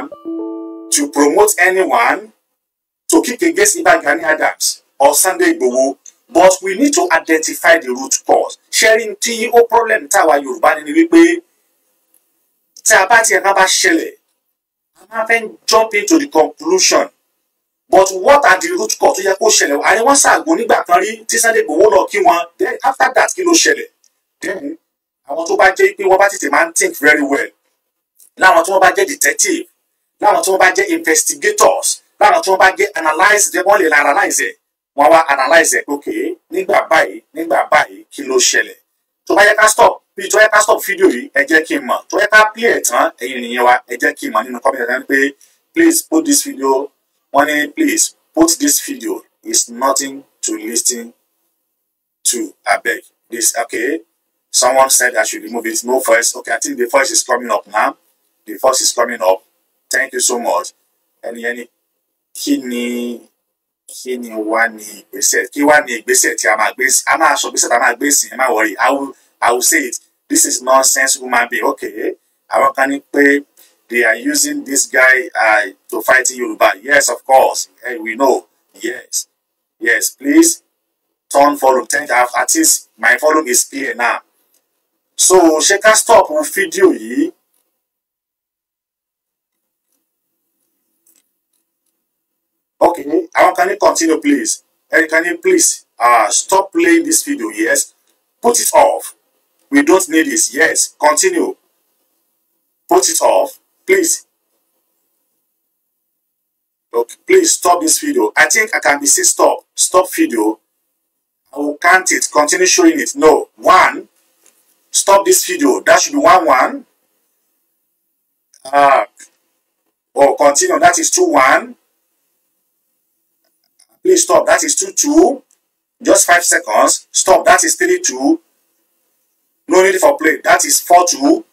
Islam, to promote anyone, to kick against Iba Gani Adams or Sunday Igboho, but we need to identify the root cause. Sharing tí ó problem táwa Yorùbá ni wípé tí a bá ti ẹ̀ka bá ṣẹlẹ̀, a máa fẹ́ jump into the conclusion. But what are the root cause tó yẹ kó ṣẹlẹ̀? Àní wọ́n ṣàgbo nígbà kan rí tí Sunday Igboho lọ kí wọn, then after that kí ló ṣẹlẹ̀? Then àwọn tó bá jẹ́ pé wọ́n bá tètè máa ń think very well. Láwọn tí wọ́n bá jẹ́ detective láwọn tí wọ́n bá jẹ́ investigators láwọn tí wọ́n bá jẹ́ analyse jẹ́ wọ́n lè la analyse ẹ̀ wọ́n wá analyse ẹ̀ ok nígbà báyìí nígbà báyìí kí ló ṣẹlẹ̀ tó bá yẹ ká stop bí tó yẹ ká stop fídíò yìí ẹ jẹ́ kí n mọ̀ tó yẹ ká play ẹ̀ tán nìyẹn wa ẹ jẹ́ kí n mọ̀ nínú comment ẹ̀ pé please put this video wọ́n ní please put this video it's nothing to listen to abeg this okay someone said I should remove it no voice okay I think the voice is coming up now the voice is coming up thank you so much ẹni ẹni kí ni kí ni wá ní ìgbésẹ̀ kí wá ní ìgbésẹ̀ tí a máa gbé a máa sọ ìgbésẹ̀ tí a máa gbé sí ẹ má wọrí i will i will say it this is nonsense woman be okay àwọn kan ní pé they are using this guy uh, to fight Yorùbá yes of course hey, we know yes yes please turn follow thank you at least my follow is here now so ṣé ká stop fídíò yìí. okay àwọn can you continue please ẹni kan ní please uh, stop playing this video yes put it off we don't need this yes continue put it off please okay please stop this video i think i can be say stop stop video i will count it continue showing it no one stop this video that should be one one uh, ah. or oh, continue that is two one Please stop. That is 2, 2. Just 5 seconds. Stop. That is 3, 2. No need for play. That is 4, 2.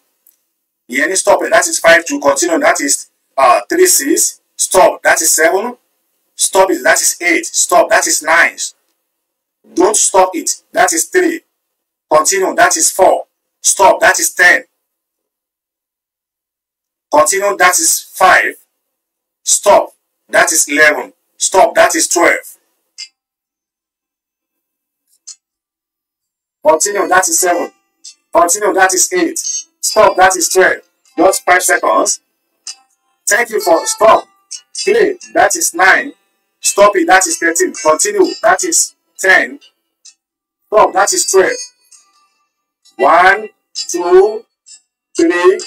Yeah, any stop. it. That is 5, 2. Continue. That is 3, 6. Stop. That is 7. Stop it. That is 8. Stop. That is 9. Don't stop it. That is 3. Continue. That is 4. Stop. That is 10. Continue. That is 5. Stop. That is 11. Stop, that is 12. Continue, that is 7. Continue, that is 8. Stop, that is 12. Just 5 seconds. Thank you for stop. Play, that is 9. Stop it, that is 13. Continue, that is 10. Stop, that is 12. 1, 2, 3,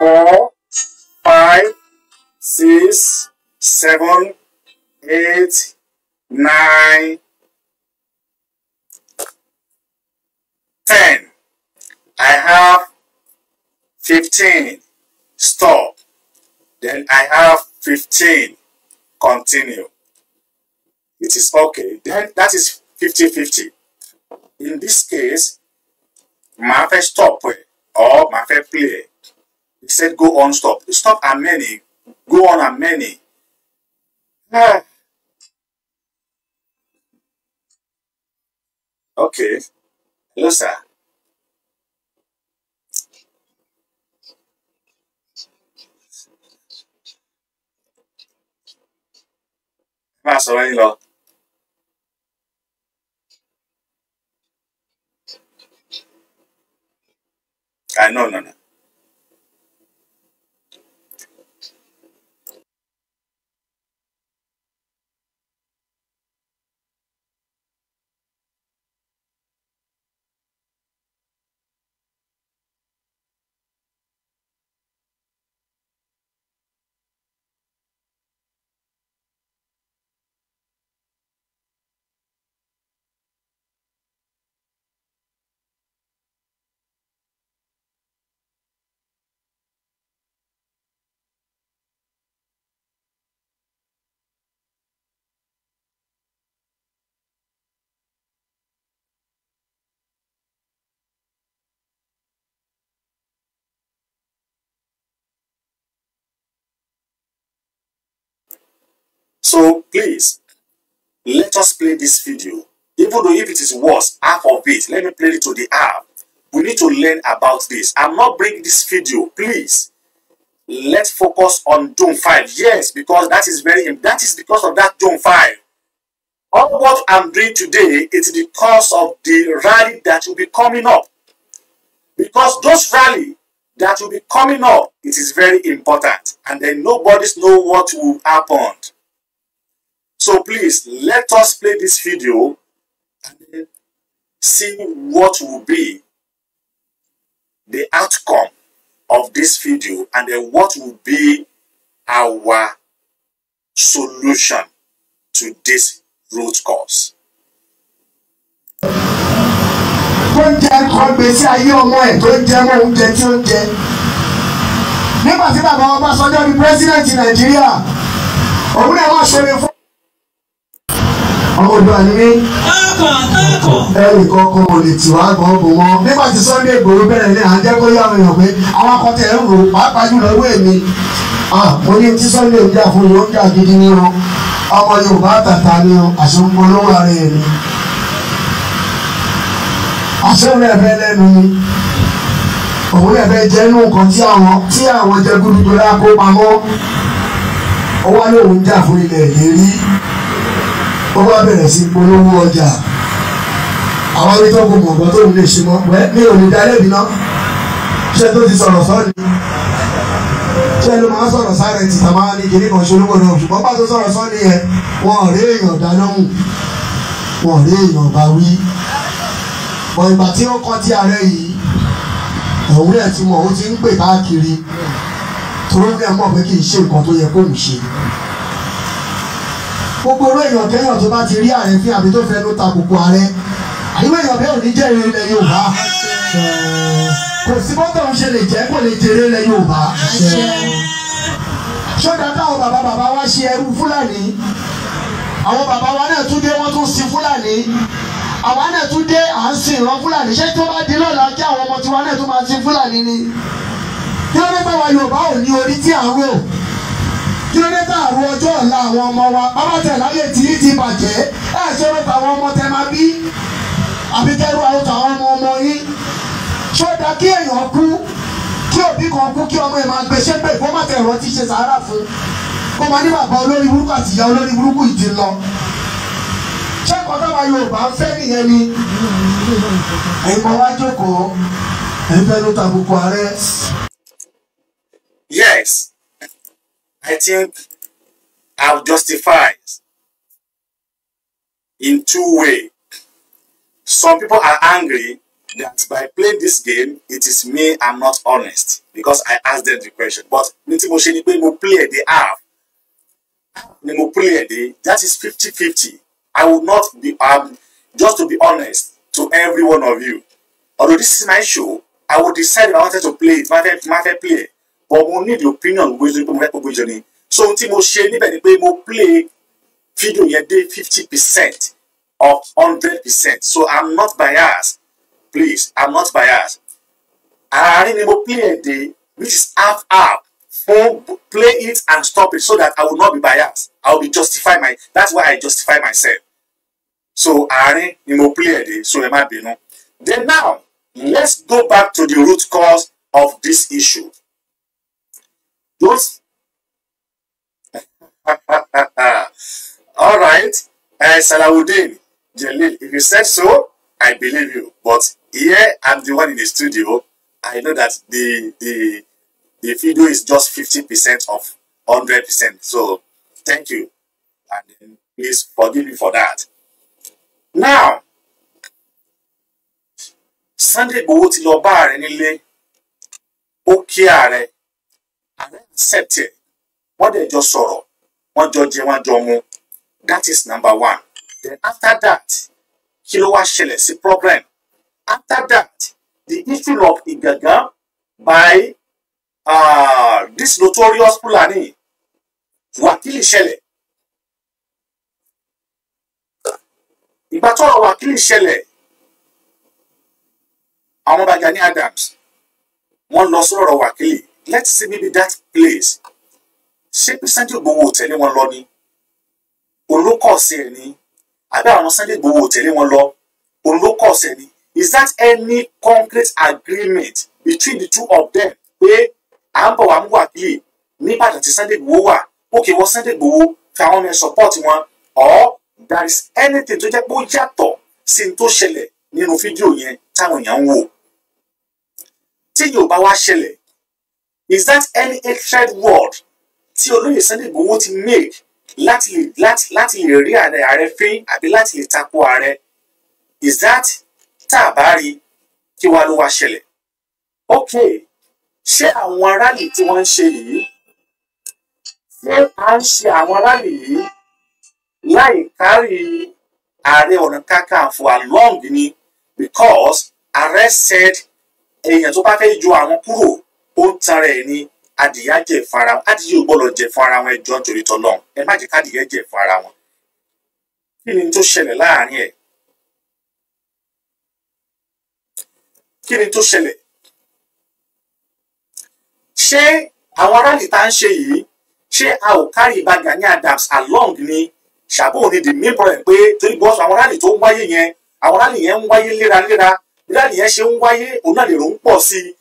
4, 5, 6, 7, eight, nine, ten. I have fifteen. Stop. Then I have fifteen. Continue. It is okay. Then that is 50-50. In this case, màá fẹ́ stop ẹ̀ or màá play He said go on stop. Stop and many. Go on and many. Ah. Okay. Hello, sir. Máa sọ̀rọ̀ yín lọ. Ah, no, no, no. So please, let us play this video. Even though if it is worse, half of it, let me play it to the half. We need to learn about this. I'm not bringing this video, please. Let's focus on Doom 5. Yes, because that is very, that is because of that Doom 5. All what I'm doing today is because of the rally that will be coming up. Because those rally that will be coming up, it is very important. And then nobody's know what will happen. So please, let us play this video and see what will be the outcome of this video and then what will be our solution to this root cause. tó ń jẹ kọ gbèsè ayé ọmọ ẹ tó ń jẹ mọ oúnjẹ tí ó ń jẹ nígbà tí bàbá Ọbásanjọ́ di pírẹsidẹǹtì Nàìjíríà òun náà wọ́n ṣe lè fún ọmọ Oòduà ni mí. ẹnì kankan ò lè tì wá gan bò wọ́n. nígbà tí Sunday Igboho bẹ̀rẹ̀ ní à ń jẹ́ kó yá àwọn èèyàn pé àwọn akọ́tẹ̀ ń rò pàápàá jùlọ ewé mi. mo ní tí Sunday ń jà fún mi ó ń jà gidi ní o ọmọ Yorùbá tàtà ni o àṣẹ ń polówó ara ẹ̀ ni. àṣẹ rẹ̀ bẹ́ lẹ́nu ni òun lè fẹ́ jẹ́ inú nǹkan tí àwọn tí àwọn jẹgúdúgbẹ́lá kó pamọ́ ó wá ní òun jà fún ilẹ̀ ìlérí ó wá bẹ̀rẹ̀ sí polówó ọjà àwọn ibi tó kò mọ̀ ọ̀gbọ́n tó ń lè ṣe mọ́ wẹ́ mi ò ní dálẹ́bi náà ṣé tó ti sọ̀rọ̀ sọ́ọ̀ni ṣé ló máa ń sọ̀rọ̀ sáré ti tàmá ní kiri kan ṣolówó náà ṣùgbọ́n pàtó sọ̀rọ̀ sọ́ọ̀ni yẹn wọn ò rí èèyàn dáná mù wọn ò rí èèyàn bá wí mọ ìgbà tí ó kọ́ tí ààrẹ yìí òun náà ti mọ̀ ti ń pè káàkiri torí ó náà mọ̀ pé kì í ṣe nǹkan tó yẹ kóun ṣe gbogbo orú èèyàn kẹ́yàn tó bá ti rí ààrẹ fi àbí tó fẹnu ta kòkò ààrẹ àyíwò èèyàn bẹ́ẹ̀ ò ní jẹ́ ìrẹ́lẹ̀ Yorùbá kò sí mọ́tò ń ṣe lè jẹ́ kò lè jẹ́ ìrẹ́lẹ̀ Yorùbá ṣọ́dà táwọn bàbá bàbá wa ṣe ẹrú Fúlàní àwọn bàbá wa náà tún dé wọ́n tún sin Fúlàní àwa náà tún dé à ń sin ìran Fúlàní ṣé tó bá di lọ́la kí àwọn ọmọ tiwa náà tún máa sin Fúlàní ni kí ló kílódé tá àrò ọjọ́ ọ̀la àwọn ọmọ wa bàbá tẹ̀ láyé tí í ti bàjẹ́ ẹ̀ ṣòro tàwọn ọmọ tẹ máa bí àbí kẹ́rù àwọn tàwọn ọmọ ọmọ yín ṣó dáa kí èèyàn kú kí òbí kan kú kí ọmọ ẹ̀ máa gbèsè pé kó má tẹ̀ ẹ̀rọ ti ṣe sàárà fún kó máa ní bàbá olórí burúkú àti ìyá olórí burúkú ìdí lọ ṣé kọ́tà wa Yorùbá ń fẹ́ nìyẹn ni ẹ̀yin máa wá jókòó ẹ̀yin fẹ́ ló tàbùkù ààrẹ. Yes. I think I've justified in two ways. Some people are angry that by playing this game, it is me I'm not honest because I asked them the question. But Niti Moshe ni play they have, Ni mo play the that is 50-50. I would not be um, just to be honest to every one of you. Although this is my show, I would decide if I wanted to play it, if play but mo need the opinion gbogbo ìṣe pé mo fẹ́ gbogbo so ohun tí mo ṣe níbẹ̀ ni pé mo play video yẹn dé fifty percent of hundred percent so i'm not biased please i'm not biased àárín ni mo play ẹ̀ dé which is half half fún play it and stop it so that i will not be biased i will be justify my that's why i justify myself so àárín ni mo play ẹ̀ dé so ẹ má bínú then now let's go back to the root cause of this issue those all right uh, eh, Salawudeen Jalil if you said so I believe you but here I'm the one in the studio I know that the the the video is just fifty percent of hundred percent so thank you and please forgive me for that now Sunday Igboho ti lọ bá ààrẹ nílé ó kí ààrẹ accept it wọ́n dẹ̀ jọ sọ̀rọ̀ wọ́n jọ jẹ wọ́n jọ mu that is number one then after that kí ló wá ṣẹlẹ̀ sí problem after that the issue of Igaga by uh, this notorious Fulani wàkìlì ṣẹlẹ̀ ìgbà tọ́rọ̀ wàkìlì ṣẹlẹ̀ àwọn Gani Adams wọ́n lọ sọ̀rọ̀ wàkìlì let Simi be that place ṣé pé Sunday Igboho ò tẹ̀lé wọn lọ ni olókọ̀ọ̀sì ẹ̀ ni àbí àwọn Sunday Igboho ò tẹ̀lé wọn lọ olókọ̀ọ̀sì ẹ̀ ni is that any concrete agreement between the two of them pé à ń bọ̀ wá mú wà bíi nígbàdàn tí Sunday Igboho wà òkè wọ Sunday Igboho fi àwọn ọmọ ẹ support wọn or there is anything tó jẹ́ pé ó yàtọ̀ sí ní tó ṣẹlẹ̀ nínú fídíò yẹn táwọn èèyàn ń wò tí yóò bá wá ṣẹlẹ̀ is that any hatred word tí olóyè Sunday Igboho ti make láti lè láti láti lè rí ààrẹ ààrẹ fín àbí láti lè tako ààrẹ is that tá a bá rí kí wàá ló wá ṣẹlẹ̀ ok ṣé àwọn aráàlú tí wọ́n ń ṣe yìí ṣé à ń ṣe àwọn aráàlú yìí láì kárí ààrẹ ọ̀nà kakanfò along ni because ààrẹ said èèyàn tó bá fẹ́ yọ àwọn kúrò ó ń tara ẹ̀ ní adìyẹ jẹ fún ara adìyẹ ò gbọ́dọ̀ jẹ fún ara wọn ẹjọ nítorí tọlọ́run ẹ má jẹ kádìyẹ jẹ fún ara wọn kí ni tó ṣẹlẹ̀ láàrin ẹ̀ kí ni tó ṣẹlẹ̀ ṣé àwọn aráàlú tá ń ṣe yìí ṣé a ò carry Ìbà Gani Adams along ni ṣàbò ní the main problem pé torí bọ́sù àwọn aráàlú tó ń wáyé yẹn àwọn aráàlú yẹn ń wáyé léraléra bí aráàlú yẹn ṣe ń wáyé òun náà lè rò ń pọ̀ sí i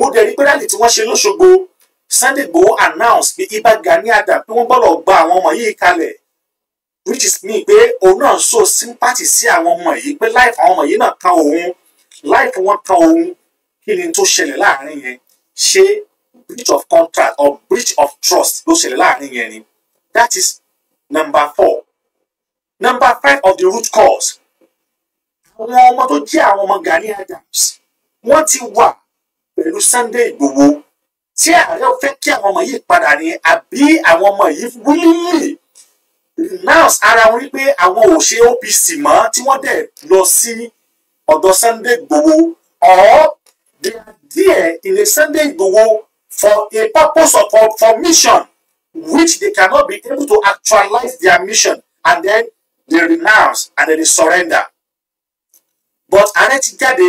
mo dẹ̀ rí pé rally tí wọ́n ṣe lóṣogbo Sunday Igboho announce pé Ìbà Gani adam pé wọ́n gbọ́dọ̀ gba àwọn ọmọ yìí kalẹ̀ which is mean pé òun náà so sympathy sí àwọn ọmọ yìí pé life àwọn ọmọ yìí náà kan òun life wọn kan òun kí ni tó ṣẹlẹ̀ láàrin yẹn ṣé breach of contract or breach of trust ló ṣẹlẹ̀ láàrin yẹn ni that is number four number five of the root cause àwọn ọmọ tó jẹ́ àwọn ọmọ Gani Adams wọ́n ti wà pẹ̀lú Sunday Igboho tí ààrẹ fẹ́ kí àwọn ọmọ yìí padà ní àbí àwọn ọmọ yìí wílílì renounce ara wọn wípé àwọn ò ṣe OPC mọ́ tí wọ́n dẹ̀ lọ sí ọ̀dọ̀ Sunday Igboho or they are there in a Sunday Igboho for a purpose of for, for mission which they cannot be able to actualize their mission and then they renounce and then they surrender but ààrẹ ti jáde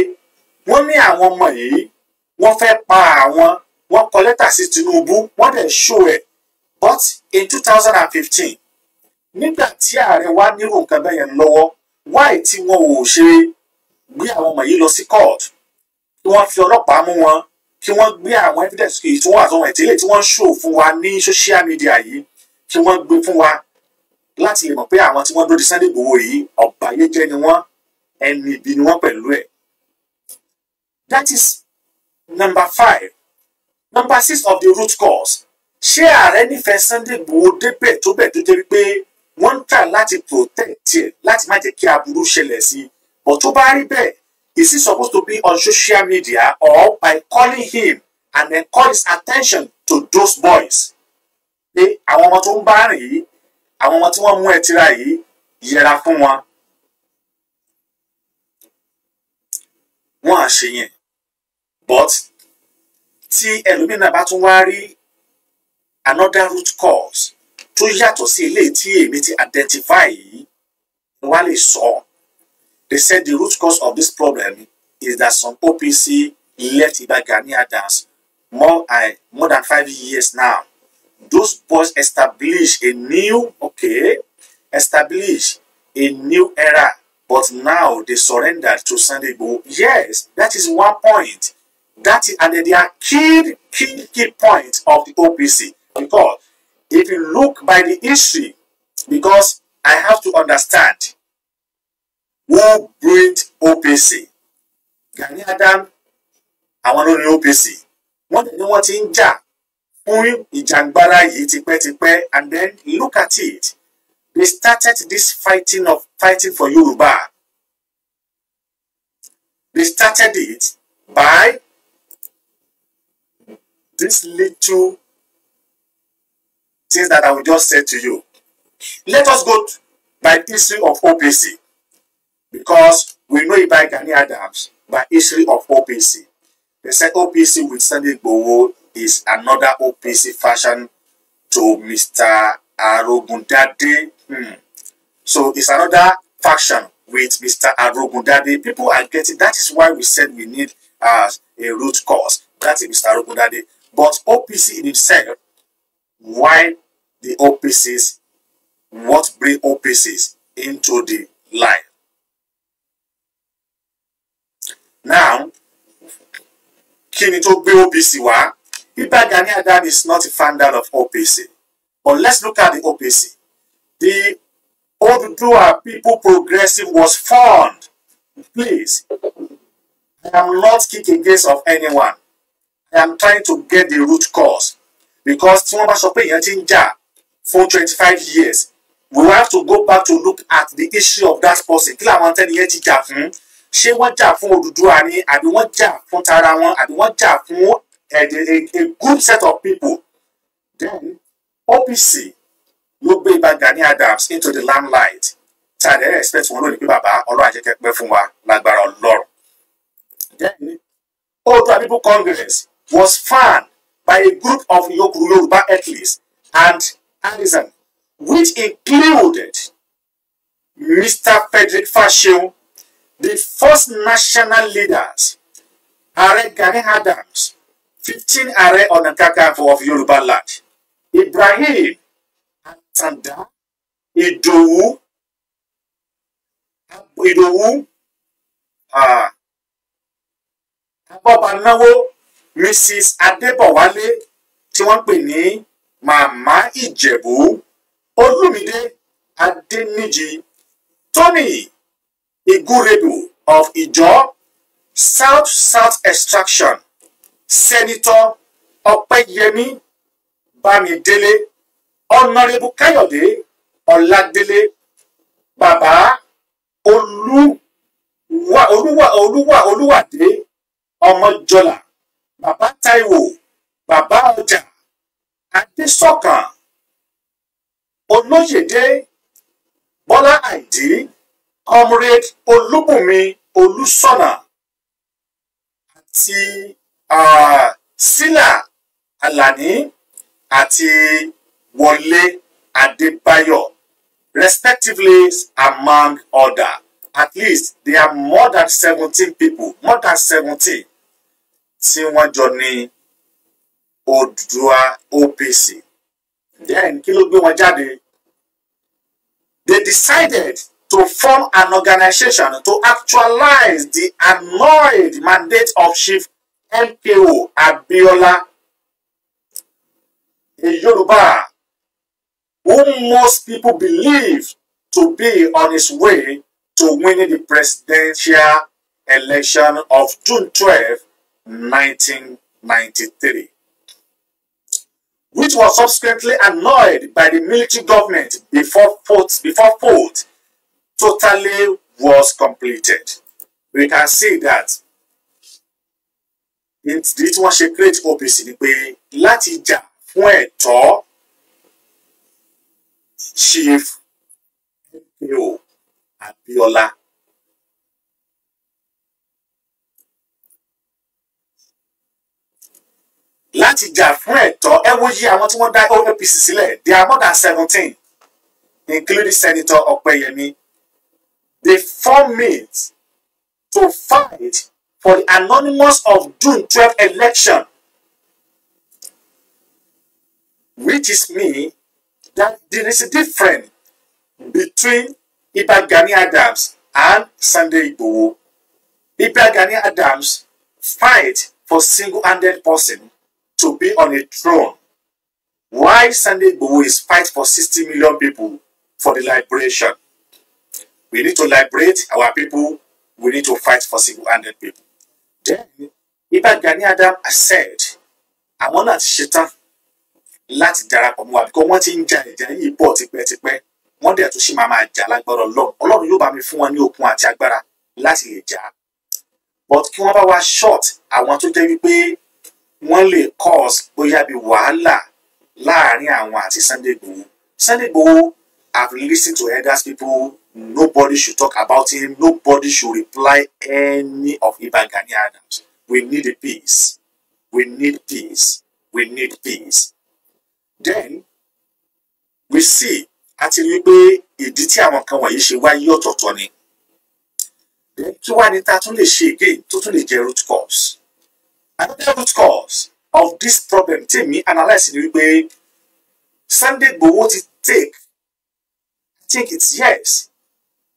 wọ́n ní àwọn ọmọ yìí wọ́n fẹ́ pa àwọn wọ́n kọ lẹ́tà sí Tinubu wọ́n dẹ̀ ṣó ẹ̀ but in two thousand and fifteen nígbà tí ààrẹ wa nírò nǹkan bẹ́ẹ̀ yẹn lọ́wọ́ wáì tí wọn ò ṣe gbé àwọn ọmọ yìí lọ sí court kí wọ́n fi ọlọ́pàá mú wọn kí wọ́n gbé àwọn evidence kì í tí wọ́n àtọ́wọ̀n ìtẹ́lẹ̀ tí wọ́n ṣò fún wa ní social media yìí kí wọ́n gbé fún wa láti lè mọ̀ pé àwọn tí wọ́n dó Sunday Igboho yìí ọ̀bàyéjẹ́ ni wọ́n ẹni ibi ni wọ́n pẹ̀lú ẹ̀ that is Number five. Number six of the root cause. Ṣé ààrẹ nífẹ̀ẹ́ Sunday Igboho débẹ̀ tó bẹ̀ tó jẹ́ wípé wọ́n ń tà láti protect ẹ̀ láti má jẹ́ kí aburú ṣẹlẹ̀ sí i. But tó bá rí bẹ́ẹ̀, is he supposed to be on social media or by calling him and then call his attention to those boys? Pé àwọn ọmọ tó ń bá rìn yìí, àwọn ọmọ tí wọ́n mú ẹ tira yìí, yẹra fún wọn. Wọ́n á ṣe yẹn but tí ẹlòmíràn bá tún wá rí another root cause tó yàtọ̀ sí eléyìí tí èmi ti identify yìí ni wọ́n lè sọ they said the root cause of this problem is that some OPC left Iba Gani Adams more, uh, more than five years now those boys establish a new okay establish a new era but now they surrender to Sunday Igboho yes that is one point That is, and they are key, key, key points of the OPC. Because if you look by the history, because I have to understand who built OPC. Gani Adam, I want ló ní OPC. Wọ́n ní wọ́n ti ń jà fún ìjàngbara yìí and then look at it. They started this fighting of fighting for Yoruba. They started it by these little things that I will just say to you. Let us go by history of OPC because we know it by Gani Adams by history of OPC. They said OPC with Sunday Igboho is another OPC fashion to Mr. Arogundade. Hmm. So it's another faction with Mr. Arogundade. People are getting that is why we said we need uh, a root cause. That is Mr. Arogundade. But OPC in itself, why the OPCs, what bring OPCs into the light? Now, kí ni tó gbé OPC wá? Peter Gani Adani is not a founder of OPC. But let's look at the OPC. The Oduduwa People Progressive was formed. Please, I am not kicking against of anyone. I am trying to get the root cause because tí wọ́n bá sọ pé èèyàn ti ń jà for twenty five years we have to go back to look at the issue of that person kí làwọn tẹ́niyẹn ti jà fún ṣé wọ́n jà fún Odùduwà ni àbí wọ́n jà fún tara wọn àbí wọ́n jà fún a, good set of people then OPC ló gbé ibà Gani Adams into the limelight tá a dẹ̀ expect wọn lónìí pé bàbá ọlọ́run àjẹkẹ́ pẹ́ fún wa lágbára ọlọ́run then Oodua People Congress was found by a group of Yoruba athletes and artisans, which included Mr. Frederick Fashio, the first national leaders, Ààrẹ Gani Adams, 15 Ààrẹ Ọ̀nà Kakanfò of Yoruba land, Ibrahim Atanda, Idowu, Idowu, uh, Abọ́banáwó mrs adébọ̀wálé tí wọ́n pè ní màmá ìjẹ̀bú olúmídé adéníjì tony iguredu of ìjọ south south extraction senator ọpẹ́yẹmí bámidélé ọ̀nàrẹ́bù káyọ̀dé ọ̀làdélé bàbá olúwa olúwa olúwa olúwàdé ọmọjọlá bàbá Táíwò bàbá ọjà Adésọ̀kàn Olóyèdé Bọ́lá Àìdí comrade Olúbùnmi Olúṣọ̀nà àti uh, Sílà Àlàní àti Wọlé Adébáyọ̀ respectively among other at least there are more than seventeen people more than seventeen tí wọ́n jọ ní Oòduà OPC then kí ló gbé wọn jáde they decided to form an organisation to actualize the annulled mandate of Chief MKO Abiola a Yoruba whom most people believe to be on his way to winning the presidential election of June 12, 1993, which was subsequently annulled by the military government before Fort, before Fort totally was completed. We can see that it this was a great OPC ni pé láti jà fún ẹ̀tọ́ Chief Abiola láti jà fún ẹ̀tọ́ ẹ wo yí àwọn tí wọ́n dá OAPC sílẹ̀ they are more than seventeen including Senator Ọ̀pẹ́yẹmí they form it to fight for the anonymous of June twelve election which is me that there is a difference between Ibagani Adams and Sunday Igboho Ibagani Adams fight for single-handed person to be on a throne why Sunday Igboho is fight for 60 million people for the liberation. We need to liberate our people. We need to fight for single-handed people. Then, Iba Gani Adam said, àwọn náà ti ṣetán láti darapọ̀ mọ́ wa bí kò wọ́n ti ń ja ìjà yìí bọ̀ tipẹ́tipẹ́ wọ́n dẹ̀ tún ṣì máa máa jà lágbára ọlọ́run ọlọ́run yóò bá mi fún wọn ní okun àti agbára láti lè jà but kí wọ́n bá wa short àwọn tó jẹ́ wípé wọ́n lè cause bóyá bíi wàhálà láàrin àwọn àti Sunday Igboho Sunday Igboho have listened to elders people nobody should talk about him nobody should reply any of Iba Gani Adams we need peace we need peace we need peace then we see àti rí pé ìdí tí àwọn kan wọ̀nyí ṣe wáyé ọ̀tọ̀ọ̀tọ̀ ni kí wá ní ta tún lè ṣe again tó tún lè jẹ́ root cause another root cause of this problem tèmi analyse ni wípé Sunday Igboho ti take I think it's yes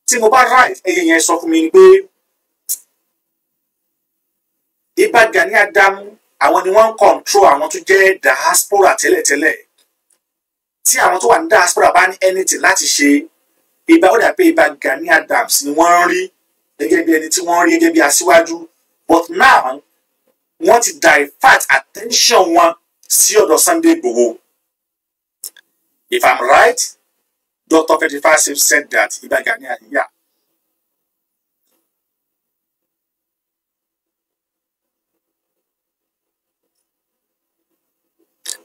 tí mo bá right ẹyẹ yẹn sọ fún mi ni pé Ìbà Gani Adams àwọn ni wọ́n ń control àwọn tó jẹ́ diaspora tẹ́lẹ̀tẹ́lẹ̀ tí àwọn tó wà ní diaspora bá ní anything láti ṣe Ìbà ó dà pé Ìbà Gani Adams ni wọ́n ń rí gẹ́gẹ́ bí ẹni tí wọ́n ń rí gẹ́gẹ́ bí aṣíwájú but now wọ́n ti divert attention wọn sí ọ̀dọ̀ Sunday Igboho if i'm right Dr. Fetifasev said that Iba Gani Aliya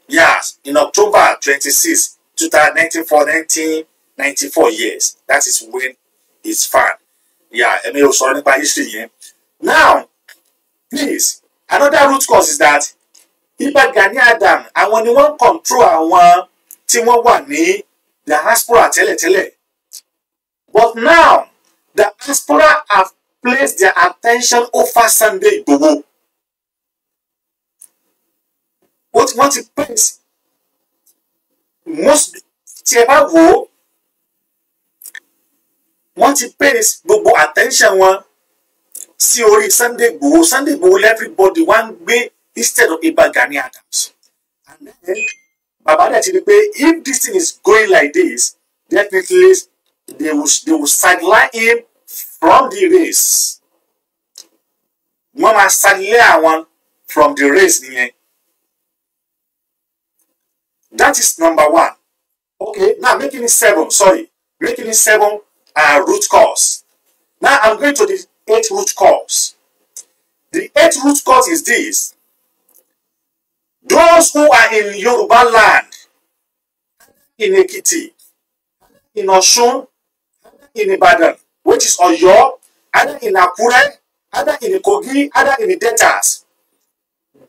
Yes, in October twenty six, two thousand four, nineteen ninety four years. that is when it's found. Yeah, Emil Soronipa history. Now, please, another root cause is that Ìbà Gani Adam àwọn ni wọ́n control àwọn tí wọ́n wà ní diaspora tẹ́lẹ̀tẹ́lẹ̀ but now the diaspora have placed their attention over Sunday Igboho What ti place most tí ẹ bá wò wọ́n ti place gbogbo attention wọn sí orí Sunday Igboho Sunday Igboho everybody wá ń gbé instead of Ìbà Gani Adams and then bàbá dẹ̀ ti rí pé if this thing is going like this definitely they will they will sideline him from the race wọ́n máa sideline àwọn from the race nìyẹn that is number one okay now making it seven sorry making it seven are uh, root cause now i'm going to the eight root cause. The eight root cause is this. Those who are in Yoruba land, in Ekiti, in Oshun, in Ibadan, which is Oyo, either in Akure, either in Kogi, either in the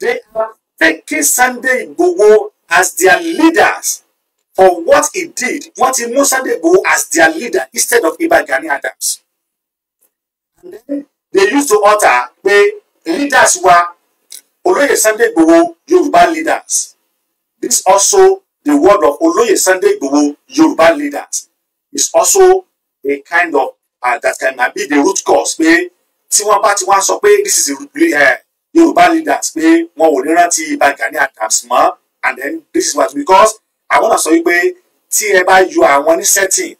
they are taking Sunday Igboho as their leaders for what he did, what he Sunday Igboho as their leader instead of Iba Adams they used to utter pé leaders wa olóyè Sunday Igboho Yorùbá leaders this also the word of olóyè Sunday Igboho Yorùbá leaders is also a kind of uh, that can be the root cause pé tí wọ́n bá ti wá sọ pé this is a, uh, Yorùbá leaders pé wọn ò ní rántí Ìbà Adams mọ́ and then this is what because I náà sọ wípé tí ẹ bá yọ àwọn ní setting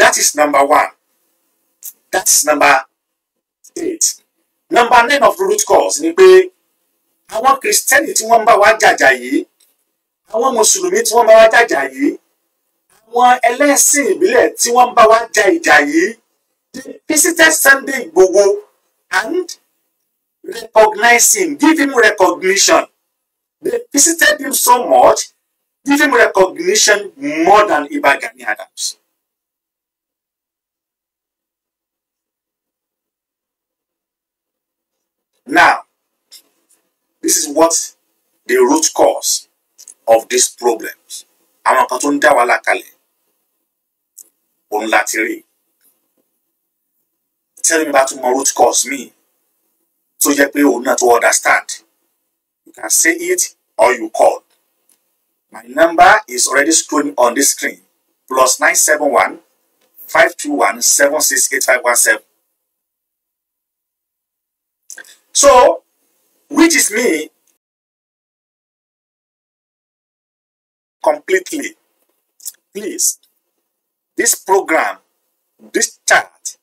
That is number one. That's number eight. Number nine of the root cause ni pé àwọn Kristẹni tí wọ́n bá wa jàjà yìí àwọn Mùsùlùmí tí wọ́n bá wa jàjà yìí àwọn ẹlẹ́sìn ìbílẹ̀ tí wọ́n bá wa ja ìjà yìí they visited Sunday Igboho and recognize him give him recognition they visited him so much give him recognition more than Iba Gani Adams. Now, this is what the root cause of these problems. Àwọn kan tó ń dá wàhálà kalẹ̀, òun láti rí. Tẹ́lẹ̀ mi bá tún root cause mi So jẹ́ pé òun náà tó understand. You can say it or you call. My number is already scrolling on the screen. Plus nine seven one five two one seven six eight five one seven. So, which is me completely. Please, this program, this chart,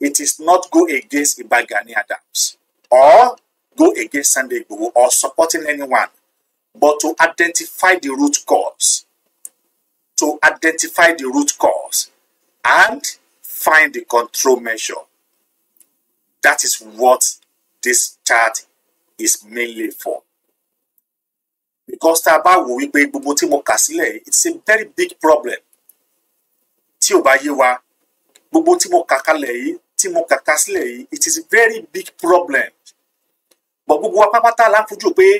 it is not go against Ibagani Adams or go against Sunday Igboho or supporting anyone, but to identify the root cause, to identify the root cause and find the control measure. That is what this chart is mainly for because tá a bá wò wípé gbogbo tí mo kà sílẹ̀ it's a very big problem tí ò bá yé wa gbogbo tí mo kà kalẹ̀ yìí tí mo kà ká sílẹ̀ yìí it is a very big problem but gbogbo wa pápátá la ń pé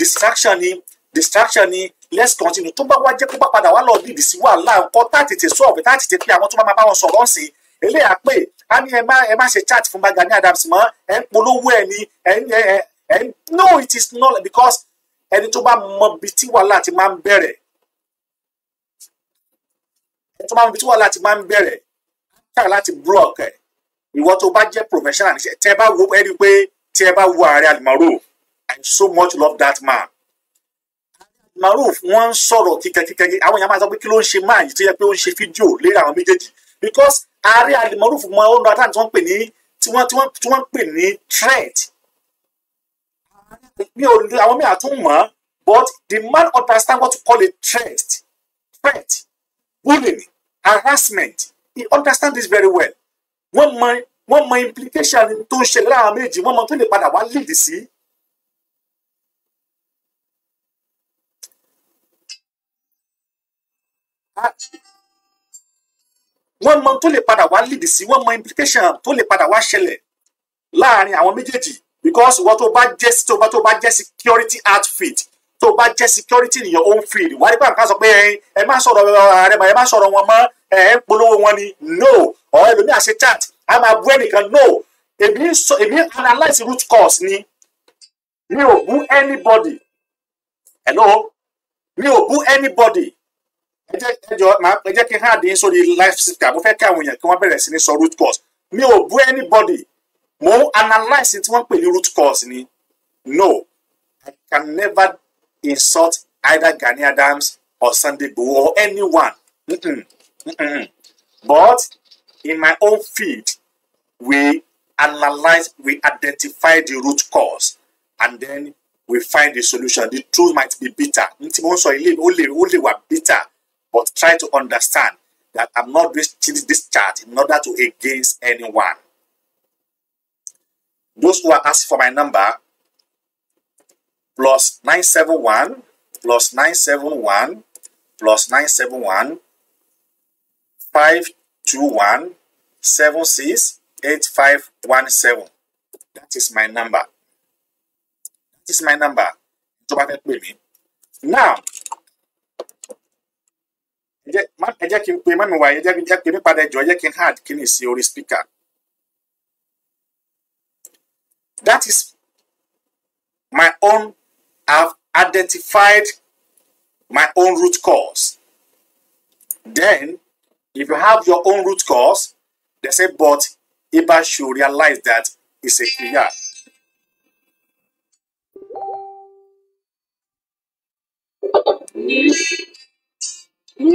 distraction ni distraction ni let's continue tó bá wá jẹ́ kó bá padà wá lọ bíbí sí wàhálà nǹkan tá a tètè sọ̀rọ̀ tá a tètè pé àwọn tó bá máa bá wọn sọ̀rọ̀ sí eléyà pé a ní ẹ má ẹ má ṣe chat fún bá Gani Adams mọ́ ẹ ń polówó ẹ ní ẹ ń ẹ ẹ no it is not because ẹni tó bá mọ bí tí wàhálà ti máa ń bẹ̀rẹ̀ ẹni tó bá mọ bí tí wàhálà ti máa ń bẹ̀rẹ̀ káà láti block ẹ ìwọ tó bá jẹ́ professional níṣẹ́ tẹ́ bá wo ẹni pé tí bá wo ààrẹ Almaro I so much love that man maruf wọn ń sọ̀rọ̀ kíkẹkíkẹ àwọn èèyàn máa sọ pé kí ló ń ṣe máa yìí tó yẹ pé ó ń ṣe fídíò léra àwọn méjèèjì because ààrẹ alimọrúfù mọ ọ̀nà àtàn tí wọ́n pè ní tí wọ́n tí wọ́n pè ní threat mi ò lu àwọn mi àtún mọ̀ but the man understand what to call a threat threat bullying harassment he understand this very well wọ́n mọ̀ wọ́n mọ̀ implication tó ń ṣẹlẹ̀ láwọn méjì wọ́n mọ̀ tó lè padà wá lead sí wọ́n mọ tó lè padà wá lead sí wọ́n mọ implication tó lè padà wá ṣẹlẹ̀ láàrin àwọn méjèèjì because wọ́n tó bá jẹ́ tó bá tó bá jẹ́ security outfit tó bá jẹ́ security in your own field wàá nípa nǹkan sọ pé ẹ má sọ̀rọ̀ ààrẹ mà ẹ má sọ̀rọ̀ wọn mọ́ ẹ ń polówó wọn ni no ọ̀ ẹlòmíì àṣẹ chat a máa bú ẹnìkan no èmi sọ èmi analyse root cause ni mi ò bú anybody hello mi ò bú anybody ẹ jẹ́ ẹ jọ máa ẹ jẹ́ kí n hàn dín sórí life speaker mo fẹ́ kí àwọn èèyàn kí wọ́n bẹ̀rẹ̀ sí ní sọ root cause mi ò bú anybody mo ń analyse tí wọ́n pè ní root cause ni no I can never insult either Gani Adams or Sunday Igboho or anyone mm-mm, mm-mm. but in my own field we analyse we identify the root cause and then we find the solution the truth might be bitter n tí mo ń sọ ilé ó ó lè wà bitter but try to understand that I'm not reading this chart in order to against anyone. Those who are asking for my number, plus 971, plus 971, plus 971, 521, 76, 8517. That is my number. That is my number. Now, ẹ jẹ́ kí n pe mọ́mi wáyé ẹ jẹ́ pé mi padà ẹjọ́ ẹ kí n hard kí ni sí orí speaker. That is my own, I've identified my own root cause. Then, if you have your own root cause, they say, but Iba should realize that it's a kriya. Mm-hmm. This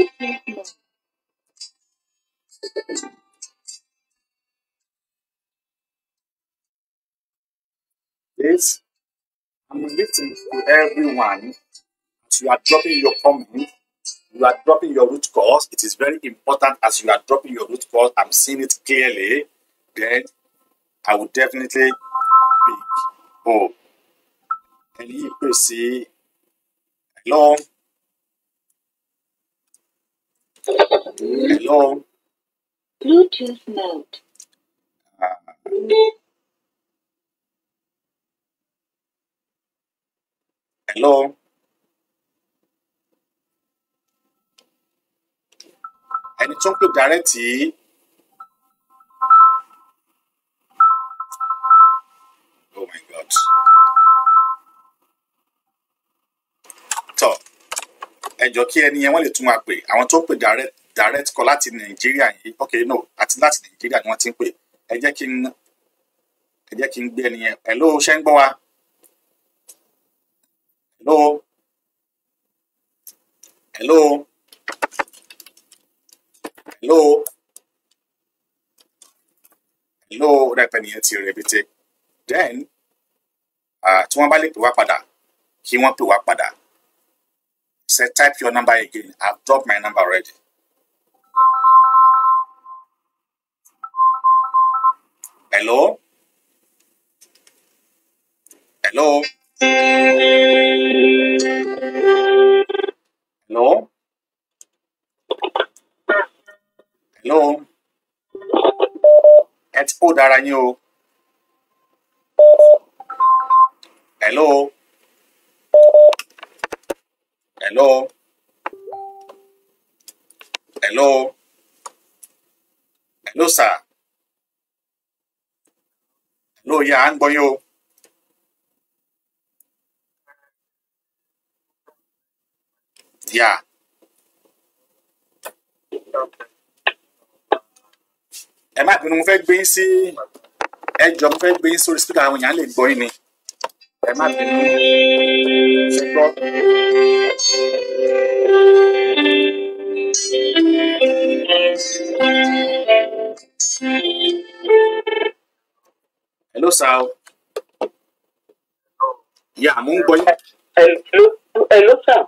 I'm listening to everyone. As you are dropping your comment, you are dropping your root cause. It is very important as you are dropping your root cause. I'm seeing it clearly. Then I will definitely pick see along. Long. Bluetooth mode. Hello. Ẹni tó ń pè dárẹ́tì yìí. Oh my God. ẹ jọ kí ẹni yẹn wọ́n lè tún wa pè àwọn tó pè direct direct call láti nàìjíríà yìí ok no àti láti nàìjíríà ni wọ́n ti ń pè ẹ jẹ́ kí n ẹ jẹ́ kí n gbé ẹni yẹn hello ṣé ń gbọ́ wa hello hello hello hello rẹpẹ nìyẹn ti rẹbìtẹ then tí wọ́n bá lè pè wá padà kí wọ́n pè wá padà Say, type your number again. I've dropped my number already. Hello? Hello? Hello? Hello? It's ti kó Hello? Hello. Hello. Hello, sir. Hello, yeah, I'm going Yeah. ẹ má bínú mo fẹ́ gbé yín sí ẹ jọ mo fẹ́ gbé yín sórí sípíkà àwọn èèyàn lè gbọ́ yín ni ẹ má bínú ṣe gbọ́. hello sir o yà mú ń gbọ́ hello sal.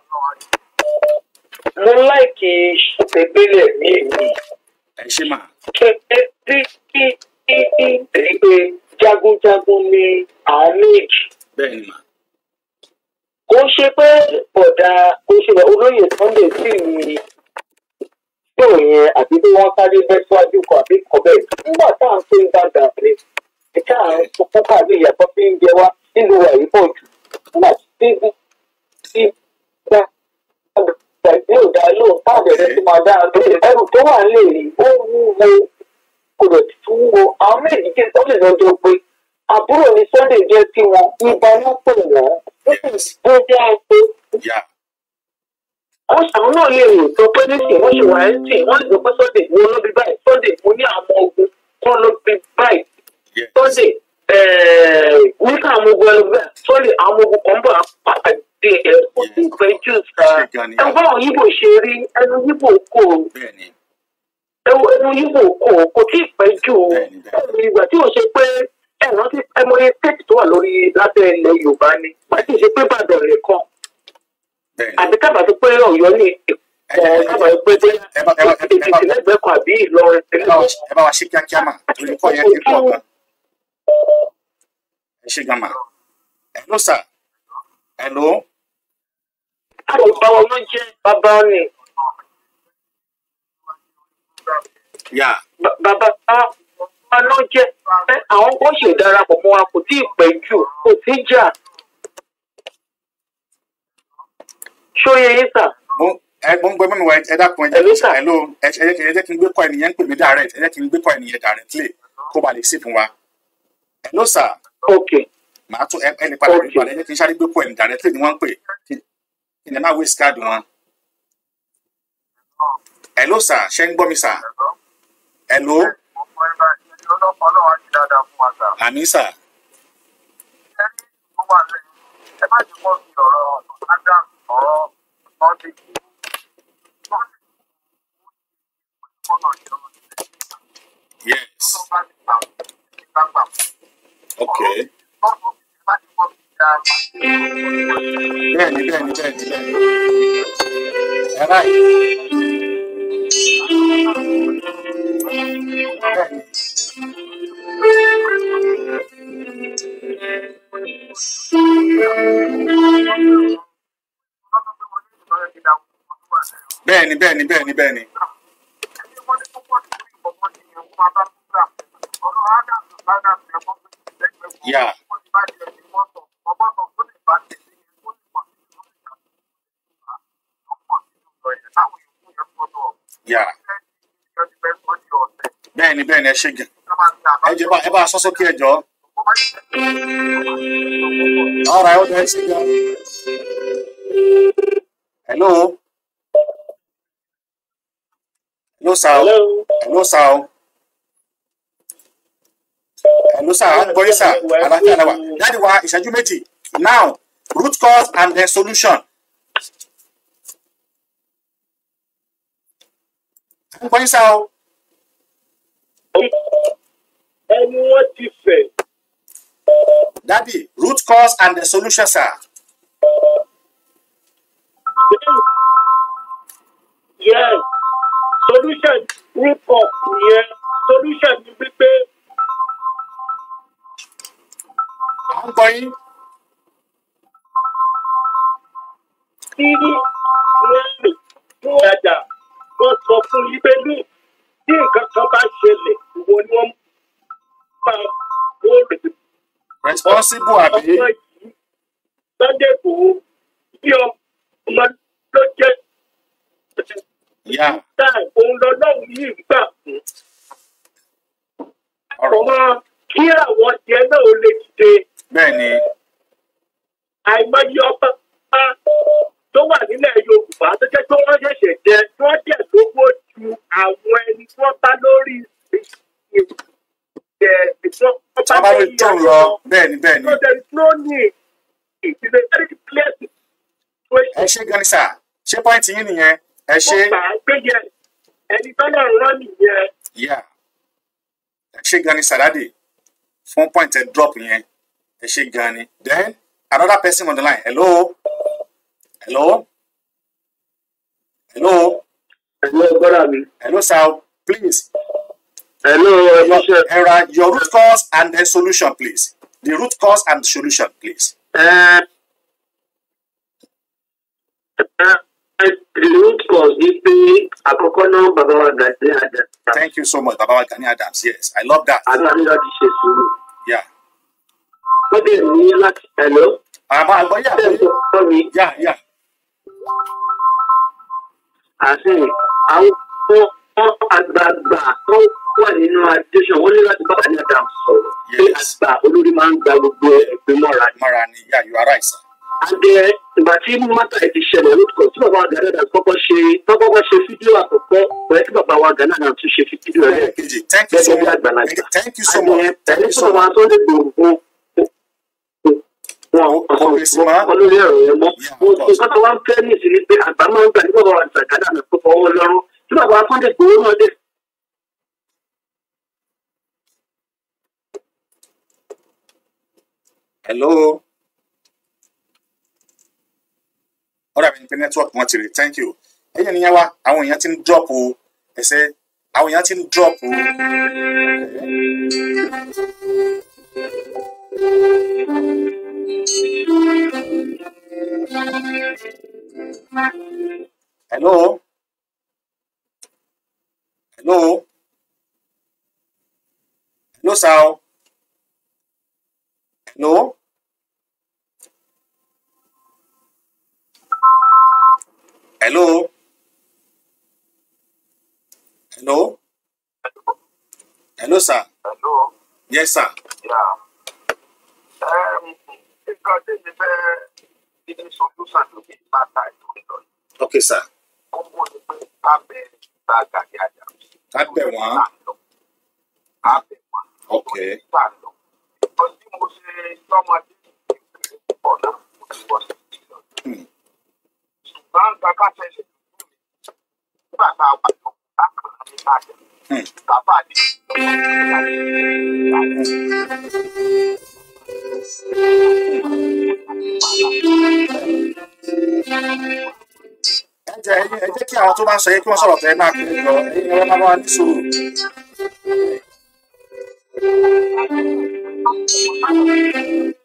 mo like ìṣègbélẹ̀ mi èmi. ẹ ṣe mà. kí kí kí kí kí jagunjagun ni àwọn bẹ́ẹ̀ ni mà. kò ṣe pé bọ̀dà kò ṣe olóyè Sunday tí mi tó yẹn àbí bí wọ́n sáré bẹ́ síwájú kan àbí kan bẹ́ẹ̀ nígbà tá à ń pè ń dàgbà rẹ̀ ìta à ń fún káàdì ìyàtọ̀ fi ń jẹ wá nílùú wa yìí pọ̀ jù nígbà tí bí tí gbà pẹ̀lú ọ̀dà lóun káàdì rẹ̀ ti máa dára tó lè ẹrù tó wà ń lè rí ó wúwo kò lè tún wo àwọn méjì kí n tó lè lọ́jọ́ pé àbúrò ní Sunday jẹ́ sí wọn ìbọn ló pè wọ́n ó jẹ́ ẹgbẹ́. wọ́n sàwọn náà lè rò sọ pé nísìnyí wọ́n ṣe wà ẹ́ sìn wọ́n lè sọ pé Sunday mo ló bí báyìí Sunday mo ní àwọn ogun wọ́n ló eh, bí báyìí Sunday nípa àwọn ogun ẹlẹgbẹ́ Sunday àwọn ogun kan bọ̀ àpàdé ẹ̀ kò sí ìfẹ́ jùs ẹgbẹ́ àwọn yíbò ṣe rí ẹnu yíbò kò ẹnu yíbò kò tí ì pẹ́ jù ìgbà tí ò ṣe pé ẹ rántí ẹ mọ iye state tó wà lórí lábẹ́ ilẹ̀ yorùbá ni wọ́n ti ṣe pé ìbàdàn nìkan àti kábà tó pé ọ̀yọ́ ni kábà tó pé pé èkìtì lẹ́gbẹ̀ẹ́ kan àbí ìlọrin. ẹ bá wa ṣe kíákíá mà torí kọ́ yẹn ti pọ̀ gan. ẹ ṣe gan mà. hello sir. hello. àwọn báwo ló jẹ́ bàbá ni. yà. bàbá wa ló jẹ́ àwọn kò ṣe darapọ̀ mọ́ wa kò tí ì pẹ́ jù kò tí ì jà. ṣóyè yín sà. ẹ gbọ́n gbọ́n mọ́mi wa ẹ dákun ẹ jẹ́ kí n ṣàlàyé ló ẹ jẹ́ kí n gbé kọ́ ènìyàn ń pè mí direct ẹ jẹ́ kí n gbé kọ́ ènìyàn directly kó ba lè sí fún wa. ẹ ló sà. ok. màá tún ẹ lè padà rí balẹ̀ ẹ jẹ́ kí n sáré gbé kọ́ ènìyàn directly ni wọ́n ń pè kí ni má waste card wọn. ẹ ló sà ṣe ń gbọ́ mi sà. ẹ ló ọlọ́run á ti dáadáa fún wa sà. àmín sà. ẹ ní ìlú wà lẹ́yìn ẹ má jẹ́ kó fi ọ̀rọ̀ adam ọ̀rọ̀ ọ̀dẹ̀ yìí Yes. Okay. Bẹ́ẹ̀ni bẹ́ẹ̀ni bẹ́ẹ̀ni bẹ́ẹ̀ni. Ẹ báyìí. bẹ́ẹ̀ni bẹ́ẹ̀ni bẹ́ẹ̀ni bẹ́ẹ̀ni. Yeah. Yeah. bẹ́ẹ̀ni bẹ́ẹ̀ni ẹ ṣe gẹ ẹ jẹ bá ẹ bá sọ sókè ẹ jọ. ọ̀rọ̀ ẹ̀ ó dẹ̀ ẹ ṣe hello. sà o hello sà o hello sir. á gbọ́ yín sà àlàáfíà làwà jáde wá ìṣẹ́jú méjì now root cause and the solution. à ń gbọ́ yín sà o. ẹni wọ́n root cause and the solution sir. Yes solution ní pop nìyẹn solution ní wípé. à ń gbọ́ yín. tí wọ́n lò fún ọjà wọ́n sọ fún yí pé ní tí nǹkan kan bá ṣẹlẹ̀ ìwọ ni wọ́n máa kó rèé. responsible àbí. lọ́dẹ̀ kò bí ọmọ ló jẹ́ nígbà òun lọ́lọ́run yìí gbà fún. ọmọ kí àwọn tiẹ̀ náà ó lè dìde. bẹ́ẹ̀ni. àìmọye ọba tó wà nílẹ̀ yorùbá tó jẹ́ pé wọ́n ṣẹ̀ṣẹ̀ jẹ tí wọ́n dẹ̀ lówó ju àwọn ẹni tí wọ́n bá lórí ìṣẹ̀lẹ̀ bá lórí tó lọ bẹ́ẹ̀ni bẹ́ẹ̀ni. ẹ ṣe gan ni sà ṣé pọ́ìntì yín nìyẹn ẹ ṣe. mo gbà á pé yẹ ẹni ẹ ṣe gan ni fún point ẹ drop yẹn ẹ ṣe gan then another person on the line hello hello hello. hello brother hello sir please. hello ẹ̀ṣẹ̀. ẹ̀ra your root cause and then solution please the root cause and solution please. Uh, uh, Thank you so much, Baba wa Gani Adams. Yes, I love that. Yeah. Hello? Uh, Yeah, yeah, but, yeah, yeah. àti àwọn àgbààgbà tó wà nínú adéṣọ wọn ní láti bá Gani Adams sọ̀rọ̀ pé àgbà olórí máa ń gba gbogbo ẹgbẹ́ mọ́ra ni. mọ́ra ni yeah you are right sir àdé uh, ìgbà tí mọ́tà ti ṣẹlẹ̀ lórúkọ tí bàbá wa Gani Adams kọ́kọ́ ṣe kọ́kọ́ ṣe fídíò àkọ́kọ́ pẹ̀lú tí bàbá wa Gani Adams tún ṣe fídíò rẹ̀ gẹ́gẹ́ bí àgbàlagbà àdé ẹni tí bàbá tó lè gbòòrò wọn wọn lórí yẹn mọ́ nǹkan tó wá ń fẹ́ nìsí ni pé àgbà máa ń gbà nígbà wà Gani Adams kọ́kọ́ wọn lọ́rùn tí bàbá tó lè gbòòrò náà dé Hello. ọ̀dà mi pé network wọn ti rè thank you ẹ̀yìn nìyẹn wa àwọn èèyàn ti ń drop o ẹ̀sẹ̀ àwọn èèyàn ti ń drop o. hello hello hello sir hello. Hello? Hello? Hello, sir. Hello? Yes, sir. Yeah. Um, uh, okay, sir. Kábẹ̀ wọ́n. Okay. Hmm máa ń gba káṣẹ́ ṣe ní káṣẹ́ bàbá àti ẹ jẹ́ ẹ jẹ́ kí àwọn tó bá ń sọ yẹ kí wọ́n sọ̀rọ̀ tẹ máa kú lọ ẹ̀yin ẹ̀rọ máa bá wa ní sùúrù. Thank you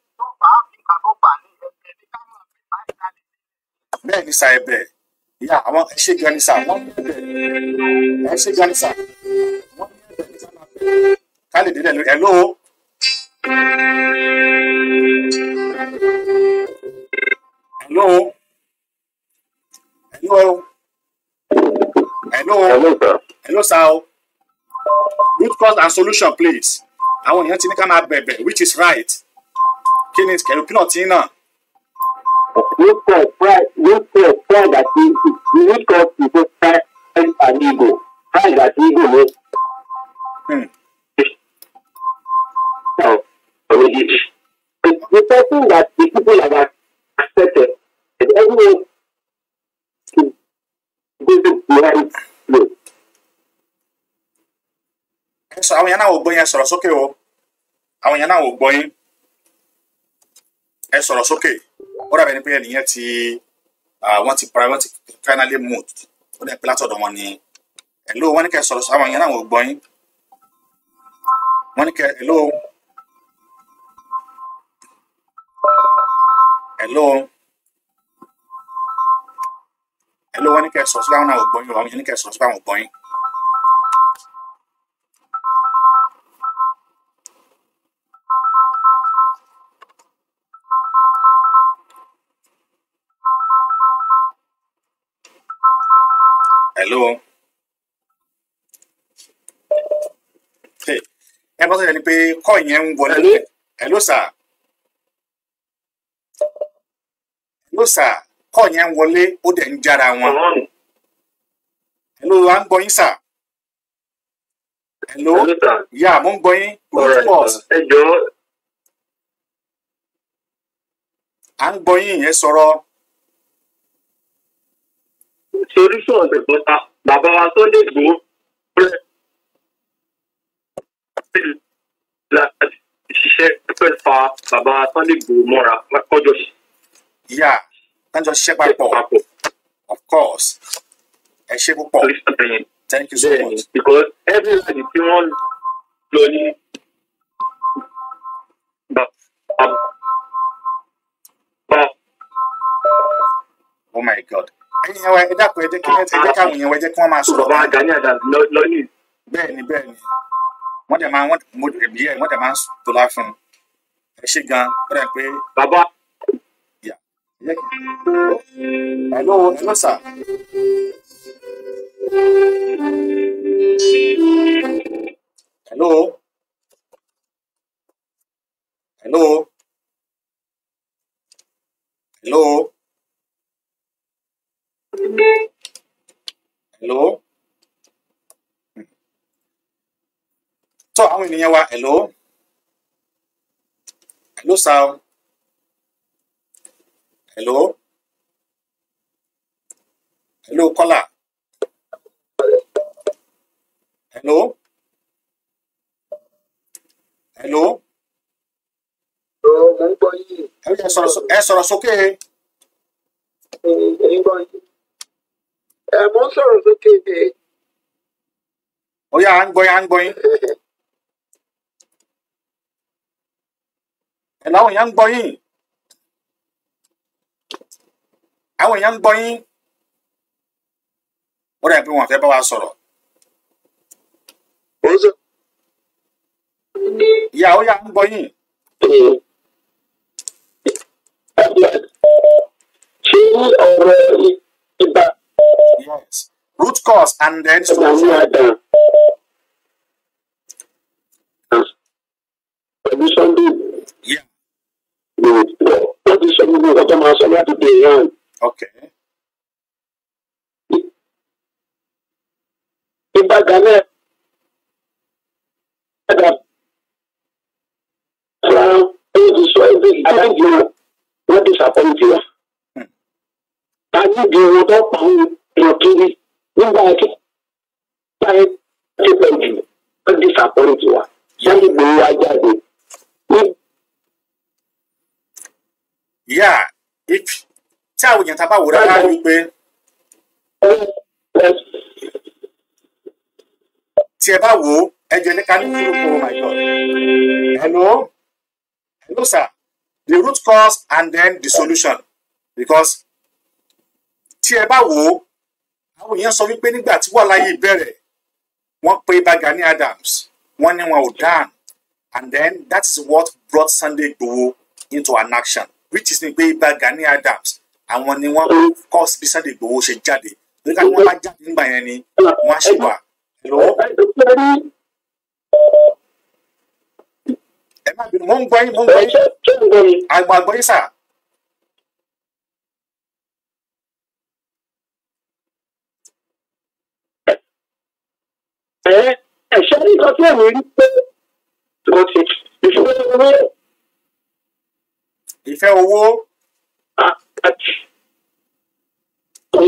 bẹ́ẹ̀ ni sàì bẹ́ẹ̀ ìyá àwọn ẹ ṣe gan ni sà wọ́n bẹ̀ẹ̀ bẹ̀ẹ̀ ẹ ṣe gan ni sà wọ́n bẹ̀ẹ̀ bẹ̀ẹ̀ sà máa bẹ̀ẹ̀ ká lè délẹ̀ lórí ẹ̀ lóo. Hello. Hello. Hello. Hello, sir. Hello, sir. Root cause and solution, please. Àwọn èèyàn ti ní ká máa bẹ̀bẹ̀ which is right. Kí ni kẹ̀lú pínọ̀tì náà? root cause pride root cause pride àti call to ìfẹ́ pride and ego pride àti ego ló. It's the person that the people have accepted and everyone should go behind it. Ẹ sọ So yẹn náà ò gbọ́ yẹn sọ̀rọ̀ sókè o àwọn yẹn náà ò gbọ́ yín ẹ Okay ó dàbẹ̀ ni pé ẹnìyẹn ti wọ́n ti private finally moved ó dẹ̀ pé látọ̀dọ̀ wọn ni ẹ̀ló wọn ní kẹ́ sọ̀rọ̀ sọ àwọn èèyàn náà wọ́n gbọ́ yín wọ́n ní kẹ́ ẹ̀ló ẹ̀ló ẹ̀ló wọn ní kẹ́ sọ̀rọ̀ sọ àwọn náà wọ́n gbọ́ yín wọ́n ní kẹ́ sọ̀rọ̀ sọ àwọn gbọ́ yín. hello. ẹ bá sọ̀rọ̀ ni pé kọ́ yẹn ń wọlé lókè hello sir hello sir kọ́ yẹn ń wọlé ó dẹ̀ ń jára wọn hello à ń gbọ́ yín sir. hello yà mo ń gbọ́ yín rufus. ẹ jọ̀ọ́. à ń gbọ́ yín yẹn sọ̀rọ̀ solution ọ̀sẹ̀ tó bàbá wa Sunday Igboho rẹ̀ láti ṣiṣẹ́ pẹ́ fa bàbá wa Sunday Igboho mọ́ra kọjọ ṣe. yà kọjọ ṣiṣẹ́ papọ̀ of course ẹ ṣe púpọ̀ thank you so much. because everybody tí wọ́n lọ ní Oh my God ẹ̀yin yẹn wa ẹ dákun ẹ jẹ́ kí ẹ jẹ́ káwọn yẹn wa ẹ jẹ́ kí wọ́n máa sọ̀rọ̀. bàbá Gani Adams lọ́yìn. bẹ́ẹ̀ni bẹ́ẹ̀ni wọ́n dẹ̀ máa wọ́n ẹbí ẹ wọ́n dẹ̀ máa tó la fún un ẹ ṣe gan ó dẹ̀ pé. bàbá. hello hello sir. hello. hello. hello hello tọ́ àwọn ènìyàn wa hello hello sir hello hello caller hello hello ẹ sọ̀rọ̀ sókè ẹ mo ń sọ̀rọ̀ sókè dé. ó yà á ń gbọ́ yà á ń gbọ́ yín. ẹ̀ láwọn èèyàn ń gbọ́ yín. àwọn èèyàn ń gbọ́ yín. ó dà pé wọn fẹ́ bá wa sọ̀rọ̀. ìyá ó yà ń gbọ́ yín. ṣé ọ̀rọ̀ ìgbà. Yes. Root cause and then solution. Pẹ̀lú Sunday. Wọ́n lọ kiri nígbà tí táyé ti pẹ̀ jù ó di wa Sunday Igboho wa jáde. yà tí àwọn èèyàn tá a bá wòrán á tí ẹ bá wò ó ẹ jẹ ní kánú kúrò kúrò oh my God hello hello sir the root cause and then the solution because tí ẹ bá wò ó àwọn èèyàn sọ wípé nígbà tí wà láyé bẹ̀rẹ̀ wọ́n pe Ìbà Adams wọ́n ní wọn ò dáhùn and then that is what brought Sunday Igboho into an action which is ní pé bagani Adams àwọn ni wọ́n kọ́ bí Sunday Igboho ṣe jáde nígbà tí wọ́n bá jáde nígbà yẹn ni wọ́n á ṣe wà. ẹ má bínú mo ń gbọ́ yín mo ń gbọ́ yín àgbọ̀ àgbọ̀ yín sáà. ẹ̀ṣẹ́ nǹkan tí èmi rí pé mo ti ìfẹ́ owó. ìfẹ́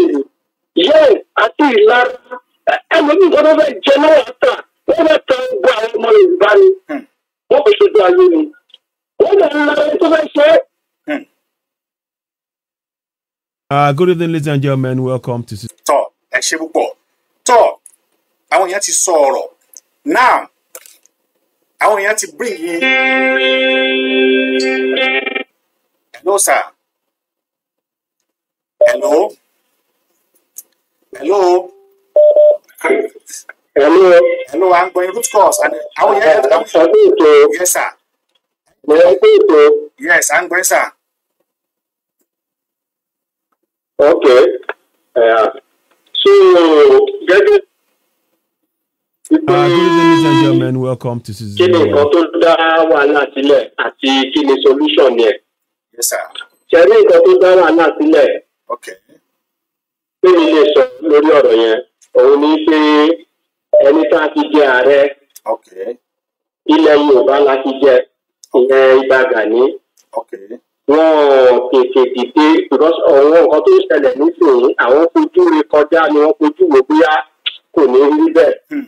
owó. yẹ àti ìlara ẹlòmíì kan tó fẹ́ jẹ náà ta wọ́n fẹ́ ta gbogbo àwọn ọmọ Yorùbá ni hmm. wọ́n kò ṣojú ayé ni wọ́n lè ń lọ tó fẹ́ ṣe é. Hmm. Uh, good evening, ladies and gentlemen. Welcome to. talk. ẹ ṣe púpọ̀. Tọ́ àwọn èèyàn ti sọ ọ̀rọ̀ now àwọn èèyàn ti bring in hello sir hello hello hello hello I'm going gbọ́ yín root cause and àwọn èèyàn ti sọ ètò yes sir yes à ń gbọ́ yín sir. okay uh, so gẹ́gẹ́ ladies and gentlemen. Welcome to season. Kí ni nǹkan tó dá wàhálà sílẹ̀ àti kí ni solution yẹn? Yes, sir. Ṣé nǹkan tó dá wàhálà sílẹ̀? Okay. Kí ni lè sọ lórí ọ̀rọ̀ yẹn? Òun ni pé ẹni tá a ti jẹ ààrẹ. Okay. Ilẹ̀ Yorùbá la ti jẹ. Ìyẹn Ìbà Gani. Okay. Wọ́n tètè dìde because ọ̀rọ̀ nǹkan tó ṣẹlẹ̀ nísìnyí àwọn fojú ré kọjá ni wọ́n fojú wò bóyá kò ní rí bẹ́ẹ̀. Hmm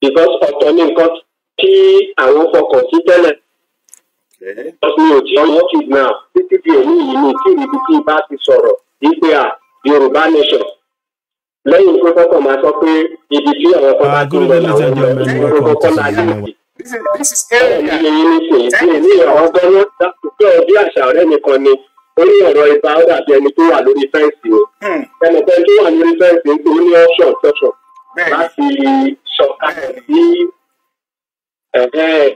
because ọ̀tọ̀ ní nǹkan tí àwọn fọkàn sí tẹ́lẹ̀. mi ò tí ì wọ́n ti gbà títí di èyí yìí ni tí ibi tí bá ti sọ̀rọ̀ wípé à yorùbá nation lẹ́yìn tó kọ́kọ́ máa sọ pé ibi tí àwọn kan bá ti ń bọ̀ ọmọ ẹgbẹ́ tó kọ́kọ́ náà yé mi. ẹ̀yìn mi sì ń sìn ní ọ̀rọ̀ gbọ́nà pé ọdí àṣà ọ̀rẹ́ mi ni orí ọ̀rọ̀ ibà ó dàbí ẹni tó wà lórí fẹ́ǹsì o ẹnìkan tó wà lórí fẹ́ǹsì ń pè ní ọ̀ṣọ̀ ọ̀ṣọ̀ láti sọ̀kalẹ̀ sí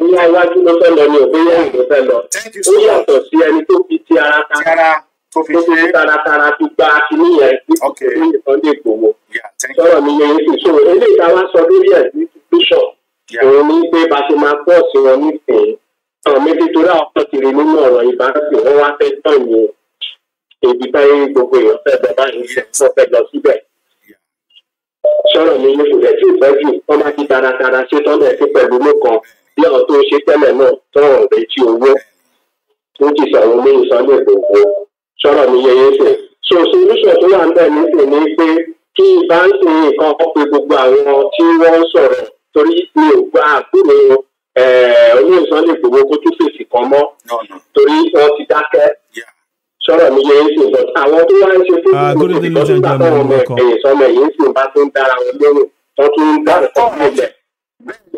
bóyá iwájú ló fẹ́ lọ ni ò bóyá ìlú fẹ́ lọ ó yàtọ̀ sí ẹni tó fi ti ara tara tó fi taratara fi gba kínní yẹn títí ní nìkan lè gbowó sọ̀rọ̀ mi yẹn sì so eléyìí tá a wá sọ lórí ẹ̀ ní bíṣọ̀ òun ní pé bá a ti máa pọ̀ sí wọn nísìnyí àwọn méjì torí àwọn ọ̀pọ̀ ti rí nínú ọ̀rọ̀ ìbáraẹ̀sì wọn wá fẹ́ tán ní ibi táyé gbogbo èèyàn fẹ́ bẹ̀ báyìí sọ̀rọ̀ mi ní ìrẹ̀ tí ìfẹ́jù wọ́n bá ti taratara ṣe tọ́lẹ̀ sí pẹ̀lú ló kan bí ọ̀rọ̀ tó ṣe tẹ́lẹ̀ náà tọ̀rọ̀ rẹ̀ tí owó ó ti sọ̀rọ̀ ní ìsọ̀lẹ̀ gbogbo sọ̀rọ̀ mi yẹyẹ sè so solution tó wà ń bẹ̀ nísìn ni pé kí báńkì nǹkan pe gbogbo àwọn tí wọ́n sọ̀rọ̀ torí mi ò gbà àgbélé eh, oníṣọ̀lẹ̀ gbogbo kó tún fèsì kan mọ́ torí wọ́n ti dákẹ́ sọ̀rọ̀ mi yẹ yín sìn but àwọn tó wá ń ṣe ah, fún mi kò tó ń bá fún ọmọ ẹ̀yìn sọmọ yìí sìn bá tó ń dára wọn lóhùn tó tún ń dá nǹkan ẹ̀jẹ̀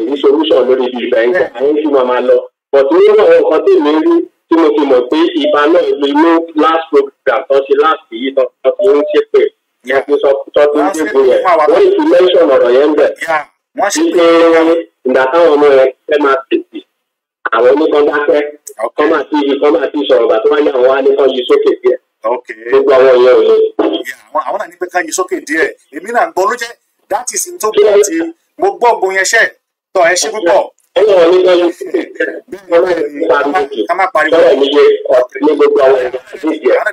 èyí solúsọ̀ lórí ibi ìgbà yín àyín fi máa lọ but nínú àwọn nǹkan tí mi rí tí mo fi mọ̀ pé ibà náà lu inú last program tó ṣe last yìí tó ti ń ṣe pé ìyá tó sọ tó ti ń dìbò yẹn wọ́n ì fi mẹ́ṣọ̀n ọ̀rọ̀ yẹn bẹ̀ wípé ìgbà táwọn ọmọ kọ́ máa ti kọ́ máa ti sọ̀rọ̀ bàtọ́ wáyé àwọn wá ní kọ́ yí sókè díẹ̀. gbogbo àwọn yẹn ò yẹ. àwọn náà ní pé ká yí sókè díẹ̀ èmi náà gbọ́ ló jẹ́ that is n tó bí wọ́n ti mo gbọ́ ògùn yẹn ṣẹ́ tọ́ ẹ ṣe púpọ̀. ká má pariwo àwọn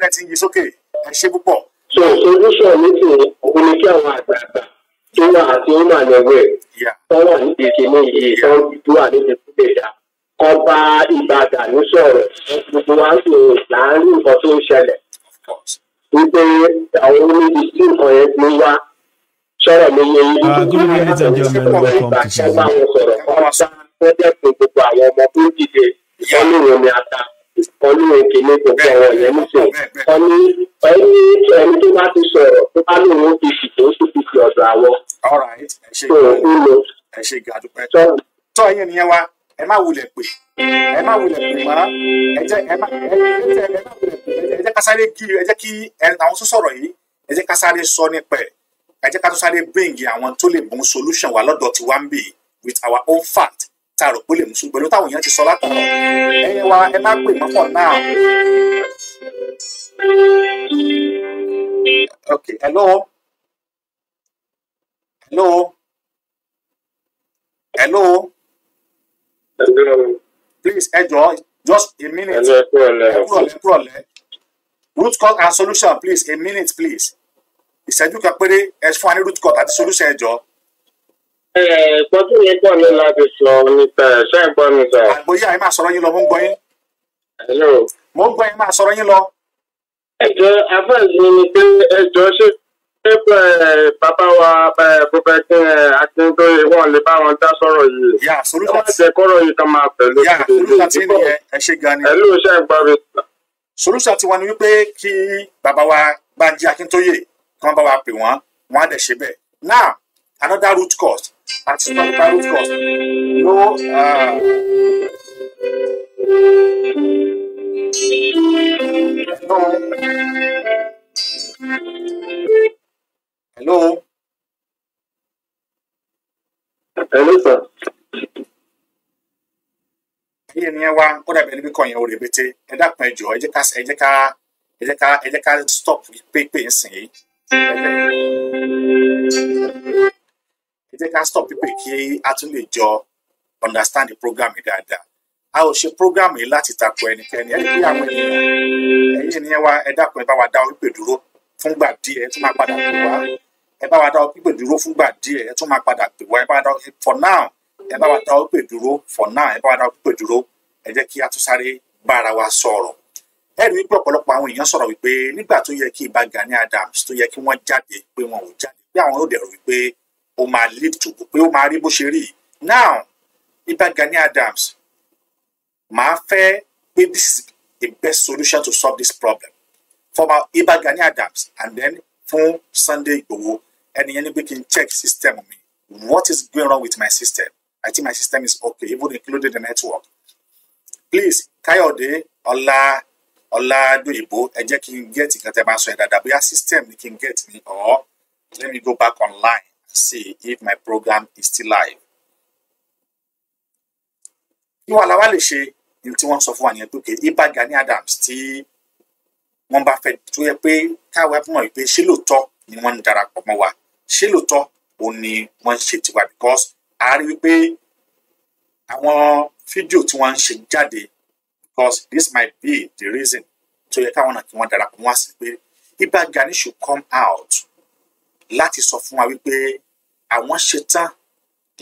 náà ti yí sókè ẹ ṣe púpọ̀. so solution mi ti òun ni kí àwọn àgbààgbà tó wà àti ó mà lọ́wọ́ ẹ̀ tó wà níbi ìkíní yìí tó wà níbi ìkíní ìdá ọba ìbàdàn ló sọ̀rọ̀ gbogbo wa sì láàárín nǹkan tó ń ṣẹlẹ̀ wípé àwọn oníbi tí nǹkan yẹn ti wá sọ̀rọ̀ mi yẹ yín ah, nígbà ìgbà tí sọ̀rọ̀ wọ́n sá wọ́n gbogbo àwọn ọmọ tó dìde ìkọlùwọ̀n ni ata ìkọlùwọ̀n kìíní gbogbo àwọn yẹn nìkan wọ́n ní ẹni ẹni tó bá ti sọ̀rọ̀ tó bá lòun ó fi fìdó tó fi fi ọ̀dọ̀ àwọn. ọ̀rọ̀ ẹ ṣe ìgbà dúpẹ́ tọ́ ẹ̀yìn nìyẹn wá ẹ má wulẹ̀ pè ẹ má wulẹ̀ pè mọ́ ẹ jẹ́ ẹ má ẹ jẹ́ ẹ má wulẹ̀ pè ẹ jẹ́ kásáré kí ẹ jẹ́ kí àwọn tó sọ̀rọ̀ yìí ẹ jẹ́ kásáré sọ nípa ẹ̀ ẹ jẹ́ kátó sáré bíǹgì àwọn tó lè mú solution wá lọ́dọ̀ tiwa ń bì with our own fact tá a rò pé lè mú ṣùgbọ́n táwọn èèyàn ti sọ látọ̀rọ̀ ẹ̀yẹ wa ẹ má pè mọ́pọ̀ náà. okay hello hello hello please ẹ jọ̀ọ́ just a minute ẹ kúrọ̀lẹ́ ẹ kúrọ̀lẹ́ root cause and solution please a minute please ìṣẹ́jú kan péré ẹ fún wa ní root cause àti solution ẹ jọ̀ọ́. ìpọ́jú yìí pọ̀ ní láti sọ nípa ẹ̀ṣẹ́ ìgbọ́ mi sọ. àgbóyè àyè máa sọ̀rọ̀ yín lọ mo ń gbọ́ yín. mo ń gbọ́ yín máa sọ̀rọ̀ yín lọ. ẹ jọ̀ọ́ abẹ́ẹ̀lì ni pé ẹ jọ̀ọ́ ṣètò ṣé eh, bàbá wa prophet Akíntóyè wọn lè bá wọn dá sọ̀rọ̀ yìí. yà solution ti ẹ má jẹ kọ́rọ̀ yìí kan máa pẹ̀lú. ti ni ẹ ẹlú iṣẹ́ ìgbàre. solution ti wa ni wípé kí bàbá wa Bánjí Akíntóyè kí wọ́n bá wa pè wọ́n wọ́n á dẹ̀ ṣe bẹ́ẹ̀. now another root cause àti another root cause no. Uh, no. Hello. Hello, sir. Ayé ènìyàn wa ó dàbí ẹni bí kàn yẹn ó rèbete ẹ dákun ẹ jọ ẹ jẹ́ ká ẹ jẹ́ ká ẹ jẹ́ ká ẹ jẹ́ ká stop pépè ń sìn yìí. Ẹ jẹ́ ká stop pépè kí a tún lè jọ understand the program dáadáa a ò ṣe program yìí láti tako ẹnikẹ́ni ẹni bí àwọn ènìyàn ẹ̀yin ènìyàn wa ẹ dákun ẹ bá wa dá orí pè dúró fúngbà díẹ̀ tó máa padà tó wá ẹ bá wa dá pípè dúró fúngbà díẹ̀ ẹ tún máa padà pè wá ẹ bá wa dá for now ẹ bá wa dá pípè dúró for now ẹ bá wa dá pípè dúró ẹ jẹ́ kí a tún sáré bára wa sọ̀rọ̀ ẹ rí wípé ọ̀pọ̀lọpọ̀ àwọn èèyàn sọ̀rọ̀ wípé nígbà tó yẹ kí ibà Gani Adams tó yẹ kí wọ́n jáde pé wọn ò jáde pé àwọn yóò dẹ̀rù wípé ó máa lead to pé ó máa rí bó ṣe rí now ibà Gani Adams màá fẹ́ pé this is the best solution to solve this problem for ibà Gani Adams and then fún Sunday Igboho ẹnìyẹn níbi kí n check system me. what is going wrong with my system I think my system is okay even including the network please Káyọ̀dé Ọlá Ọládòyìnbó ẹ And kí can get nǹkan tẹ́ bá sọ ẹ̀ dáadáa bóyá system ni can get me. or let me go back online and see if my program is still live. kí wàá làwa lè You want tí wọ́n sọ fún wa nìyẹn pé kì í bá Gani Adams To wọ́n bá fẹ́ tó yẹ pé káwa mọ̀ pé ṣé lóòótọ́ ni wọ́n ń darapọ̀ mọ́ wa ṣé lóòótọ́ òun ni wọ́n ṣe tiwa because a rí wípé àwọn fídíò tí wọ́n ń ṣe jáde because this might be the reason tó yẹ káwọn náà kí wọ́n darapọ̀ wá sí pé Ìbà Gani should come out láti sọ fún wa wípé àwọn ṣetán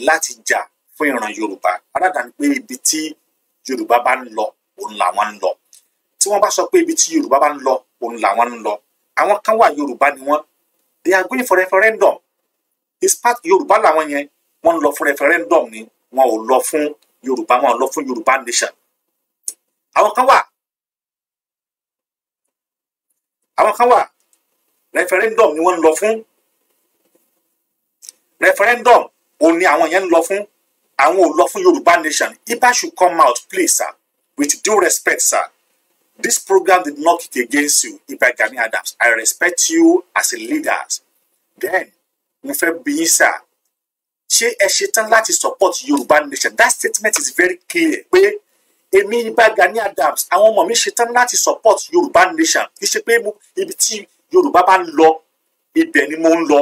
láti jà fún ìran Yorùbá aládàá ni pé ibi tí Yorùbá bá ń lọ òun làwọn ń lọ tí wọ́n bá sọ pé ibi tí Yorùbá bá ń lọ òun làwọn ń lọ àwọn kan wà Yorùbá ni wọ́n they are going for referendum this part yorùbá làwọn yẹn wọ́n lọ fún referendum ni wọ́n ò lọ fún yorùbá wọ́n ò lọ fún yorùbá nation àwọn kan wà àwọn kan wà referendum ni wọ́n ń lọ fún referendum òun ni àwọn yẹn ń lọ fún àwọn ò lọ fún yorùbá nation ibà should come out please sir with due respect sir This program did not kick against you, if I Gani Adams. I respect you as a leader. Then, mo fẹ́ bi yín sá, ṣé ẹ ṣetán láti support Yorùbá nation? That statement is very clear pé èmi Ipa Gani Adams, àwọn ọmọ mi ṣetán láti support Yorùbá nation. Kì í ṣe pé ibi tí Yorùbá bá ń lọ, ibẹ̀ ni mo ń lọ.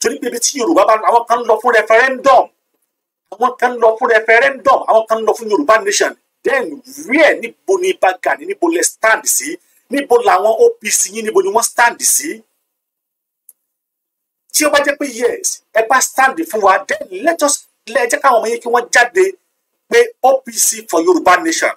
Torí pé ibi tí Yorùbá bá ń lọ, àwọn kan ń lọ fún referendum. Àwọn kan ń lọ fún referendum. Àwọn kan ń lọ fún Yorùbá nation then where níbo ni Ìbà Gani níbo lẹ stand sí níbo làwọn OPC yín níbo ni wọ́n stand sí tí ó bá jẹ́ pé yes ẹ bá stand fún wa then let us lẹ jẹ́ káwọn ọmọ yín kí wọ́n jáde pé OPC for Yorùbá nation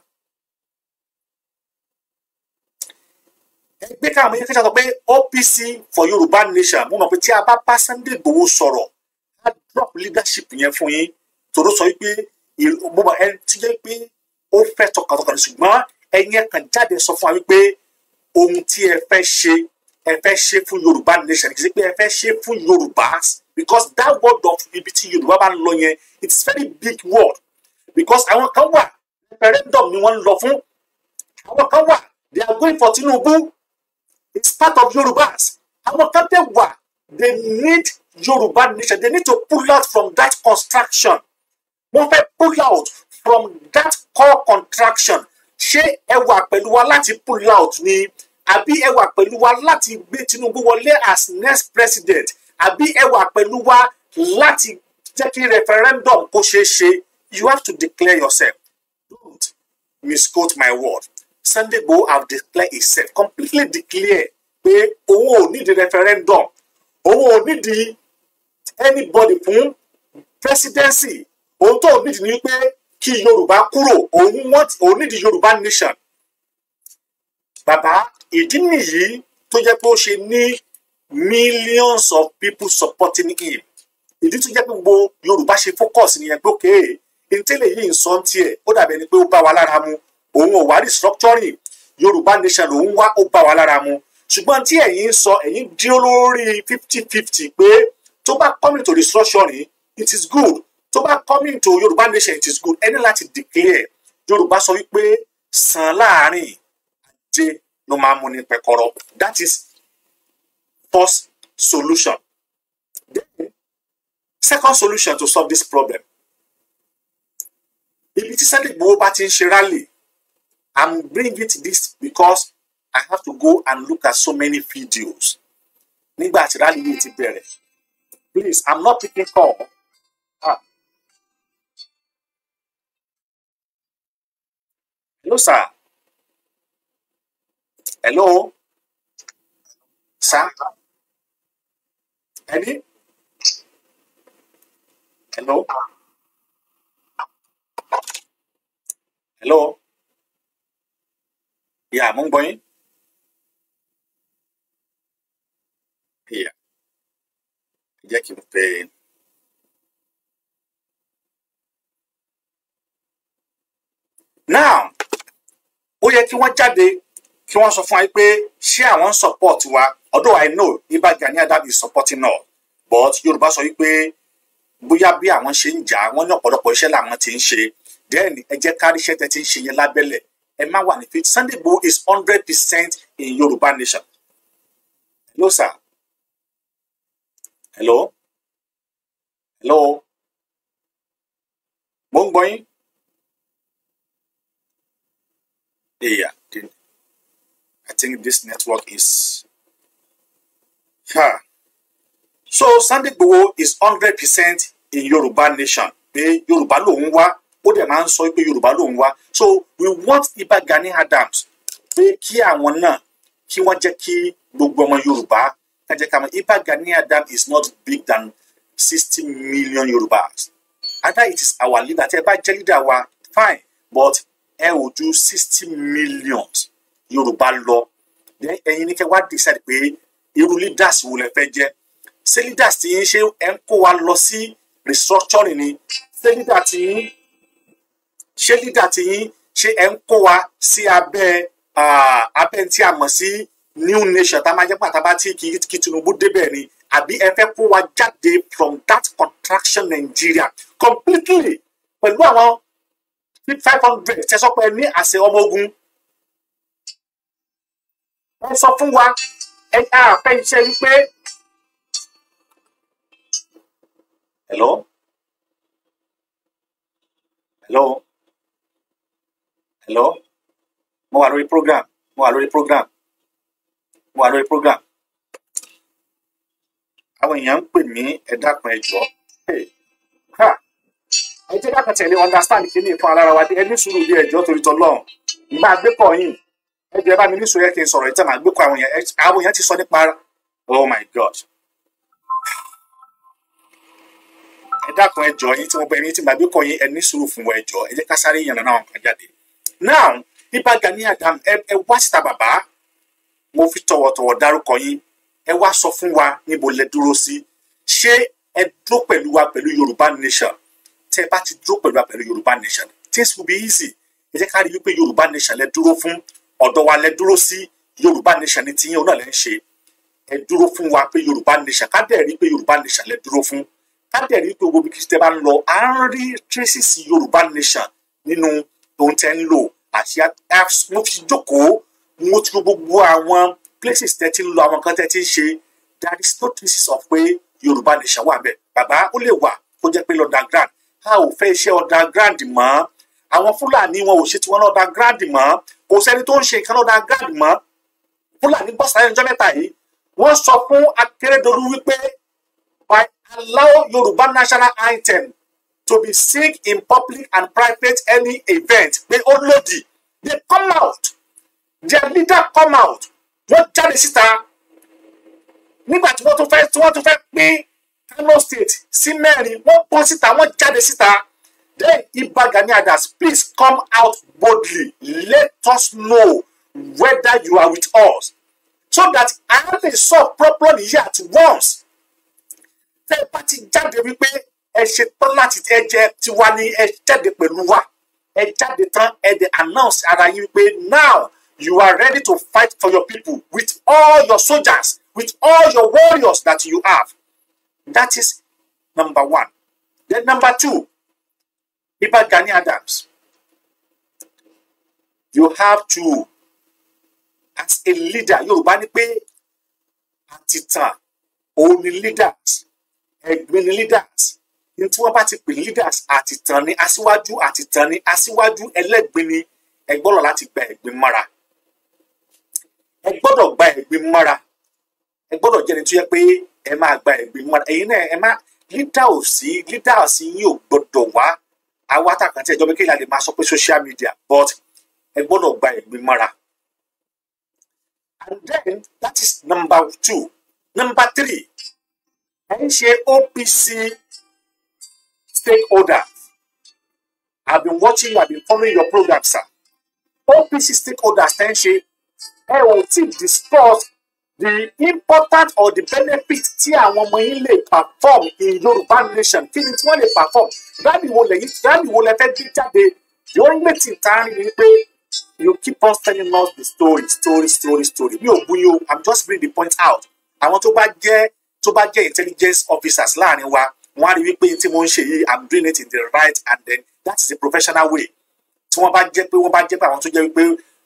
ẹgbẹ́ káwọn ọmọ yín kí wọ́n sọ pé OPC for Yorùbá nation mo mọ̀ pé tí a bá bá Sunday Igboho sọ̀rọ̀ á drop leadership yẹn fún yín tòró sọ wípé mo mọ̀ ẹ ti jẹ́ pé ó fẹ́ tọkàntọkàn ṣùgbọ́n ẹ̀yin ẹ̀ kàn jáde sọ fún wa wípé ohun tí ẹ fẹ́ ṣe ẹ fẹ́ ṣe fún yorùbá nation kì í ṣe pé ẹ fẹ́ ṣe fún yorùbá because that word of ibi tí yorùbá bá ń lọ yẹn it's very big word because àwọn kan wà referendum ni wọ́n ń lọ fún àwọn kan wà they are going for tinubu it's part of yorùbás àwọn kan tẹ wà they need yorùbá nation they need to pull out from that construction wọ́n fẹ́ pull out from that core contraction ṣé ẹ wà pẹ̀lú wa láti pull out ni àbí ẹ wà pẹ̀lú wa láti gbé Tinubu wọlé as next president àbí ẹ wà pẹ̀lú wa láti jẹ́ kí referendum kó ṣeé ṣe you have to declare yourself don't misquote my word Sunday Igboho have declare himself completely declare pé òun ò ní di referendum òun ò ní di anybody fún presidency òun tó ò ní di ni pé kí yorùbá kúrò òun wọn òun nídìí yorùbá nation bàbá ìdí nìyí tó jẹ́ pé ó ṣe ní millions of people supporting him ìdí tó jẹ́ pé gbogbo yorùbá ṣe focus nìyẹn gbókè ìtẹ́lẹ̀ yìí ń sọ́n tiẹ̀ ó dàbẹ̀ ni pé ó bá wa lára mu òun ò wá restructuring yorùbá nation lòun wá ó bá wa lára mu ṣùgbọ́n tí ẹ̀yin sọ ẹ̀yin dúró lórí fifty fifty pé tó bá come to restructuring it is good tó bá coming to yorùbá nation it is good ẹni láti declare yorùbá sọ wípé sàn láàrin àjẹ ló máa mú ní pẹ̀kọ̀rọ̀ that is first solution then second solution to solve this problem ibi tí Sunday Igboho bá ti ń ṣe rally i'm bringing it this because i have to go and look at so many videos nígbà tí rally yìí ti bẹ̀rẹ̀ please i'm not picking call Hello, sir. Hello. Sir. Any? Hello. Hello. Yeah, mo ń gbọ́ yín. Yeah. Jẹ́ Now ó yẹ kí wọ́n jáde kí wọ́n sọ fún wa pé ṣé àwọn ń support wa although I know Ìbà Gani Adams is supporting us but Yorùbá sọ wípé bóyá bí àwọn ṣe ń jà wọ́n ní ọ̀pọ̀lọpọ̀ iṣẹ́ làwọn ti ń ṣe then ẹ jẹ́ kárí iṣẹ́ tẹ́ ti ń ṣe yẹn lábẹ́lẹ̀ ẹ má wà ní fit Sunday Igboho is hundred percent in Yorùbá nation hello sir hello hello mo ń gbọ́ yín. layer. I think this network is. Huh. So Sunday Igboho is hundred percent in Yoruba nation. Pé Yorùbá lòun wá, ó dẹ̀ máa So we want Iba Gani Adams pé kí ki wajaki kí wọ́n jẹ́ kí Iba Gani Adams is not big than sixty million Yorubas. Either it is our leader, tẹ́ ẹ bá jẹ́ fine but ẹ ò ju sixty million yorùbá lọ ẹ̀yin ní kẹ́ wá decide pé irú leaders wo lẹ fẹ́ jẹ́ ṣé leaders ti ń ṣe ẹ ń kó wa lọ sí restructuring ni ṣé leader ti ń ṣé leader ti ń ṣe ẹ ń kó wa sí abẹ́ abẹ́ tí a mọ̀ sí new nation tá a máa jẹ́ pàtàkì tí kí Tinubu débẹ̀ ni àbí ẹ fẹ́ kó wa jáde from that contraction Nigeria completely pẹ̀lú àwọn sí five hundred ṣe sọ pé ní àṣẹ ọmọ ogun ẹ sọ fún wa ẹ ká àfẹnṣẹ wípé. hello hello hello mo wà lórí program mo wà lórí program mo wà lórí program àwọn èèyàn ń pè mí ẹ dákun ẹ ẹ jẹ́ ká tẹ̀lé understand kí ni ìfún alára wa dé ẹ ní sùúrù bí ẹjọ́ torí tọ́ lọ́hùn ìgbà àgbékọ̀ yìí ẹ jẹ́ bá mi ní sùúrù yẹ kí n sọ̀rọ̀ ìtàn àgbékọ̀ àwọn yẹn àwọn yẹn ti sọ nípa oh my god ẹ dákun ẹjọ́ yìí tí mo bẹ yín tí àgbékọ̀ yìí ẹ sùúrù fún wa ẹjọ́ ẹ jẹ́ ká sáré yànnà náà kàn jáde now ibà Gani Adams ẹ ẹ wá síta bàbá mo fi tọ̀wọ̀tọ̀wọ̀ dárúkọ yín ẹ wá sọ fún wa níbo lẹ dúró sí ṣé ẹ dúró pẹ̀lú wa pẹ̀lú Yorùbá nation tẹ́ bá ti dúró pẹ̀lú àpẹẹrẹ yorùbá nation things will be easy ẹ jẹ́ ká rí wípé yorùbá nation lẹ dúró fún ọ̀dọ̀ wa lẹ dúró sí yorùbá nation ní tiyín ọ̀nà lẹ ń ṣe ẹ dúró fún wa pé yorùbá nation ká dẹ̀ rí pé yorùbá nation lẹ dúró fún ká dẹ̀ rí pé gbogbo kìí tẹ́ bá ń lọ à ń rí traces yorùbá nation nínú ohun tẹ́ ń lò àti mo fi jókòó mo ti gbogbo àwọn places tẹ́ ti ń lọ àwọn kan tẹ́ ti ń ṣe there is no traces of pé yorùbá nation wà bẹ́ẹ̀ bàbá ó lè wà kó jẹ́ pé london grand a ò fẹ́ iṣẹ́ underground mọ́ àwọn fúlàní wọn ò ṣe tiwọn ní underground mọ́ kò sẹ́ni tó ń ṣe nǹkan underground mọ́ fúlàní bọ́sàlẹ̀ ọjọ́ mẹ́ta yìí wọ́n sọ fún akérèdọ́lù wípé by allow yorùbá national item to be sing in public and private any event pé ó lòdì they come out their leader come out wọ́n jáde síta nígbà tí wọ́n tún fẹ́ tí wọ́n tún fẹ́ pín Kano State sí mẹ́rin wọ́n bọ́ síta wọ́n jáde síta then Iba Gani Adams please come out boldly let us know whether you are with us so that a lè solve problem yìí at once tẹ́ ẹ bá ti jáde wípé ẹ ṣe tán láti ẹ jẹ tiwa ni ẹ jáde pẹ̀lú wa ẹ jáde tán ẹ dẹ̀ announce ara yín pé now you are ready to fight for your people with all your soldiers with all your warriors that you have. That is number one. Then number two, Iba Gani Adams. You have to, as a leader, You bani pe àtìtàn only leaders, ẹ̀gbin leaders. Ní tí wọ́n bá ti pè leaders àtìtàn ni aṣíwájú àtìtàn ni aṣíwájú ẹlẹ́gbin ni ẹ gbọ́dọ̀ láti gba ẹ̀gbin mọ́ra. Ẹ gba ẹ̀gbin mọ́ra. Ẹ jẹ́ni tó yẹ pé ẹ máa gba ìgbìmọ̀ ẹ̀yin náà ẹ má lídà ò sí lídà ò sí yín ò gbọdọ̀ wá àwa àtàkàntì ìjọba kéèyàn lè máa sọ pé social media but ẹ gbọdọ̀ gba ìgbìmọ̀ra and then that is number two number three ẹ ń ṣe OPC stakeholder i been watching you i been following your program sir OPC stakeholders ẹ ń ṣe ẹ ò tí discuss the important or the benefit tí àwọn ọmọ yín lè perform in Yorùbá nation kí ni tí wọ́n lè perform dáàbì wo lẹ́yìn dáàbì wo lẹ́fẹ́ gbé jáde the only thing tá a rí ni you keep on telling us the story story story story mi ò bú yín o i'm just bring the point out àwọn tó bá jẹ́ to bá jẹ́ intelligence officers láàrin wa wọ́n á rí wípé tí mo ń ṣe yìí i'm doing it in the right and then that is the professional way tí wọ́n bá jẹ́ pé wọ́n bá jẹ́ pé àwọn tó jẹ́ wípé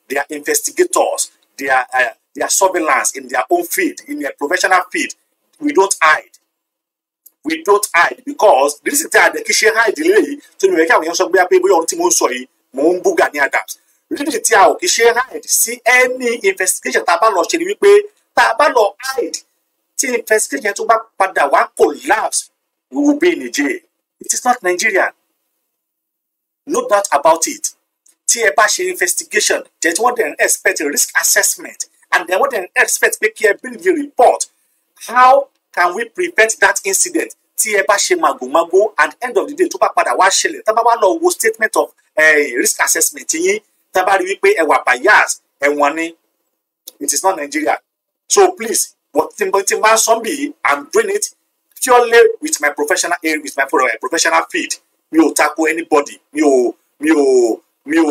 they are investigators they are. Uh, their surveillance in their own field, in their professional field. We don't hide. We don't hide because this is the idea kì í ṣe hide lélẹ́yìí tó ní ìrẹ́kẹ́ àwọn èèyàn sọ pé pé bóyá ọ̀run tí mo ń sọ yìí mò ń bú Gani Adams. Rídìí tí a ò kì í ṣe hide sí any investigation tá a bá lọ ṣe ni wípé tá a bá lọ hide tí investigation tó bá padà wá collapse we will be in a jail. It is not Nigerian. No doubt about it. Tí ẹ bá ṣe investigation, jẹ́ tí wọ́n dẹ̀ ń risk assessment and then what an expert make here bring the report how can we prevent that incident tí ẹ bá ṣe màgòmágó and end of the day tó bá padà wá ṣẹlẹ̀ tá bá wá lọ wo statement of uh, risk assessment yín tá bá rí wípé ẹ wà bias ni it is not Nigeria so please what tí n bá sọ bí i'm doing it purely with my professional area eh, with my eh, professional field mi ò tako anybody mi ò mi ò mi ò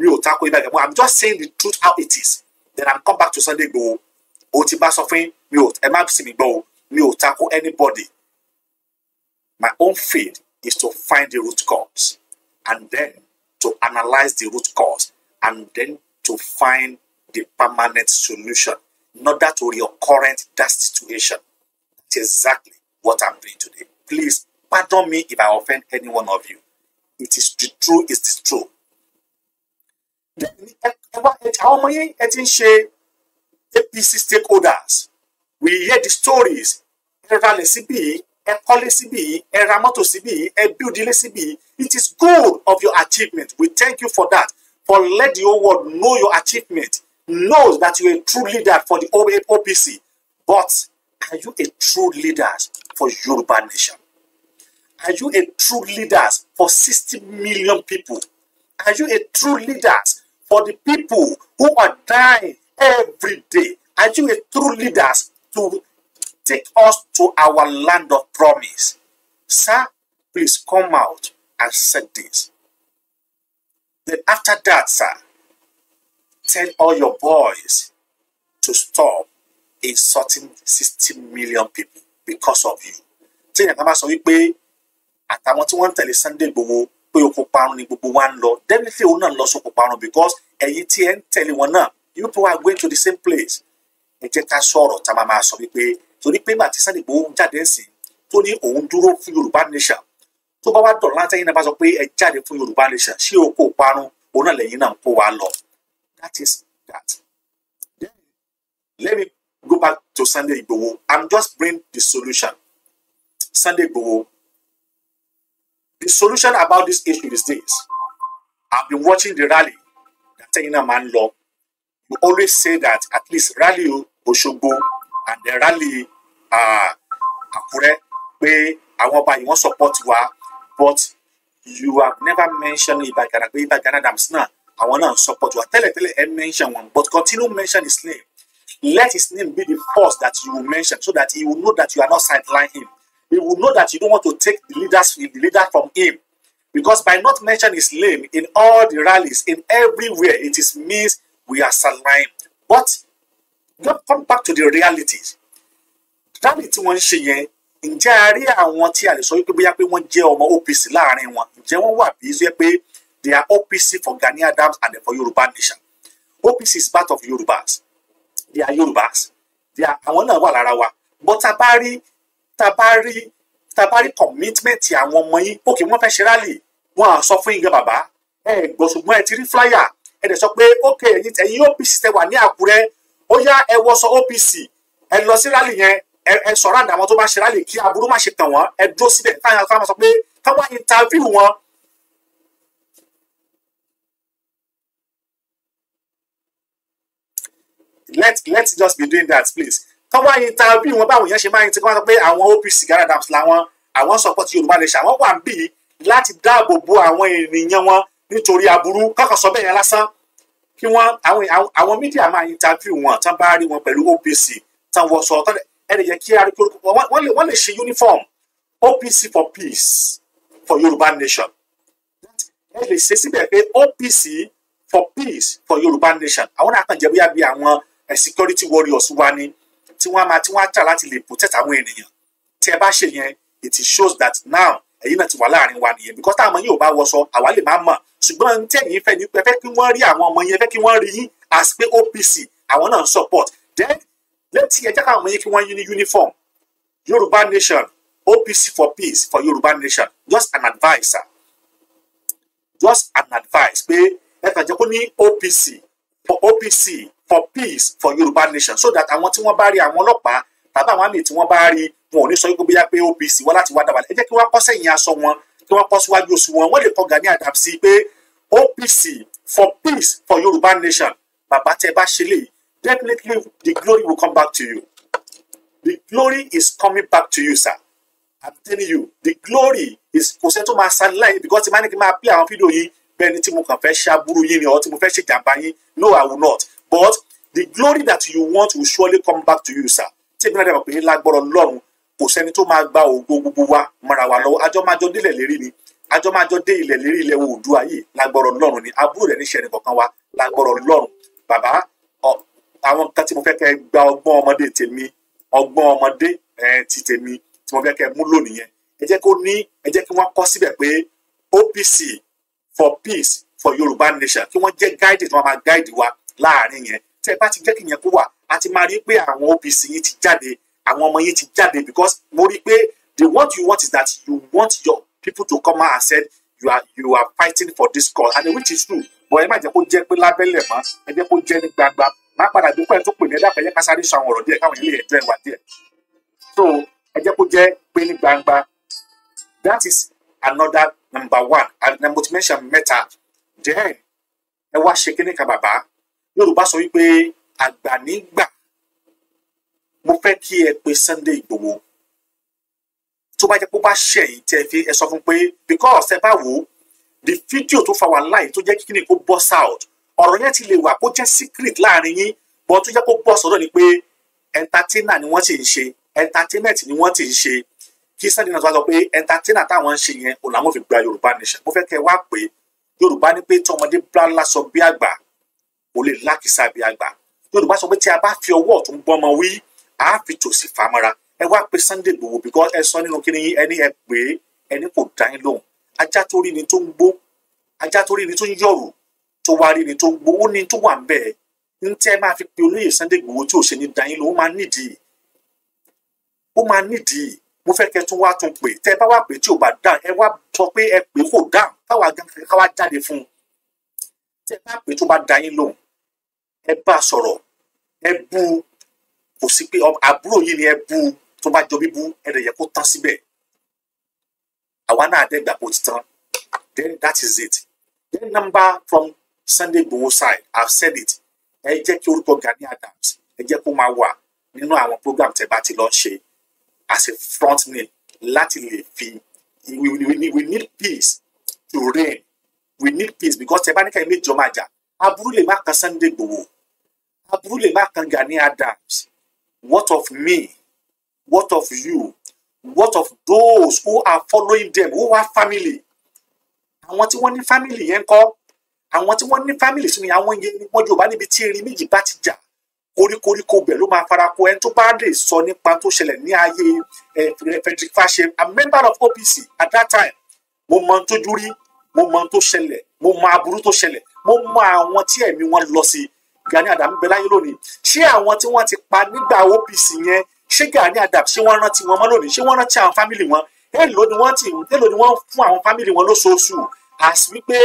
mi ò tako anybody i'm just saying the truth how it is then I come back to Sunday Igboho o ti bá sọ fún mi ò ẹ má sì mí gbọ́ o mi ò tako anybody my own faith is to find the root cause and then to analyze the root cause and then to find the permanent solution not that to current that situation that's exactly what i'm doing today please pardon me if i offend any one of you it is the truth is the truth àwọn ọmọ APC stakeholders we hear the stories ẹ ralẹ̀ a ẹ kọ́lé síbí ẹ ra mọ́tò síbí ẹ it is good of your achievement we thank you for that for let the whole world know your achievement knows that you are a true leader for the OPC but are you a true leader for Yoruba nation are you a true leader for sixty million people are you a true leader for the people who are dying every day. are you a true leader to take us to our land of promise. Sir, please come out and say this. Then after that, sir, tell all your boys to stop insulting 60 million people because of you. Tí ìyàgbọ́n bá sọ wípé àtàwọn tí wọ́n ń tẹ̀lé Sunday Igboho pé oko parun ni gbogbo wa ń lọ definitely òun náà ń lọ sóko parun because ẹ̀yin tí ẹ ń tẹ̀lé wọn náà you people are going to the same place ẹ jẹ́ ká sọ̀rọ̀ tá a máa máa sọ wípé torí pé màtí Sunday Igboho jáde sí tó ní òun dúró fún Yorùbá nation tó bá wá dọ̀rọ̀ láti ẹ̀yin náà bá sọ pé ẹ jáde fún Yorùbá nation ṣé oko parun òun náà lẹ́yìn náà ń kó wa lọ that is that then let me go back to Sunday I i'm just bring the solution Sunday Igboho The solution about this issue is this. I've been watching the rally that Taina Man love. You always say that at least rally Oshogbo and the rally uh, Akure pé àwọn ọba yìí wọ́n support wa but you have never mentioned Iba Gana pé I want to support you. Tell it, tell it, ẹ mention one, but continue mention his name let his name be the first that you will mention so that he will know that you are not sidelining him he will know that you don't want to take the leaders the leader from him because by not mentioning his name in all the rallies in everywhere it is means we are saline but don't come back to the realities rally tí wọ́n ń ṣe yẹn ǹjẹ́ a rí àwọn tí a lè sọ wípé bóyá pé wọ́n jẹ́ ọmọ OPC láàrin wọn ǹjẹ́ wọ́n wà bí ṣe pé they are OPC for Gani Adams and for Yoruba nation OPC is part of Yorubas they are Yorubas they are àwọn náà wà lára wa but a tá a bá rí commitment àwọn ọmọ yín òkè wọ́n fẹ́ ṣe rálì wọ́n à sọ fún yín gan bàbá ẹ gbọ́ ṣùgbọ́n ẹ ti rí flyer ẹ dẹ̀ sọ pé òkè ẹ̀yin ẹ̀yin OPC tẹ wà ní Àkúrẹ́ ó yá ẹ wọṣọ OPC ẹ lọ sí rálì yẹn ẹ sọ̀rọ̀ àdàmọ́ tó bá ṣe rálì kí aburú má ṣe tàn wọ́n ẹ dúró síbẹ̀ táwọn akọ́nà sọ pé káwọn interview wọn let let's just be doing that please tó wá yin ta bí wọn báwọn èèyàn ṣe máa yin ti kí wọn sọ pé àwọn OPC Ghana Adams làwọn àwọn support Yorùbá Nation àwọn wà ń bì í láti dáàbò bo àwọn ènìyàn wọn nítorí aburú kọ́kọ́ sọ bẹ́ẹ̀ yẹn lásán kí wọ́n àwọn àwọn mídíà máa interview wọn tán bá rí wọn pẹ̀lú OPC tán wọ́n sọ tán ẹni yẹ kí arúgbó wọ́n lè ṣe uniform OPC for peace for Yorùbá Nation ẹ lè ṣe síbẹ̀ pé OPC for peace for Yorùbá Nation àwọn àkànjẹ́ bóyá bí àwọn security warriors wá ní tí wọ́n máa tí wọ́n á tà láti lè protect àwọn ènìyàn tí ẹ bá ṣe yẹn it shows that now ẹ̀yin náà ti wà láàrin wa nìyẹn because táwọn ọmọ yín ò bá wọṣọ àwa lè má mọ̀ ṣùgbọ́n tẹ̀yìn fẹ́ ni fẹ́ kí wọ́n rí àwọn ọmọ yẹn fẹ́ kí wọ́n rí yín as pé OPC àwọn náà ń support then lẹ́tí ẹ jẹ́ káwọn ọmọ yẹn kí wọ́n yín ní uniform Yorùbá nation OPC for peace for Yorùbá nation just an advice sir just an advice pé ẹ fẹ́ jẹ́ kó ní OPC for OPC for peace for Yorùbá nation so that àwọn tí wọ́n bá rí àwọn ọlọ́pàá tàbí àwọn àmì tí wọ́n bá rí wọn ò ní sọ wípé bóyá pé OPC wá láti wá dábàlẹ̀ ẹ jẹ́ kí wọ́n kọ́ sẹ́yìn aṣọ wọn kí wọ́n kọ́ síwájú oṣù wọn wọ́n lè kọ́ Gani Adams sí pé OPC for peace for Yorùbá nation bàbá tẹ bá ṣe lè definitely the glory will come back to you the glory is coming back to you sir i'm telling you the glory is kò sẹ́ tó máa sáré láyé because tí máa ní kí n máa pí àwọn fídíò yìí bẹ́ẹ̀ ni tí mo kàn fẹ́ ṣàbúrú yín ni ọ̀ tí mo fẹ́ ṣèjàmbá yín no i will not but the glory that you want will surely come back to you sir tí ìbílẹ̀ dàgbà pé lágbọ́rọ̀ lọ́run kò sẹ́ni tó máa gba ògo gbogbo wa mara wa lọ́wọ́ àjọ máa jọ délẹ̀ lérí ni àjọ máa jọ dé ilẹ̀ lérí ilẹ̀ Oòduà yìí lágbọ́rọ̀ lọ́run ni àbúrò rẹ̀ níṣẹ́ nìkankan wa lágbọ́rọ̀ lọ́run bàbá àwọn kan tí mo fẹ́ kẹ́ gba ọgbọ́n ọmọdé tèmi ọgbọ́n ọmọdé ti tèmi tí mo fẹ́ kẹ́ mú lónìí yẹn ẹ jẹ́ kó ní ẹ jẹ́ kí wọ́n kọ́ síbẹ̀ pé OPC for peace for Yorùbá nation kí wọ́n jẹ́ guide wọ́n máa guide wa láàrin yẹn tẹ́ ẹ bá ti jẹ́ kí yẹn kó wà a ti máa rí pé àwọn OPC yín ti jáde àwọn ọmọ yín ti jáde because mo rí pé the what you want is that you want your people to come out and say you are you are fighting for this cause and which is true but ẹ má jẹ́ kó jẹ́ pé lábẹ́lẹ̀ mọ́ ẹ jẹ́ kó jẹ́ ní gbangba má padà dúpẹ́ tó pè ní ẹ̀dá pẹ̀lẹ́ kásáré sọ àwọn ọ̀rọ̀ díẹ̀ káwọn ilé ẹjọ́ ìwà díẹ̀ so ẹ jẹ́ kó jẹ́ pé ní gbangba that is another number one and mo ti mention mẹ́ta then ẹ wá ṣe kíní kan bàbá yorùbá sọ wípé àgbà nígbà mo fẹ́ kí ẹ pe Sunday Igboho tó bá jẹ́ pé ó bá ṣe èyí tẹ́ fi ẹ sọ fún pé because ẹ bá wò ó the video tó fa wàhálà yìí tó jẹ́ kíkí kó burst out ọ̀rọ̀ yẹn ti lè wà kó jẹ́ secret láàrin yín bọ́ tó jẹ́ kó burst sọ́dọ̀ ni pé entertainer ni wọ́n ti ń ṣe entertainment ni wọ́n ti ń ṣe kí Sunday náà tó wá sọ pé entertainer táwọn ń ṣe yẹn òun làwọn fi gba Yorùbá nation mo fẹ́ kẹ́ ẹ wá pé Yorùbá ní pé tọmọdé bá ńlá sọ bí àgbà kò lákìsà bí àgbà yorùbá sọ pé tí a bá fi ọwọ́ ọ̀tún gbọ́mọ wí a fi tòsì famara ẹ wá pe Sunday Igboho because ẹ sọ nínú kíni ẹni ẹ pé ẹni kò dá lóhùn ajá tó rí ni tó ń gbó ajá tó rí ni tó ń yọ̀rù tó wá rí ni tó ń gbó ó ní tó wà ń bẹ́ẹ̀ ń tẹ́ máa fi pe olóyè Sunday Igboho tí ò ṣe ní dá lóhùn ó máa nídìí ó máa nídìí mo fẹ́ kẹ́ tún wá tún pè tẹ́ bá wà pé tí ò bá dáhùn ẹ wá sọ pé ẹ pé kò dáhùn káwa jáde fún un tẹ bá pè tó bá dá yín lóhùn ẹ bá sọ̀rọ̀ ẹ bú kò sí pé àbúrò yìí ni ẹ bú tó bá jọ bíbú ẹ lè yẹ kó tán síbẹ̀ àwa náà dẹ́ gbàgbọ́ ti then that is it then number from Sunday Igboho side I have said it ẹ jẹ́ kí orúkọ Gani Adams ẹ jẹ́ kó máa wà nínú àwọn program tẹ bá ti lọ ṣe as a front name láti lè fi we, we, we need peace to reign we need peace because ẹ bá ní ká ilé ìjọba àjà aburú lè má kan Sunday Igboho aburú lè má kan Gani Adams what of me what of you what of those who are following them who are family àwọn tí wọ́n ní family yẹn kọ́ àwọn tí wọ́n ní family sí ni àwọn yẹn ni wọ́n Yorùbá níbi tí erin méjì bá ti jà koríkoríko bẹ̀ ló máa farako ẹni tó bá lè sọ nípa tó ṣẹlẹ̀ ní ayé eh, Frederick Fashe a member of OPC at that time mo mọ tójú rí mo mọ tó ṣẹlẹ̀ mo mọ aburú tó ṣẹlẹ̀ mo mọ àwọn tí ẹ̀mí wọn lọ sí Gani Adams bẹ láyé lónìí ṣé àwọn tí wọ́n ti pa nígbà OPC yẹn ṣé Gani Adams ṣé wọ́n rántí wọn mọ́ lónìí ṣé wọ́n rántí àwọn fámìlì wọn èlò ni wọ́n ti èlò ni wọ́n fún àwọn fámìlì wọn lóṣooṣù as wípé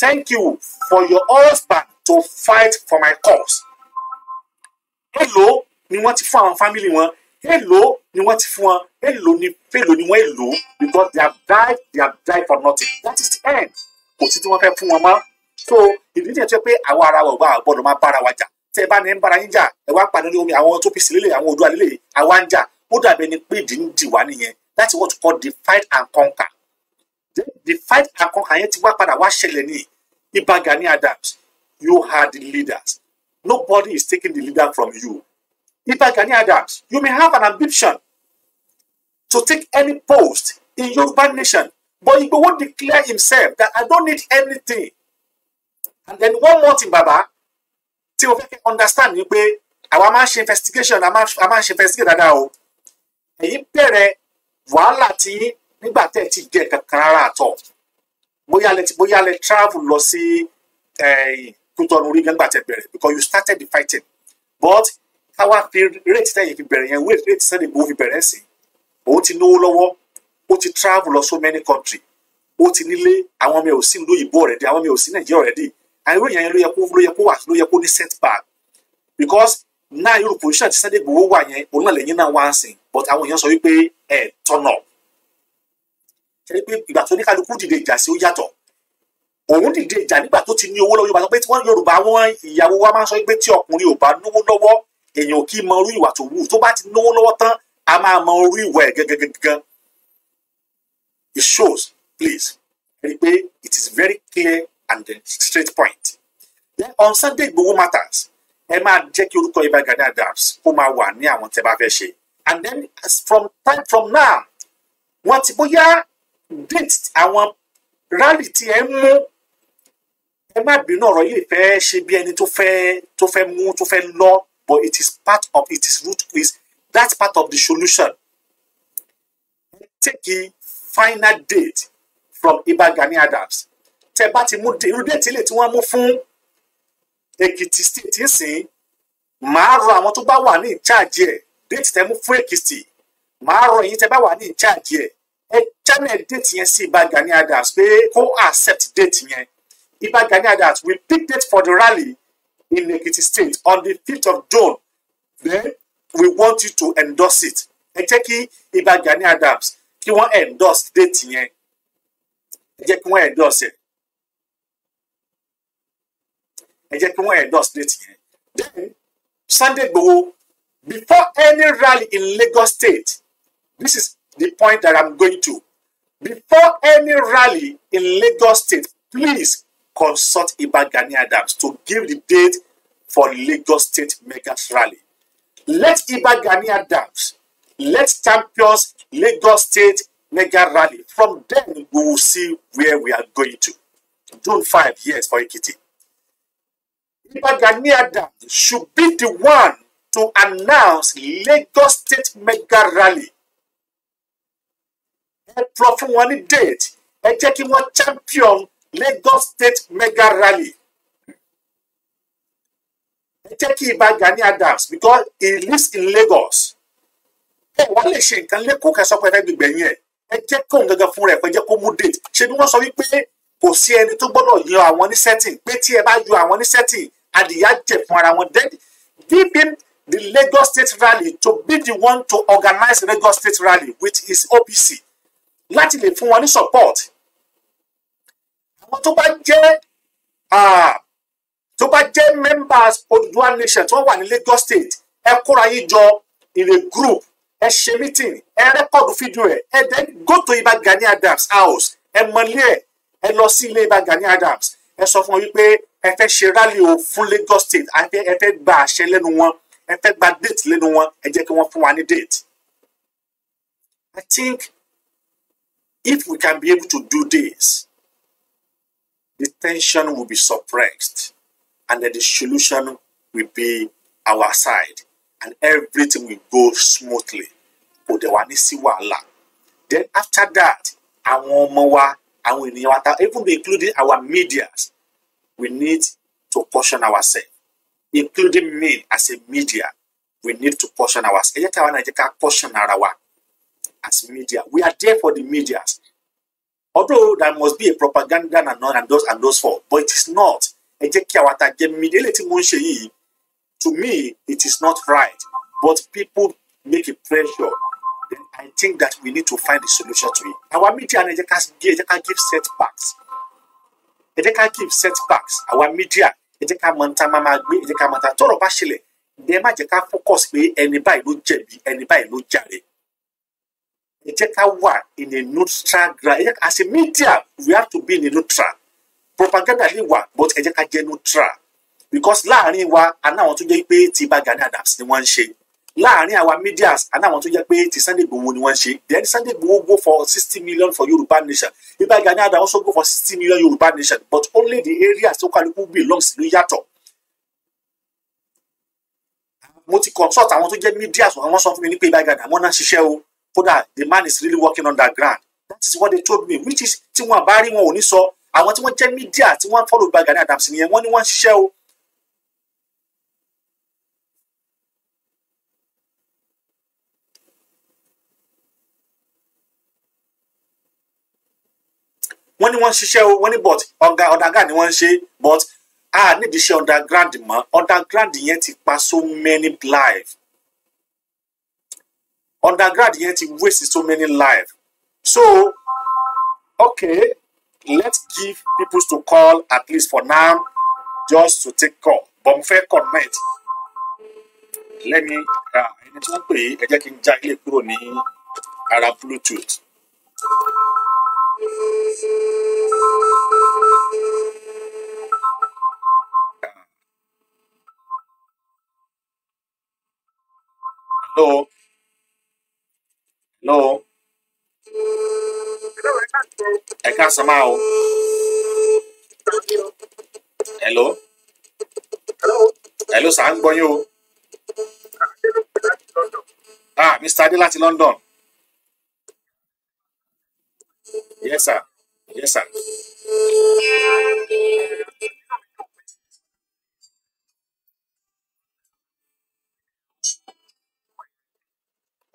thank you for your husband to fight for my cause èlò ni wọ́n ti fún àwọn fámìlì wọn èlò ni wọ́n ti fún wọn èlò ni fèlò ni wọ́n èlò because they have died they have died for nothing that is the end kò sí tí wọ́n fẹ́ fún wọn mọ́ so ìdí nìyẹn tó yẹ pé àwọn ara wa ò gbọ́dọ̀ máa bára wa jà tẹ ẹ bá ní ń bára yín jà ẹ wá pàdé ní omi àwọn tó fi sílẹ̀ àwọn odò àlélẹ̀ àwa ń jà ó dàbí ẹni pé ìdí ń dì wá nìyẹn that is what we call divide and conquer the fight and conquer yẹn ti wá padà wá ṣẹlẹ̀ ní Ìbà Gani Adams you are the leaders nobody is taking the leader from you can hear that, you may have an ambition to take any post in Yoruba nation, but won't declare himself that I don't need anything. And then one more thing, Baba, tí o can understand ni pé àwa máa ń investigation a máa ń ṣe investigate you o. Èyí bẹ̀rẹ̀ wàhálà tí nígbà tẹ́ ẹ ti jẹ kankan rárá àtọ̀. Bóyá lẹ bóyá lẹ travel lọ sí eh, Kútọ́nù rí gbàgbà tẹ bẹ̀rẹ̀ because you started the fighting. But káwá fi rate tẹ̀yìn fi bẹ̀rẹ̀ yẹn rate rate sẹ́ni gbòó fi bẹ̀rẹ̀ sí òun ti náwó lọ́wọ́ ó ti travel lọ so many country ó ti nílé àwọn ọmọ ẹ̀ ò sí lóyìnbó already àwọn ọmọ ẹ̀ ò sí nàìjíríà already àìrò yẹn ló yẹ kó ló yẹ kó wà ló yẹ kó ní setback because náà yorùbá position ti sẹ́ni gbòó wà yẹn òun náà lẹ́yìn náà wá ń sìn but àwọn èèyàn sọ wípé ẹ̀ tọ̀nà ṣe pé ìgbà tó ní kálukú dìde ìjà sí ó yàtọ̀ òun dìde ìjà nígbà tó ti ní owó lọ́wọ́ yorùbá sọ pé tí wọ́n yorùbá wọn ìyàwó wa máa ń sọ pé tí ọkùnrin ò bá lówó lọ́wọ́ èèyàn kì í mọ irú ìwà tó wù tó bá ti náwó lọ́wọ́ tán a máa mọ irú ìwà ẹ̀ gangan it shows please rí pé it is very clear and straight point then on Sunday Igboho matters ẹ máa jẹ́ kí orúkọ Ìbà Gani Adams kó máa wà ní àwọn tẹ́ bá fẹ́ ṣe and then from time from now wọ́n ti bóyá date àwọn rally tí ẹ ń mú ẹ má bínú ọ̀rọ̀ yìí fẹ́ ṣe bí ẹni tó fẹ́ mú tó fẹ́ lọ but it is part of it is root is that part of the solution. Take a final date from Ibagani Adams. Tẹ́ bá ti mú irú déètì ilé tí wọ́n mú fún Èkìtì state ń sìn, màá rọ àwọn tó bá wà ní ìcháàjì ẹ̀ déètì tẹ́ mú fún Èkìtì, màá rọ èyí tẹ́ bá wà ní ìcháàjì ẹ̀ ẹ channel date yẹn sí Iba Adams pé kó accept date yẹn. Ibagani Adams we pick date for the rally in Ekiti State on the 5 of June. Then we want you to endorse it. Ẹ jẹ́ kí Ìbà Adams kí wọ́n endorse date yẹn. Ẹ jẹ́ kí wọ́n endorse ẹ̀. Ẹ jẹ́ kí wọ́n endorse date yẹn. Then Sunday Igboho before any rally in Lagos State, this is the point that I'm going to. Before any rally in Lagos State, please consult Iba Gani Adams to give the date for Lagos State mega rally. Let Iba Gani Adams, let champions Lagos State mega rally. From then, we will see where we are going to. June 5, yes, for Ekiti. Iba Gani Adams should be the one to announce Lagos State mega rally. Ẹ prọ fún date. a champion Lagos State mega rally ẹ jẹ́ kí ibà Gani Adams because he lives in Lagos ẹ wá lè ṣe nǹkan lẹ́kọ̀ọ́ kẹsàn-án pẹ̀lú ẹgbẹ̀gbẹ̀ yẹn ẹ jẹ́ kóun gangan fúnra ẹ̀ pẹ́ jẹ́ kó mú date ṣe bí wọ́n sọ wípé kò sí ẹni tó gbọ́dọ̀ yan àwọn ní setting pé tí ẹ bá yọ àwọn ní setting adìyá jẹ fún ara wọn dead give him the Lagos State rally to be the one to organize Lagos State rally with his OPC láti lè fún wọn ní support tó bá jẹ́ tó bá jẹ́ members Odùduwà nation tí wọ́n wà ní Lagos state ẹ kóra yín jọ in a group ẹ ṣe meeting ẹ rẹ́kọ̀dù fídíò ẹ ẹ dẹ́ go to Ìbà Gani Adams house ẹ mọ̀lé ẹ ẹ lọ sí ilé Ìbà Gani Adams ẹ sọ fún wọn wípé ẹ fẹ́ ṣe rally o fún Lagos state ẹ fẹ́ gba àṣẹ lẹ́nu wọn ẹ fẹ́ gba date lẹ́nu wọn ẹ jẹ́ kí wọ́n fún wa ní date. I think if we can be able to do this the tension will be suppressed and the solution will be our side and everything will go smoothly kò dẹ̀ wá ní sí wàhálà then after that our ọmọ wa àwọn ènìyàn wa even including our medias we need to caution ourselves including me as a media we need to caution ourselves ẹ jẹ́ ká wa náà caution ara as media we are there for the medias although there must be a propaganda and all and those and those four but it is not ẹ jẹ́ kí àwọn to me it is not right but people make a pressure then I think that we need to find a solution to it Our media and jẹ́ give ẹ give setbacks ẹ give setbacks Our media ẹ jẹ́ mama mọta máa máa gbé ẹ jẹ́ ká mọta tọ́rọ̀ bá focus pé ẹni báyìí ló jẹ̀bi ẹni báyìí ló jàre ẹ jẹ́ ká wà in a neutral ground as a media we have to be in a neutral propaganda lè wà but ẹ jẹ́ ká jẹ́ neutral because láàrin wa ana àwọn tó jẹ́ pé ti bá Gani Adams ni wọ́n ń ṣe láàrin àwa medias àná àwọn tó jẹ́ pé ti Sunday Igboho ni wọ́n ṣe then Sunday Igboho go for sixty million for Yorùbá nation ibà Gani Adams also go for sixty million Yorùbá nation but only the areas tó kálukú belongs ló yàtọ̀ mo ti consult àwọn tó jẹ́ medias wọ́n sọ fún mi ní pé ibà Gani Adams wọ́n náà ṣiṣẹ́ o kódà the man is really working underground that is what they told me which is tí wọn bá rí wọn ò ní sọ àwọn tí wọn jẹ media tí wọn follow by Gani Adams nìyẹn wọn ni wọn ṣiṣẹ o. wọn ni wọn ṣiṣẹ o wọn ni but ọgá ọdàgà ni wọn ṣe but a nídìí ṣe underground mọ underground yẹn ti pa so many lives undergrad yẹn ti waste so many lives so okay let's give people to call at least for now just to take call but mo fẹ́ connect lẹ́ni uh, ẹni tí wọ́n way, é ẹ jẹ́ kí n já ilé kúrò ní bluetooth. Hello. Hello. Ẹ ká sọ máa o. Hello. Hello Hello, ń gbọ́ yín o. Ah Mr. Adé láti London. Yes sir. Yes sir.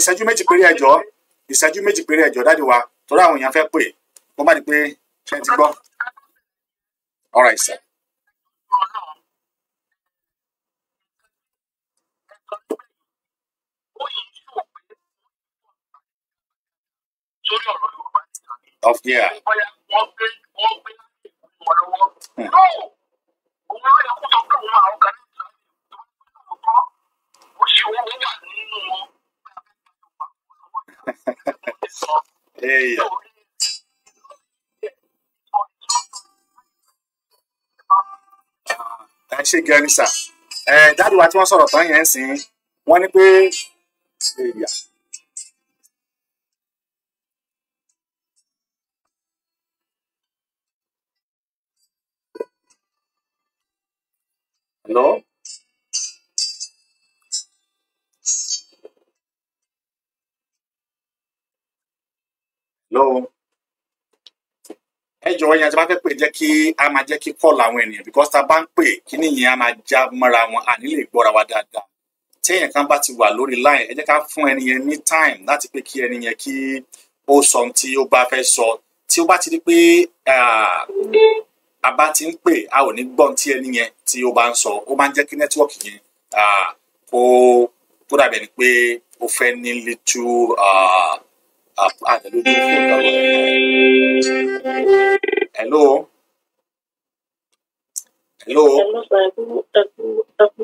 ìṣẹ́jú méjì péré ẹ̀jọ́ ìṣẹ́jú méjì péré ẹ̀jọ́ dáàdi wa torí àwọn èèyàn fẹ́ pè kó má di pé ṣe ti gbọ́ ọ̀rọ̀ ìṣẹ́. Of yeah. Hey. ẹ ṣe gẹ́ni sà ẹ dáàdi wa tí wọ́n sọ̀rọ̀ tán yẹn ń sìn wọ́n ní pé. ẹ̀rọ yẹn tí wọ́n fẹ́ pè jẹ́ kí a máa jẹ́ kí kọ́ọ̀lù àwọn ènìyàn because tá a bá ń pè kí nìyẹn a máa já mọ́ra wọn àní lè gbọ́ra wa dáadáa tí èèyàn kan bá ti wà lórí line ẹ jẹ́ ká fún ẹni yẹn ní time láti pé kí ẹni yẹn kí ó sọ ohun tí ó bá fẹ́ sọ tí ó bá ti di pé a bá ti ń pè a ò ní gbọ́n tí ẹni yẹn tí ó bá ń sọ ó máa ń jẹ́ kí nẹ́tíwọ́ọ̀kì yẹn kó dàbẹ̀ ni pé ó fẹ́ ní little. Uh, àpáàdé lójú fún ọ̀dọ́ ẹ̀. hello. hello. hello sir ẹkú ẹkú ẹkú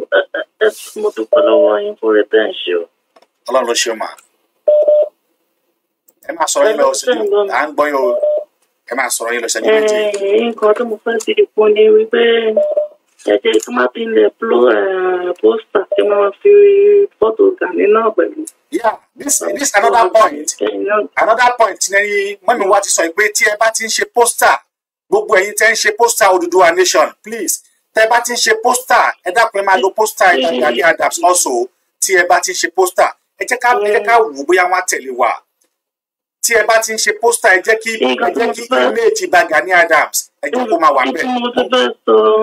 ẹkú mo dúpẹ́ lọ́wọ́ yín fún rẹ bẹ́ẹ̀ ṣe o. ọlọ́run ló ṣe mà. ẹ máa sọ̀rọ̀ yín lọ sí à ń gbọ́ yín o ẹ máa sọ̀rọ̀ yín lọ sẹ́yìn méjì. nǹkan tó mo fẹ́ ti kú ni yeah this this another point another point ní mọ́mi wá ti sọ pé tí ẹ bá ti ń ṣe pósítà gbogbo ẹ̀yin tẹ́ ń ṣe pósítà Odùduwà nation please tẹ́ bá ti ń ṣe pósítà ẹ dákun ẹ máa lo pósítà ìdàgbàdì adams also tí ẹ bá ti ń ṣe pósítà ẹ jẹ́ ká ẹ jẹ́ ká wò bóyá wọ́n á tẹ̀lé wa tí ẹ bá ti ń ṣe pósítà ẹ jẹ́ kí ẹ jẹ́ kí image bá Gani Adams ẹ jẹ́ kó máa wà bẹ́ẹ̀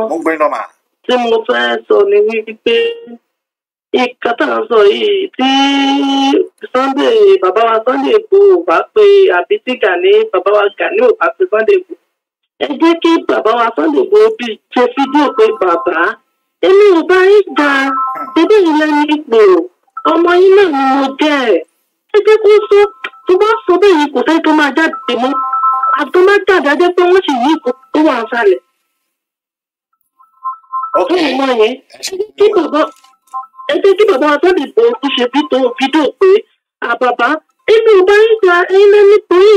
mo gbé nọ́mà. tí mo fẹ́ sọ ni wípé nǹkan tá à ń sọ yìí tí Sunday bàbá wa Sunday Igboho ò bá pé àbí tí Gani bàbá wa Gani ò bá pé Sunday Igboho ẹ jẹ́ kí bàbá wa Sunday Igboho bí ṣe fídíò pé bàbá èmi ò bá yín gbà bébí yìí lẹ́nu ipò ọmọ yín náà ni mo jẹ́ ẹ jẹ́ kó sọ tó bá sọ bẹ́ẹ̀ kò sẹ́ni tó máa jáde mọ́ àtọ́ máa jáde á pé wọ́n sì yí ìkó tó wà ń sálẹ̀. ọmọ yẹn kí bàbá ẹ jẹ́ kí bàbá àtọ́lì bò ó ṣe fídíò pé àbàbá èmi ò bá ń gba ilé nítorí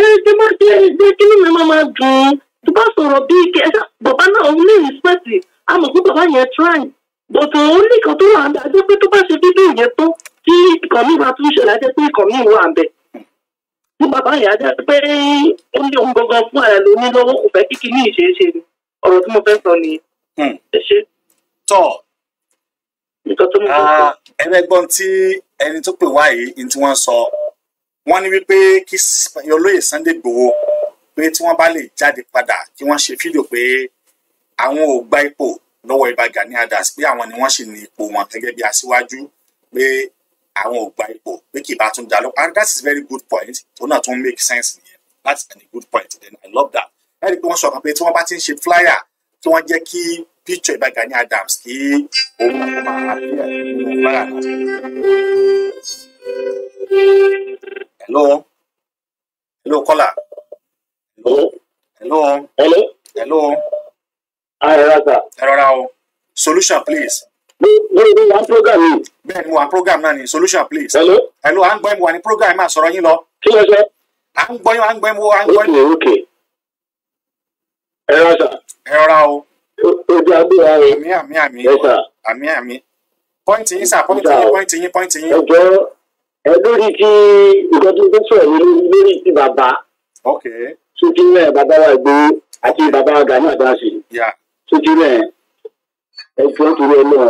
ẹ jẹ́ má jẹ́ ẹgbẹ́ kí nínú ẹ máa dùn tó bá sọ̀rọ̀ bí ike ẹ bàbá náà ní respect àmọ̀ pé bàbá yẹn try bọ̀tọ̀ ó ní ìkan tó wà ń bẹ àti pé tó bá ṣe fídíò yẹn tó tí ìkan mi máa tún ṣẹlẹ̀ àti pé ìkan bàbá yẹn á pé ó ní ohun gangan fún ara lóní lọ́wọ́ kò fẹ́ kíkí ní ìṣeéṣe ni tí mo fẹ́ sọ nìyẹn. Hmm. tọ́ nǹkan tó ń bọ̀. Ah, ẹlẹ́gbọ́n tí ẹni tó pè wá yìí ní tí wọ́n sọ wọ́n ní wípé kí olóyè Sunday Igboho pé tí wọ́n bá lè jáde padà kí wọ́n ṣe fídíò pé àwọn ò gba ipò lọ́wọ́ Ìbà Gani Adams pé àwọn ni wọ́n sì ní ipò wọn gẹ́gẹ́ bí aṣíwájú pé àwọn ò gba ipò pé kì í bá tún dá and that is very good point òun náà tún make sense nìyẹn is a good point then I love that ẹ rí i pé wọ́n sọ kan pé tí wọ́n bá ti ń ṣe flyer tí wọ́n jẹ́ kí píṣọ ìbá Gani Adams kí òun kò máa àbí ẹ̀ nínú fúláyà náà. hello hello kọ́là hello hello hello hello. ayọ̀rọ̀ta. Ah, ẹ̀rọra o solution please. lórí mi wà program yìí. bẹ́ẹ̀ ni wà program náà ni solution please. hello. hello à ń gbọ́ ẹ̀ wà ní program ẹ̀ máa sọ̀rọ̀ yín lọ. kí ló ṣe. à ń gbọ́ yín à ń gbọ́ yín à ń gbọ́ yín. ok ok ẹ o. ojú agbóra rẹ. àmì àmì àmì àmì àmì. pọ́ǹtì yín sà pọ́ǹtì yín pọ́ǹtì yín pọ́ǹtì yín. ẹjọ ẹ lórí ti nǹkan tó tó sọ̀rọ̀ mi lórí ti bàbá. ok. sojú bàbá wa gbé àti bàbá wa Gani Adams. sojú rẹ ẹ jọ torí ẹ lọ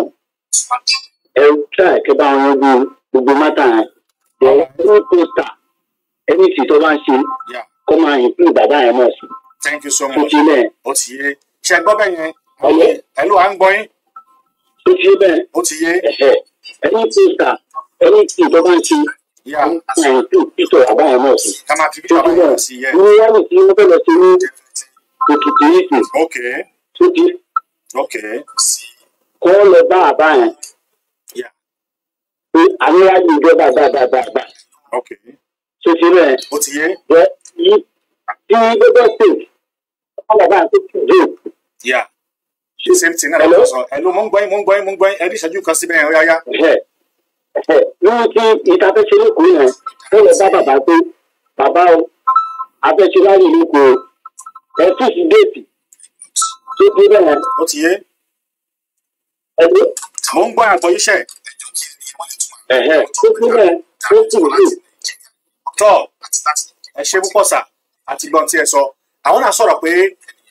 ẹ tíra ẹ kẹbà wọn bí gbogbo mátà yẹn ẹ ní pósítà ẹ ní ìsìtọ́ bá ń ṣe kọ́ máa yìn fún bàbá yẹn mọ̀ sí thank you so much ó ti yé ṣe gbọ́ bẹ́ẹ̀ yẹn ẹ̀lú à ń gbọ́ yín. ó ti yé bẹ́ẹ̀ ó ti yé. ẹni tí ìta ẹni tí ìjọba ti ẹni tí ìtọ̀ àbáyọ náà sí. ká máa fi bí ọ̀rọ̀ yẹn sí yẹn. ní wàhálà tí wọ́n bẹ̀rẹ̀ sí ní òkìkí ìpè. ok ok ok. kọ́ lọ bá àbá yẹn. pé àwọn yàrá ìjọba dáadáa. ok. ṣe ti bẹ́ẹ̀. ó ti yé. bẹ́ẹ̀ ni bí gbogbo ṣèkì bàbá àti ìjọ. yà the same thing náà ló sọ ẹ ló mọ ń gbọ́ yín mọ ń gbọ́ yín mọ ń gbọ́ yín ẹ ní ìṣẹ́jú kan síbẹ̀ yẹn yáyá. wọ́n ti ìta fẹ́ ṣe lóko yẹn tó lọ bá bàbá pé bàbá o afẹ́ṣe láyé lóko o ẹ tún sí déètì tó dé bẹ́ẹ̀. ó ti yé. ẹ ṣe púpọ̀ sà àti gbọ́n tí ẹ sọ àwọn náà sọ̀rọ̀ pé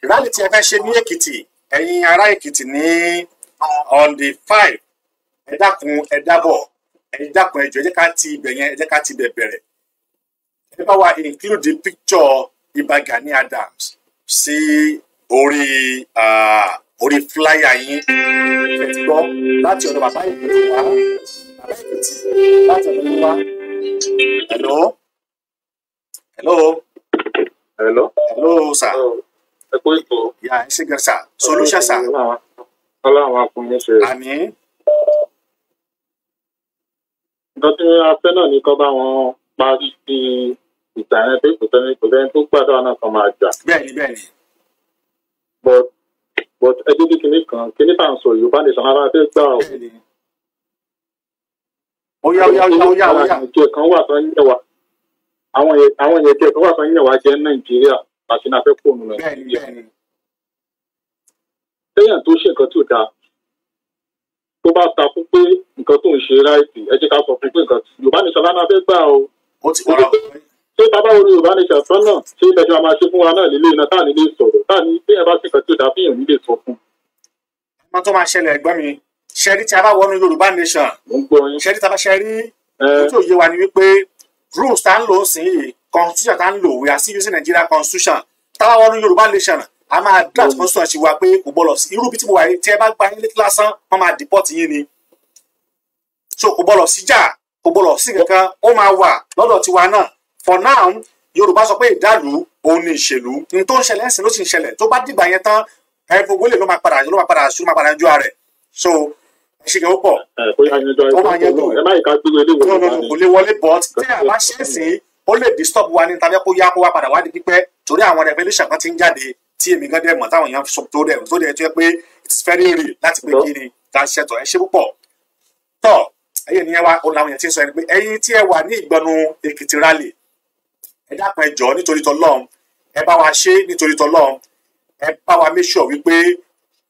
rally tí ẹ fẹ́ ṣe ní èkìtì ẹ̀yin ará èkìtì ní on the five ẹ dákun ẹ dábọ̀ ẹ dákun ẹ jọ̀ọ́ ẹ jẹ́ ká ti ibẹ̀ yẹn ẹ jẹ́ ká ti ibẹ̀ bẹ̀rẹ̀ ẹ bá wa include the picture Ìbà Gani Adams sí orí orí flyer yín ẹ ti gbọ́ láti ọ̀dọ̀ bàbá Èkìtì wá bàbá Èkìtì láti ọ̀dọ̀ yín wá hello hello. Hello. Hello, sa. Ẹ kú ètò. Yà ẹ ṣe gan sà. Solúṣà sà. Ọlọ́run akùnrin ṣe. Ani. Nǹkan tí náà ni kọ́ bá wọn parí sí ìjà yẹn pé kò sẹ́ni kò sẹ́ni tó gbàdúrà náà kan máa jà. Bẹ́ẹ̀ni bẹ́ẹ̀ni. But but ẹ dédé kinní kan kinní tá à ń sọ Yorùbá lè sàn ara fẹ́ gbà o. Ó yá ó yá ó yá ó yá. Àwọn kan wà tó ń yẹ wa àwọn àwọn yẹn tẹ tó wà sàn yẹn wá jẹ nàìjíríà àti náà fẹ́ kó òun nàìjíríà téèyàn tó ṣe nǹkan tó dáa tó bá takú pé nǹkan tó ń ṣe ráìtì ẹ jẹ́ ká sọ fún pé nǹkan yorùbá nìṣọ lánà fẹ́ gbà o ṣé bàbá orí yorùbá nìṣọ tán ṣé ìdájọ́ a máa ṣe fún wa náà lílé iná táà nílé sọ̀rọ̀ táà ní bí ẹ bá ṣe nǹkan tó dáa fíyàn nílé sọ fún. ọmọ tó máa ṣẹlẹ̀ ẹ̀gbọ́n mi ṣẹ́rí tí a bá wọnú yorùbá nation ṣẹ́rí tí a bá ṣẹ́rí tó yé wa ni wípé rules tá ń lò ó sìn yìí constitution tá ń lò we are still using Nigeria constitution táwa wọnú Yorùbá nation a máa draft mm. constitution ṣe wa pé kò gbọ́dọ̀ sí irú bí tí mo wà yìí tí ẹ bá gba ilé lásán wọ́n máa deport yín ni so kò gbọ́dọ̀ síjà kò gbọ́dọ̀ sí kankan ó máa wà lọ́dọ̀ tiwa náà for now Yorùbá sọ pé ìdálù òun ni ìṣèlú n tó ń ṣẹlẹ̀ ẹ̀sìn ló sì ń ṣẹlẹ̀ tó bá dìgbà yẹn tán ẹ̀ gbogbo lè ló máa padà ló máa padà ló máa padà ju ara rẹ̀ so ṣìkẹ́ ó pọ̀ ó máa yẹn dùn kò lè wọlé but tí a bá ṣe é sí ó lè disturb wa ní tàbí kó yá kó wá padà wá di pípẹ́ torí àwọn revolution kan ti ń jáde tí èmi gan dẹ̀ mọ̀ táwọn èèyàn sọ tó dẹ̀ tó dẹ̀ tó yẹ pé it's very real láti pé kí ni ká ṣètò ẹ ṣe púpọ̀ tọ́ ẹyẹ ni ẹ wá ó làwọn èèyàn ti sọ ẹni pé ẹ̀yin tí ẹ wà ní ìgbọnu Èkìtì rally ẹ dákun jọ nítorí tọlọ́run ẹ bá wa ṣe nítorí tọlọ́run ẹ bá wa make sure wípé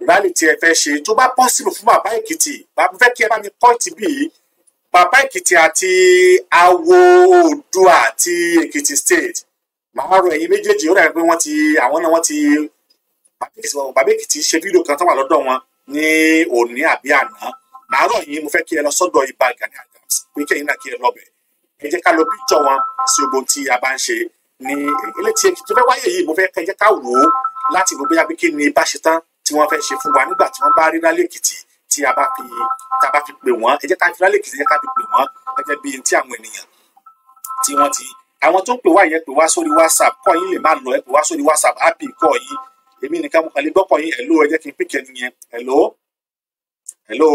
ìrálẹ̀ tí ẹ fẹ́ ṣe tó bá pọ́sibù fún bàbá èkìtì bàbá fẹ́ kí ẹ bá mi pọ́ǹtì bíi bàbá èkìtì àti awo oòdùà àti èkìtì state màá rọ ẹ̀yin méjèèjì ó dàbí pé wọ́n ti àwọn náà wọ́n ti bàbá èkìtì ṣe fídíò kan tó wà lọ́dọ̀ wọn ní òní àbí àná màá rọ yín mo fẹ́ kí ẹ lọ sọ́dọ̀ Ìbà Gani Adams pé kẹ́yìn náà kí ẹ lọ bẹ̀ ẹ jẹ́ ká lo píkítọ̀ wọn sí ogun tí a bá ń ṣe ní eléyìí tó fẹ́ wáyé yìí mo fẹ́ kẹ́ ẹ jẹ́ ká wò ó láti gbogbo yàgbé kí ni bá ṣe tán tí wọ́n fẹ́ ṣe fún wa nígbà tí wọ́n bá rí lálẹ́kìtì tí a bá fi tá a bá fi pè wọ́n ẹ jẹ́ ká fi lálẹ́kìtì ẹ jẹ́ ká fi pè wọ́n gẹ́gẹ́ bí ti àwọn ènìyàn tí wọ́n ti àwọn tó ń pè wá yẹn pè wá sórí whatsapp kọ́ yín lè má lọ ẹ pè wá sórí whatsapp happy kọ́ yín èmi nìkan mo kàn lè gbọ́kọ̀ yín hello ẹ jẹ́ kí n píkẹ́ nìyẹn hello hello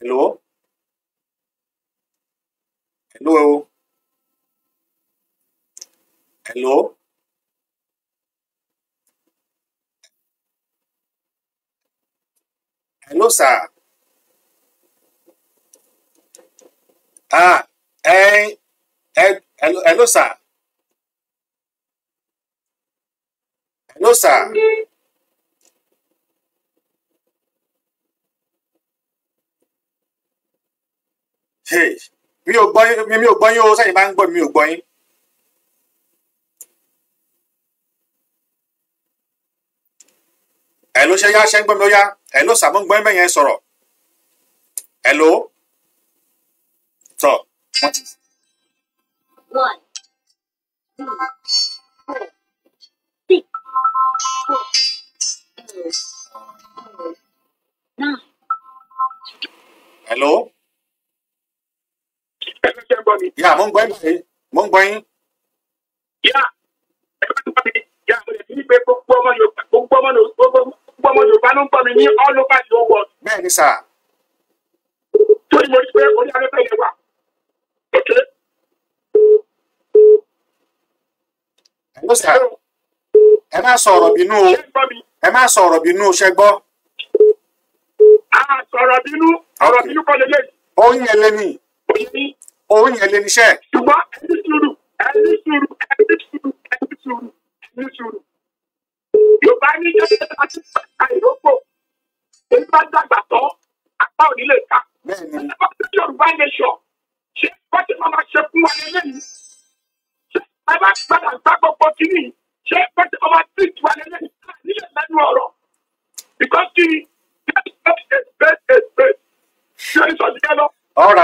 hello hello hello. hello? hello sir. ah ẹ ẹ hello, hello sir. hello sir. Hey, mi ò gbọ́ yín mi ò gbọ́ yín o sẹ́yìn bá ń gbọ́ mi ò gbọ́ yín. ẹ̀ ló ṣe yá ṣe ń gbọ́ mi ó yá hello sà mo ń gbọ́ ẹ̀mẹ́yẹn sọ̀rọ̀ hello tọ̀ wọ́n ti. one two four six four eight nine. hello. ẹ ṣe ṣe gbọ́ mi. yà mo ń gbọ́ ẹ bá ti gbọ́ mi yà mo lè gbogbo ọmọ Yorùbá gbogbo ọmọ gbogbo ọmọ Yorùbá ló ń gbọ́ mi ní all over the whole world. bẹ́ẹ̀ni sà. torí mo rí pé orí afẹ́fẹ́ yẹn wà. ok. ẹ má sọ ọ̀rọ̀ bínú o ẹ má sọ ọ̀rọ̀ bínú o ṣẹ gbọ́. a sọ̀rọ̀ bínú ọ̀rọ̀ bínú kọ́ lélẹ̀. oyin yẹn lé ní. oyin yẹn lé níṣẹ́. ṣùgbọ́n ẹni sùúrù ẹni sùúrù ẹni sùúrù ẹni sùúrù ẹni sùúrù yorùbá ní jẹ́jẹ́ láti ṣàkà ìrókò èyí bá dàgbà tán apá ò ní lè ká ẹ̀fọ́ tó yorùbá lè sọ ṣé wọ́n ti máa ṣe fún wa lélẹ́yìn ṣé ẹ bá gbàdá gbá gbogbo kínní ṣé wọ́n ti máa tí ìtura lélẹ́yìn nílẹ̀ lẹ́nu ọ̀rọ̀ because kí ni ṣé ìsọ̀tìkẹ́ lọ. all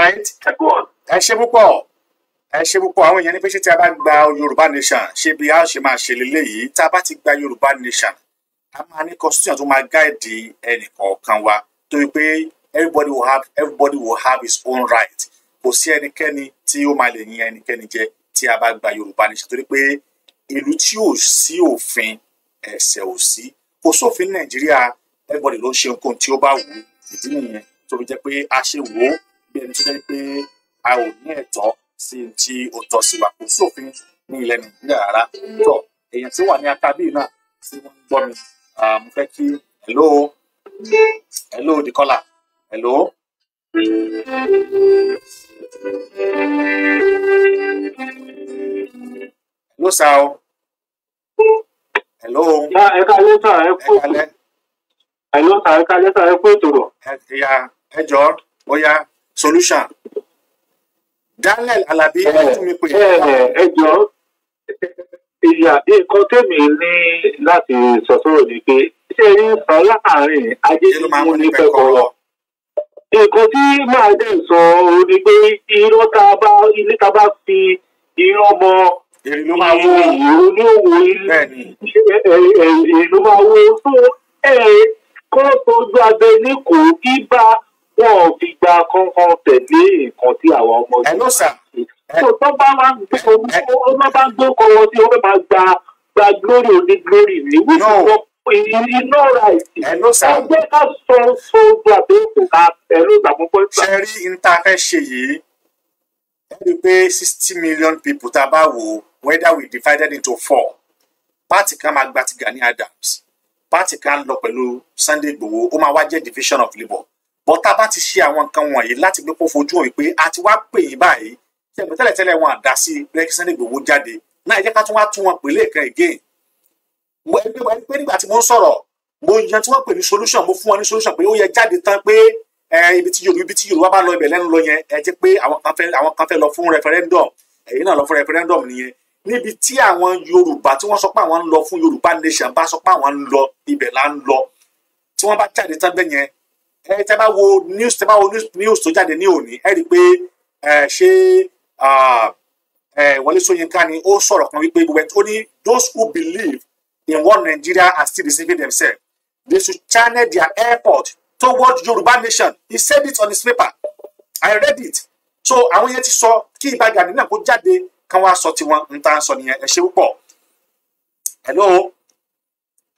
ẹ ṣe púpọ̀ ẹ ṣe púpọ̀ àwọn èèyàn ní pé ṣé tí a bá gba yorùbá nation ṣé bí a ṣe máa ṣe lélẹ́yìí tá a bá ti gba yorùbá nation a máa ní constitution tó máa gáàdì ẹnì kọ̀ọ̀kan wa tó yí pé everybody will have everybody will have his own right kò sí ẹnikẹ́ni tí ó máa lè yìn ẹnikẹ́ni jẹ tí a bá gba yorùbá nation torí pé ìlú tí ò sí òfin ẹ̀ṣẹ̀ ò sí kò sófin nàìjíríà everybody ló ń ṣe nǹkan tí ó bá wù ú ìdí nìyẹn tó fi jẹ́ pé a ṣe wò ó bí ẹni tó jẹ́ pé a ò ní ẹ̀tọ́ sí tí ó tọ́ sí wa kò sófin ní ilẹ̀ nàìjíríà rárá tó èèyàn tí wà ní akábíyì náà tí wọ́n ń mi mo fẹ́ kí hello hello the caller hello. hello sir o hello. ẹ kalẹ́ sà ẹ kú ètò. hello sà ẹ kalẹ́ sà ẹ kú ètò. ẹ jọ bóyá solution Daniel Alabi ẹ tún mi pè. Eh, eh, eh, ẹ jọ ìyá nǹkan tèmi ní láti sọ sọ̀rọ̀ ni pé ṣé ẹ ń sọ láàárín ajé tí mo ní fẹ́ kọ́rọ̀ nǹkan tí máa dẹ̀ sọ ọ́ ni pé irọ́ tá a bá ilé tá a bá fi irọ́ mọ àwọn olówó ilé ló máa wo tó ẹ kọ́ tó gbàgbé ní kò kí bá wọn ò fi gba kankan tẹ̀lé nǹkan tí àwọn ọmọ yìí. ẹ ló sà. tó bá wá ń gbé bá ń wọn tí wọn máa gba gba glory oní glory ní wíṣọ wọn iná ra ìsì. ẹ ló sà. ẹgbẹ́ ká sọ sọ ojú àbẹ́ ètò ká ẹ ló gbà púpọ̀ sà. ṣe rí n ta fẹ́ ṣe yìí ẹ rí i pé sixty million people tá a bá wò ó whether we divided into four pati kan máa gba ti Gani Adams pati kan lọ pẹ̀lú Sunday Igboho ó máa wá jẹ́ division of labour bọ́ bá ti ṣe àwọn nǹkan wọ̀nyí láti gbé kó fojú hàn pé a ti wá pè yín báyìí ṣẹ̀gbọ́n tẹ́lẹ̀tẹ́lẹ̀ wọn àdá sí lẹ́kí Sunday Igboho jáde náà ẹ̀jẹ̀ ká tún wá tún wọn pè lẹ́ẹ̀kan again. mo ẹgbẹ́ wa pé nígbà tí mo ń sọ̀rọ̀ mo yan tí wọ́n pè ní solution mo fún wọn ní solution pé ó yẹ jáde tán pé ibi tí Yorùbá ibi tí Yorùbá bá lọ ibẹ̀ lẹ́nu lọ yẹn ẹ jẹ́ pé àwọn kan fẹ́ lọ fún referendum ẹ̀yin náà lọ fún referendum nìyẹn níbi tí àwọn Yorùbá tí wọ́n sọ pé àwọn ń lọ fún Yorùbá nation bá sọ pé àwọn ń lọ ibẹ̀ là ń lọ tí wọ́n bá jáde tán bẹ́yẹn ẹ tẹ bá wo news tẹ bá wo news tó jáde ní òní ẹ rí i pé ẹ ṣé Wọlé Ṣóyínká ni ó sọ̀rọ̀ kan wípé gbogbo ẹ tó ní those who believe in one Nigeria are still deceiving themselves they should channel their airport toward Yorùbá nation he said it on his paper I read it so àwọn yẹn ti sọ kí Ìbà Gani náà kó jáde kán wá sọ tiwọn n ta sọ nìyẹn ẹ ṣé púpọ̀ hello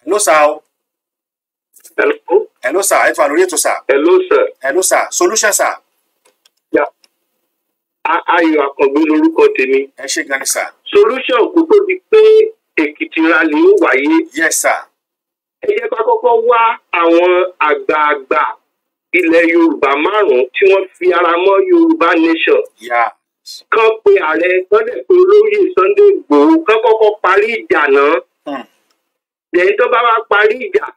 hello sir hello. hello sir ẹ fà lórí ètò sir. hello sir. hello sir solution sir. Yeah. ayọ̀ àkàngbé lórúkọ tèmi. ẹ ṣe gan ni sir. solution kò tó di pé èkìtì rally ó wáyé. yes sir. ẹ jẹ́ ká kọ́kọ́ wá àwọn àgbààgbà ilẹ̀ yorùbá márùn-ún tí wọ́n fi ara mọ́ yorùbá nation. Yeah. kán pe ààrẹ sọ́dẹ̀ pé olóyè Sunday Igboho kán kọ́kọ́ parí ìjà náà. lẹ́yìn hmm. tó bá wá parí ìjà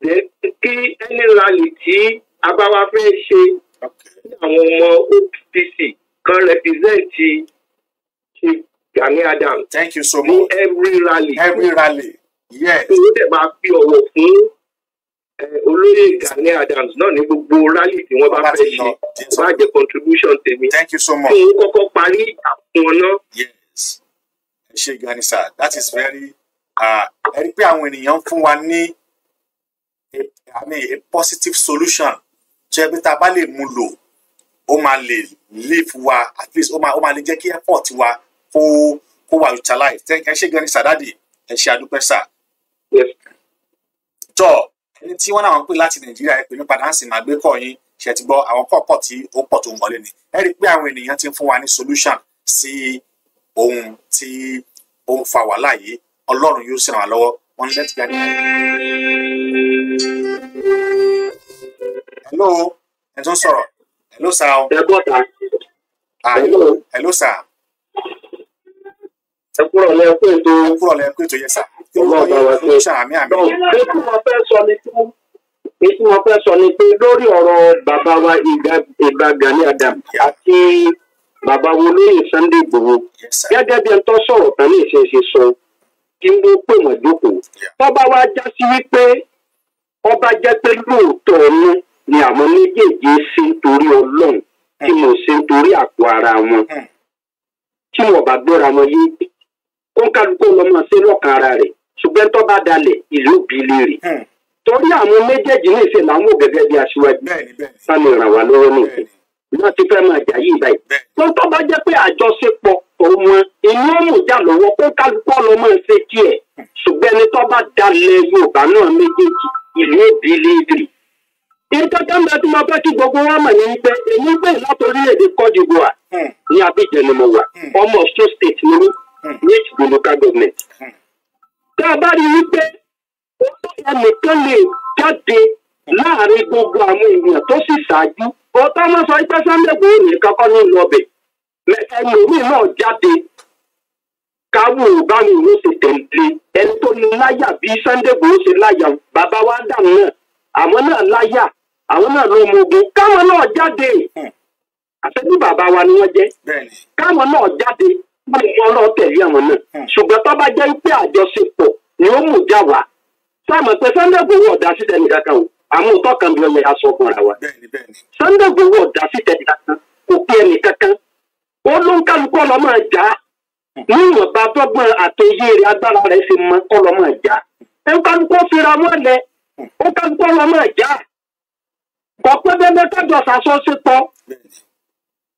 kí ẹni rally tí a fẹ́ ṣe àwọn ọmọ OPC kan represent Gani Adams. Thank you so much. every rally. every rally yes. tó dẹ̀ máa fi ọ̀wọ̀ fún olóyè Gani Adams náà ní gbogbo rally tí wọ́n bá fẹ́ ṣe bá jẹ́ contribution tèmi. thank you so much. fún kọ́kọ́ parí àwọn náà. yes ẹ ṣe Gani sir that is very uh, ẹ rí i pé àwọn ènìyàn ń fún wa ní i a positive solution jẹ́ pé tá a bá lè mú lò ó máa lè live wa at least ó máa ó máa lè jẹ́ kí effort wa kó kó wà utilize ẹ ṣe gan ni sàdáàdì ẹ ṣe àdúpẹ́ sà. jọ ẹni tí wọ́n náà ń pè láti nàìjíríà ẹ pè mí padà ń sì máa gbé kọ́ yín ṣe ti gbọ́ àwọn kọ̀ọ̀kọ̀ tí ó pọ̀ tó ń wọlé ni ẹ rí i pé àwọn ènìyàn ti ń fún wa ní solution sí ohun tí ó ń fa wàhálà yìí ọlọ́run yóò sì ràn wá lọ́wọ́ wọn lẹ́tìgbà hello ẹ tún sọ̀rọ̀ hello sir o. ẹ bọ́ ta. Ah, hello hello sir. ẹ kúrọ̀ lẹ kó ètò. ẹ kúrọ̀ lẹ kó ètò yẹ sà. ọlọ́run bá wa ṣe. ṣàmì àmì. ṣé kí wọ́n fẹ́ sọ ni fún ètò wọn fẹ́ sọ ni pé lórí ọ̀rọ̀ bàbá wa ìgbà Gani Adam àti bàbá wo lóyè Sunday Igboho gẹ́gẹ́ bí ẹni tó sọ̀rọ̀ tán ní ìṣeéṣe sọ kí n ló pè wọ́n jókòó tó bá já sí wípé ọba jẹ́ pé lóòótọ́ ni ni àwọn méjèèjì ṣe ń torí ọlọ́run eh. tí mo ṣe ń torí àpò ara wọn eh. tí wọn bá gbọ́ra wọn yé kó kálukú lọ́mọ ṣe lọ́kàn ara rẹ̀ ṣùgbọ́n tó bá dalẹ̀ ìlú òbí léèrè eh. torí àwọn méjèèjì ní ìfẹ́ làwọn gẹ́gẹ́ bí aṣíwájú sani ràn wá lọ́wọ́ nìkan wọn ti fẹ́ máa jà yìí báyìí tó tó bá jẹ́ pé àjọṣepọ̀ ọmọ inú òmùjà lọ́wọ́ kó kálukú ṣe tiẹ̀ ṣùgbọ́n ẹni tó bá dalẹ̀ Yorùbá náà méjèèjì ìlú òbí léèrè nǹkan kan bẹ tí gbogbo wa mọ̀ ní pé èmi gbé látòrí èdè hmm. ni hmm. ọmọ Ọ̀ṣun state ni mí hmm. ní ìdìbò local government. tá a bá rí i wípé ẹnìkan lè jáde láàrin gbogbo àwọn èèyàn tó sì ṣáájú ọ̀tá wọn sọ pé Sunday Igboho nìkan kọ́ àwọn náà ló mú ogun káwọn náà jáde hmm. àṣẹjú bàbá wa ni wọ́n jẹ́ káwọn náà jáde wọ́n lè ọ̀rọ̀ tẹ̀lé àwọn náà hmm. ṣùgbọ́n tó bá jẹ́ pé àjọṣepọ̀ ni ó mú já wa sáàmù pé Sunday Igboho ọ̀dà síta ẹnì kankan o àmọ́ òótọ́ kan bí ọlẹ́ aṣọ fúnra wa Sunday Igboho ọ̀dà síta ẹnì kankan kò pé ẹnì kankan ó ló ń kálukú ọlọ́ máa já hmm. níwọ̀nba tọ́gbọ́n àtòyé rẹ̀ agbára rẹ̀ ṣe mọ́ ọlọ́ máa já ẹ̀ kálukú fira wọn lẹ ó kálukú ọlọ́ máa já kò pé bẹ́ẹ̀ kẹjọ sàṣọṣe tán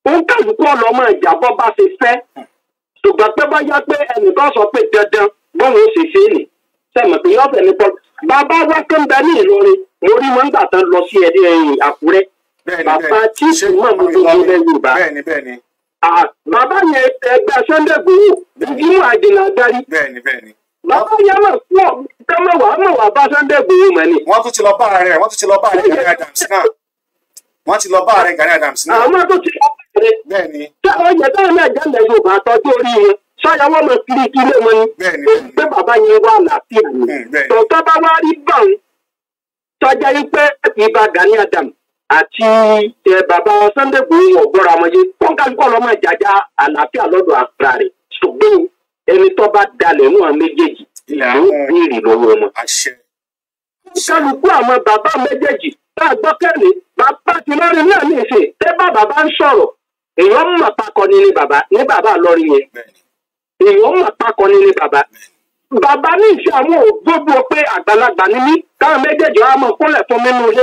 ó ń kàlùkù ọ̀nà ọmọ ìjàbọ̀ bá ṣe fẹ́ ṣùgbọ́n pé bá yá pé ẹnìkan sọ pé dandan bóun ó sì ṣe é nì sẹ́mi pé yọ́bẹ̀ ní pọ́ bàbá wa tó ń bẹ ní Ìlọrin mo rí wọn gbà tán lọ sí ẹni ẹ̀yìn Àkúrẹ́ bàbá tí ìmọ̀ mi tó ń bẹ Yorùbá ah, bàbá yẹn ẹgbẹ́ Sunday Igboho ìdí mú darí bàbá yẹn mọ̀ fún ọ̀hún tẹ́ mẹ́wàá mẹ́wàá bá Sunday Igboho mọ̀ ni. wọ́n tún ti lọ bá ààrẹ wọ́n tún ti lọ bá ààrẹ Gani Adams náà wọ́n ti lọ bá ààrẹ Gani Adams náà. àwọn tó ti lọ bá ààrẹ. bẹ́ẹ̀ni. ṣé àwọn yẹn náà jẹ́ ilẹ̀ Yorùbá tọ́jú orí wọn ṣáyà wọn mọ kiri kílé wọn ni. bẹ́ẹ̀ni. pé bàbá yẹn wà láàfin àná. tọ́tọ́ bá bàbá Sunday Igboho ọ̀gbọ́ra wọn yé kọ́ńkálukọ́ ìjàjà àlàáfíà lọ́dọ̀ àgbà rẹ̀ ṣùgbọ́n ẹni tó bá dalẹ̀ nù àwọn méjèèjì ìlú béèrè lọ́wọ́ wọn. kálukú àwọn bàbá méjèèjì bá a gbọ́ kẹ́lẹ́ bàbá ti lọ́rin ní ìfẹ́ tẹ́ bá bàbá ń sọ̀rọ̀ èèyàn mọ̀ ní bàbá ní bàbá yẹn èèyàn mọ̀ bàbá. bàbá ní ìfẹ́ àwọn pé àgbàlagbà ni mí káwọn méjèèjì wa mọ̀ kúnlẹ̀ fún lọ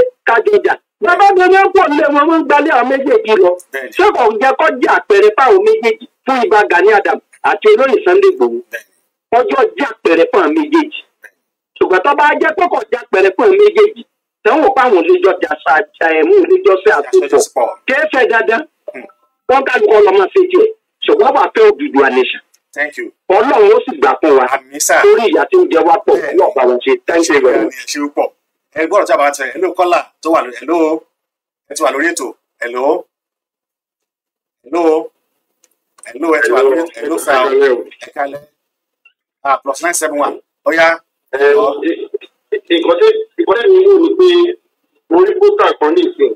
àpẹẹrẹ fáwọn méjèèjì fún àti olóyè Sunday Igboho ọjọ́ jẹ́ àpẹẹrẹ fún àwọn méjèèjì ṣùgbọ́n tó bá jẹ́ pọ́kọ̀ jẹ́ àpẹẹrẹ fún àwọn méjèèjì tẹ́wọ̀n páwọn olójọ́ jàṣà ẹ̀mú olójọ́ sí àtúntò kẹfẹ́ dandan hmm. wọ́n ká lóko ọlọ́mọ ṣe jẹ́ ṣùgbọ́n wà fẹ́ òdùdú àníṣà ọlọ́run ó sì gbà fún wa torí ìyá tí ó jẹ wá pọ̀ lọ́ọ̀bà wọn ṣe thank you very much. ẹgbọ́n ọ̀tí àbáwá tẹ ẹ̀ló kọ́là tó wà lórí ètò ẹ̀ló ẹ̀ló hello ẹ ti wà lórí hello sa ẹ kalẹ̀ ah plus nine seven one ó oh, yá. nǹkan tẹ́ nǹkan tẹ́ mi wò ni pé mo rí pósítà kan ní ìsìn.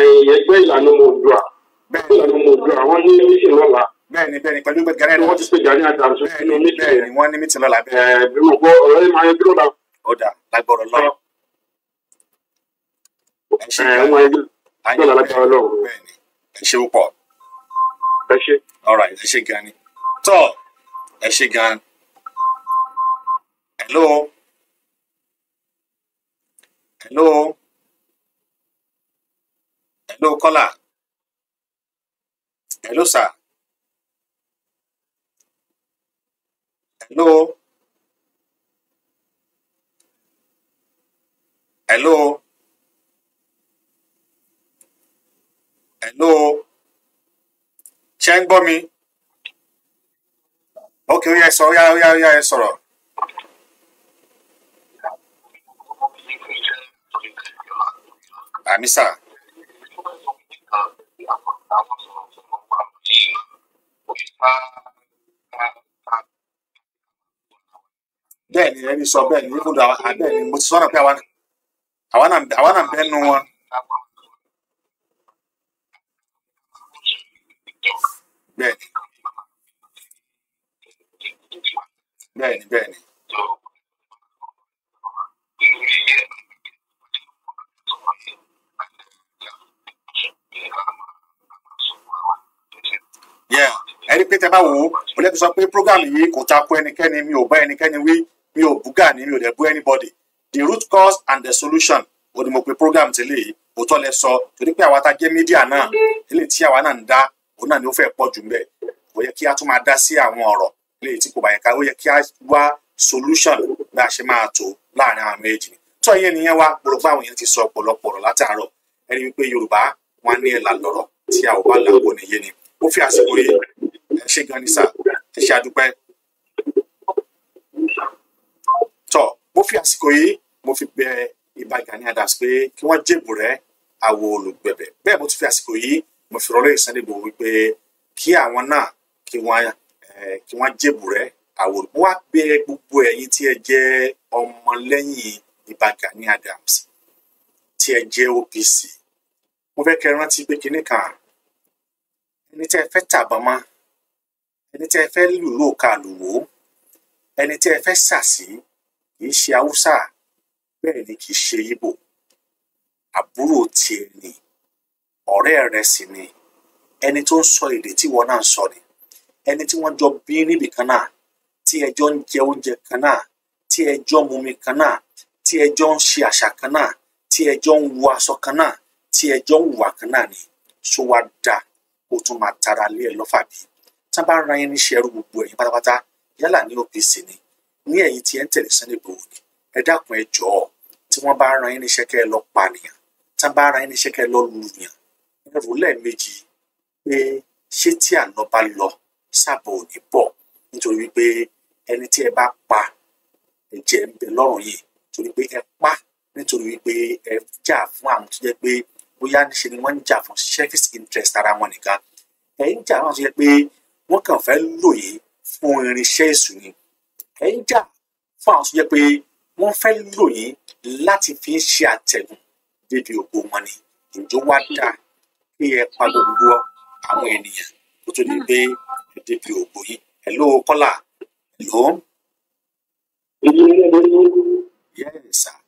ẹ̀yìn ẹgbẹ́ ìlànà oòdùà ẹgbẹ́ ìlànà oòdùà wọ́n ní mísìn lọ́la. bẹ́ẹ̀ni bẹ́ẹ̀ni pẹ̀lú gbẹgẹrẹ ni wọ́n ti pè Gani Adams sínú mísìn. bẹ́ẹ̀ni wọ́n ní mísìn lọ́la bẹ́ẹ̀. ẹ bí mo gbọ́ ọ̀rọ̀ yẹn máa yẹ dúró la. ó dà lágbọ̀rọ̀ lọ. ẹ ṣe é pọ̀ ẹ ṣe. alright ẹ ṣe gan ni tọ ẹ ṣe gan. hello hello hello caller hello sir hello hello hello ṣe ń gbọ́ mi ok ó yá ẹ sọ ó yá ó yá ó yá sọ̀rọ̀. àmì sà. bẹ́ẹ̀ ni ẹni sọ bẹ́ẹ̀ ni ikú dùn àbẹ́ẹ̀ ni mo ti sọ̀rọ̀ pé àwa náà bẹ́ẹ̀ nu wọn. bẹ́ẹ̀ni bẹ́ẹ̀ni. ẹni pé tẹ bá wò ó mo lẹ́bi sọ pé program yìí kò takò ẹnikẹ́ni mi ò bá ẹnikẹ́ni wí mi ò búgà ní mi ò dẹ̀ bú anybody the root cause and the solution ó ní mo pe program ti lè òótọ́ lẹ sọ torí pé àwa ta jẹ́ media náà ilé tí àwa náà ń dá òun náà ni ó fẹ́ pọ̀ jù ń bẹ̀ kò yẹ kí a tún máa dá sí àwọn ọ̀rọ̀ léyìí tí kò bá yẹ ká ó yẹ kí a wá solution bí a ṣe máa tó láàrin àwọn méjì ni tó ẹyẹ nìyẹn wá mo rò pé àwọn èèyàn ti sọ ọ̀pọ̀lọpọ̀ ọ̀rọ̀ látàárọ̀ ẹni wípé yorùbá wọn ní ẹ̀là lọ̀rọ̀ tí a ò bá là wò nìyẹn ni ó fi àsìkò yìí ẹ ṣe gan ni sà ẹ ṣe àdúpẹ́ tọ mo fi àsìkò yìí mo fi bẹ Ìbà Gani Adams pé kí wọ́n jèbù rẹ àwo olùgbẹ̀bẹ̀ bẹ́ẹ̀ mo tún fi àsìkò yìí mo fi rọlẹ Sunday wípé kí àwọn náà kí wọ́n Eh, kí wọ́n jèbù rẹ̀ àwòrán wá bẹ gbogbo ẹ̀yin tí ẹ jẹ́ ọmọlẹ́yìn Ìbà Gani Adams tí ẹ jẹ́ OPC mo fẹ́ kẹ́ rántí pé kinní kan ẹni tí ẹ fẹ́ tàbámá ẹni tí ẹ fẹ́ lù lóòka ẹni tí ẹ fẹ́ sàsí kì í ṣe haúsá bẹ́ẹ̀ ni kì í ṣe Ìgbò àbúrò tiẹ̀ ni ọ̀rẹ́ rẹ sì ni ẹni tó ń sọ èdè tí wọn náà ń sọ ni ẹni tí wọ́n jọ bí níbì kan náà tí ẹ jọ ń jẹ oúnjẹ kan náà tí ẹ jọ ń mumi kan náà tí ẹ jọ ń ṣe àṣà kan náà tí ẹ jọ ń wo aṣọ kan náà tí ẹ jọ ń wà kan náà ni ṣó wá dáa kó tún máa tara lé ẹ lọ́fà bí tá a bá ra irin ṣe ẹrú gbogbo ẹ̀yin pátápátá yálà ní OPC ni ní ẹ̀yin tí ẹ ń tẹ̀lé Sunday Igboho ni ẹ dákun ẹ jọ̀ọ́ tí wọ́n bá ran irin ṣẹ́kẹ́ ẹ lọ pànìyàn tá a bá ra irin ṣẹ́kẹ́ ẹ lọ lùyàn ẹ rò lẹ́ẹ̀mejì pé ṣé tí àná bá lọ sábà ò ní bọ̀ nítorí wípé ẹni tí ẹ bá pa ẹ̀jẹ̀ ń bẹ lọ́rùn yìí torí pé ẹ pa nítorí wípé ẹ jà fún àwọn tó jẹ́ pé bóyá níṣe ni wọ́n ń jà fún selfish interest ara wọn nìkan ẹ ń jà fún tó jẹ́ pé wọ́n kàn fẹ́ lò yìí fún irinṣẹ́ èṣù ni ẹ ń jà fún àwọn tó jẹ́ pé wọ́n fẹ́ lò yìí láti fi ń ṣe àtẹ̀gùn débi ògo wọn ni ìjọ wá dáa kí ẹ pa gbogbo àwọn ènìyàn kó tó di pé débi ògbó yìí hello kọ́là hello. yes sir.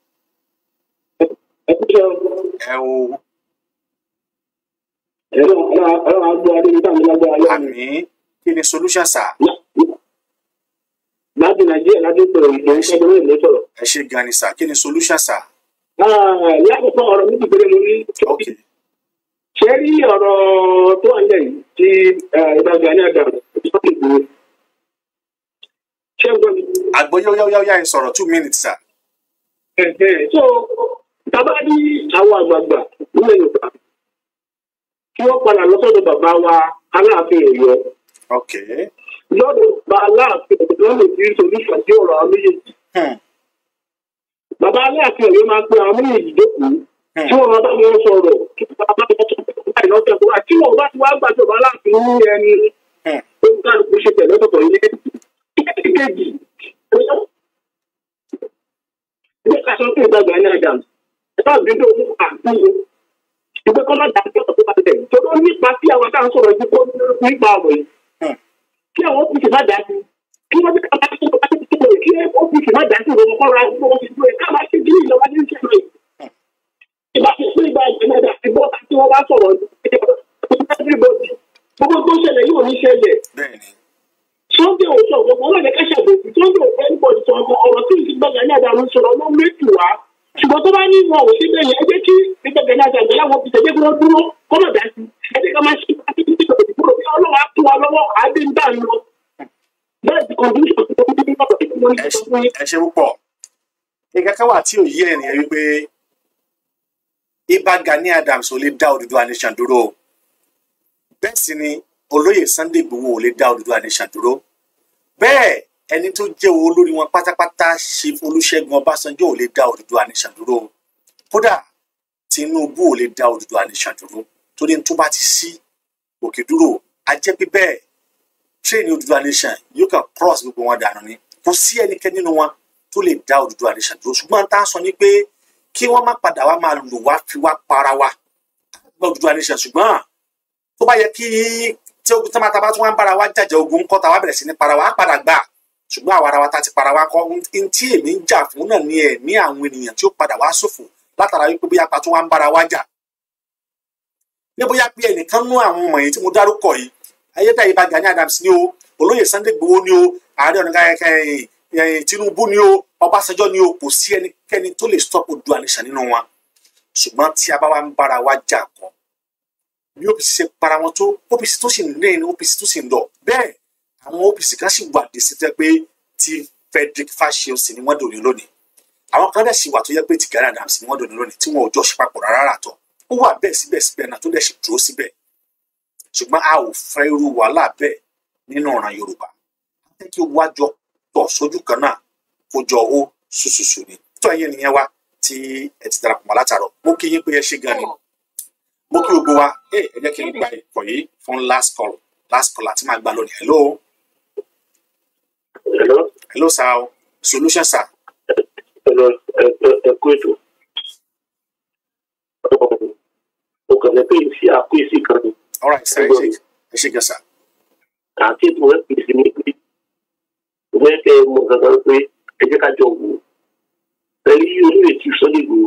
ẹ o. àmì kí ni solution sir. láti nàìjíríà láti sọ̀rọ̀ ìgbẹ́ ìṣẹ́gun ìlú sọ̀rọ̀. ẹ ṣe gan ni sir kí ni solution sir. lákòókò ọ̀rọ̀ mi ti péré mo ní. ṣé rí ọ̀rọ̀ tó wà nílẹ̀ yìí tí eh, ìbàdàn ní àdàrú àgbọ̀yé ọyáọyá ẹ sọ̀rọ̀ two minutes sir. so bàbá ní àwọn àgbààgbà nílẹ̀ yorùbá kí wọ́n padà lọ́sọ̀dọ̀ bàbá wa aláàfin ọ̀yọ́. lọ́dọ̀ bá aláàfin lọ́dọ̀ tí nítorí fàdí ọ̀rọ̀ àwọn méjèèjì. Hmm. bàbá aláàfin ọ̀yọ́ máa pe àwọn méjèèjì dẹ́kun tí hmm. wọ́n bá wọn sọ̀rọ̀ kí bàbá wọn sọ̀rọ̀ láì lọ́sẹ̀ tó wà tí wọ́n bá ti wá gbàdúrà aláàfin ní ẹni ó ń kálukú ṣe tẹ̀lé ọ̀tọ̀ọ̀tọ̀ ilé ìkejì ilé kaṣọ tó ń gbàgbà ní adam ẹ̀ka òdodo àgbóyè ìgbé kọ́ má dàbí ọ̀tọ̀ tó bá tẹ̀ tó ló nípa sí àwọn tá à ń sọ̀rọ̀ yìí kó nípa àwọn yìí kí àwọn òkùnkùn má dàbí kí wọ́n ti ká bá tó bá tó tó lè kí òkùnkùn má dàbí ìrònú kọ́ra ìgbóhùn ti dúró ká má ti gírí ìlọ́wọ́ ní ìṣẹ́ lóye ìbáṣepọ̀ gbogbo tó ṣẹlẹ̀ yóò ní ṣẹlẹ̀ sunday ò sọ gbogbo ọlọ́dẹ kẹsẹ̀ gbòòkú sunday ò fẹ́ẹ́ bọ̀ sọ ọgbọ ọ̀rọ̀ tí ìsìn gbọ́dọ̀ ní àdàlù sọ̀rọ̀ ló mẹ́tù wá ṣùgbọ́n tó bá ní wọn ò sí bẹ́ẹ̀ yẹn ẹgbẹ́ kí ìgbàgbẹ́ ní àdàlù yàwó fi tẹ̀lé kúrò dúró kọ́mọ̀ dá sí ẹgbẹ́ ká máa ṣe ìpàdé ní ìgbàgbọ́ bí ọlọ́wà tó wa lọ́wọ́ àbí ń bá ń lọ. ẹ ṣe púpọ̀ ìkẹ́kẹ́ wà tí ò bẹ́ẹ̀ sì ni olóyè Sunday Igboho ò lè dá Odùduwà nation dúró bẹ́ẹ̀ ẹni tó jẹ́ olórí wọn pátápátá Chief Olúṣẹ́gun Ọbásanjọ́ ò lè dá Odùduwà nation dúró kódà Tinubu ò lè dá Odùduwà nation dúró torí tó bá ti sí òkè dúró a jẹ́ pé bẹ́ẹ̀ tírénì Odùduwà nation yóò kàn cross gbogbo wọn dànù ni kò sí ẹnikẹ́ni nínú wọn tó lè dá Odùduwà nation dúró ṣùgbọ́n tá a sọ ni pé kí wọ́n má padà wá máa lò wá fi wá para wa gbọ́ Odùduwà nation ṣùgbọ́n tó bá yẹ kí tí ogun tí mata bá tún wá ń bára wa jàjà ogun kọ́ ta wá bẹ̀rẹ̀ sí ní para wa á padà gbà ṣùgbọ́n àwa ara wa ta ti para wa kọ́ n tí èmi ń jà fún náà ni ẹ̀mí àwọn ènìyàn tí ó padà wá ṣòfò látara wípé bóyá pa tún wá ń bára wa jà ní bóyá pé ẹnìkan nú àwọn ọmọ yìí tí mo dárúkọ yìí ayédáyé bá Gani Adams ni o olóyè Sunday Igboho ni o ààrẹ ọ̀nà Tinubu ni o Ọbásanjọ́ ni o kò sí ẹnikẹ́ni tó lè stop Oòduà nìṣà nínú wọn ṣùgbọ́n tí a bá wá ń bára wa jà kan bí OPC ṣe para wọn tó OPC tó sì ń lẹ́yìn ní OPC tó sì ń lọ bẹ́ẹ̀ àwọn OPC kan sì wà dé sí pé ti Frederick Fashion sì ni wọ́n dòní lónìí àwọn kan dẹ̀ sì wà tó yẹ pé ti Gani Adams ni wọ́n dòní lónìí tí wọn ò jọ ṣe papọ̀ rárá àtọ̀ ó wà bẹ́ẹ̀ síbẹ̀síbẹ̀ náà tó dẹ̀ sì dúró síbẹ̀ ṣùgbọ́n a ò fẹ́ irú wàhálà bẹ́ẹ̀ nínú ọ̀ràn Yorùbá jẹ́ kí wá tọ̀ sójú kan náà kó jọ ó ṣùṣùṣù ni tó ẹ̀yin ènìyàn wa tí ẹ ti darapọ̀ mọ́ látàrọ̀ mo kí yín pé ẹ ṣe gan ni mo kí gbogbo wa ẹ jẹ́ kí n gba ìpọ̀ yìí fún last call last call àti máa gba lónìí hello. hello. hello sir o solution sir. ẹ kú ètò o kàn lè pè é sí àkóyèsí kan ni. ọ̀rọ̀ ẹ̀ sẹ́yìn ṣe ẹ ṣe gẹ̀ẹ́sà. àti ètò wọn pèsè ní pé ìwé ẹ̀ mọ̀ gangan pé ẹ jẹ́ ká jọ wò ó pẹ̀lú orílẹ̀-èdè sọ́dẹ̀ gbòó.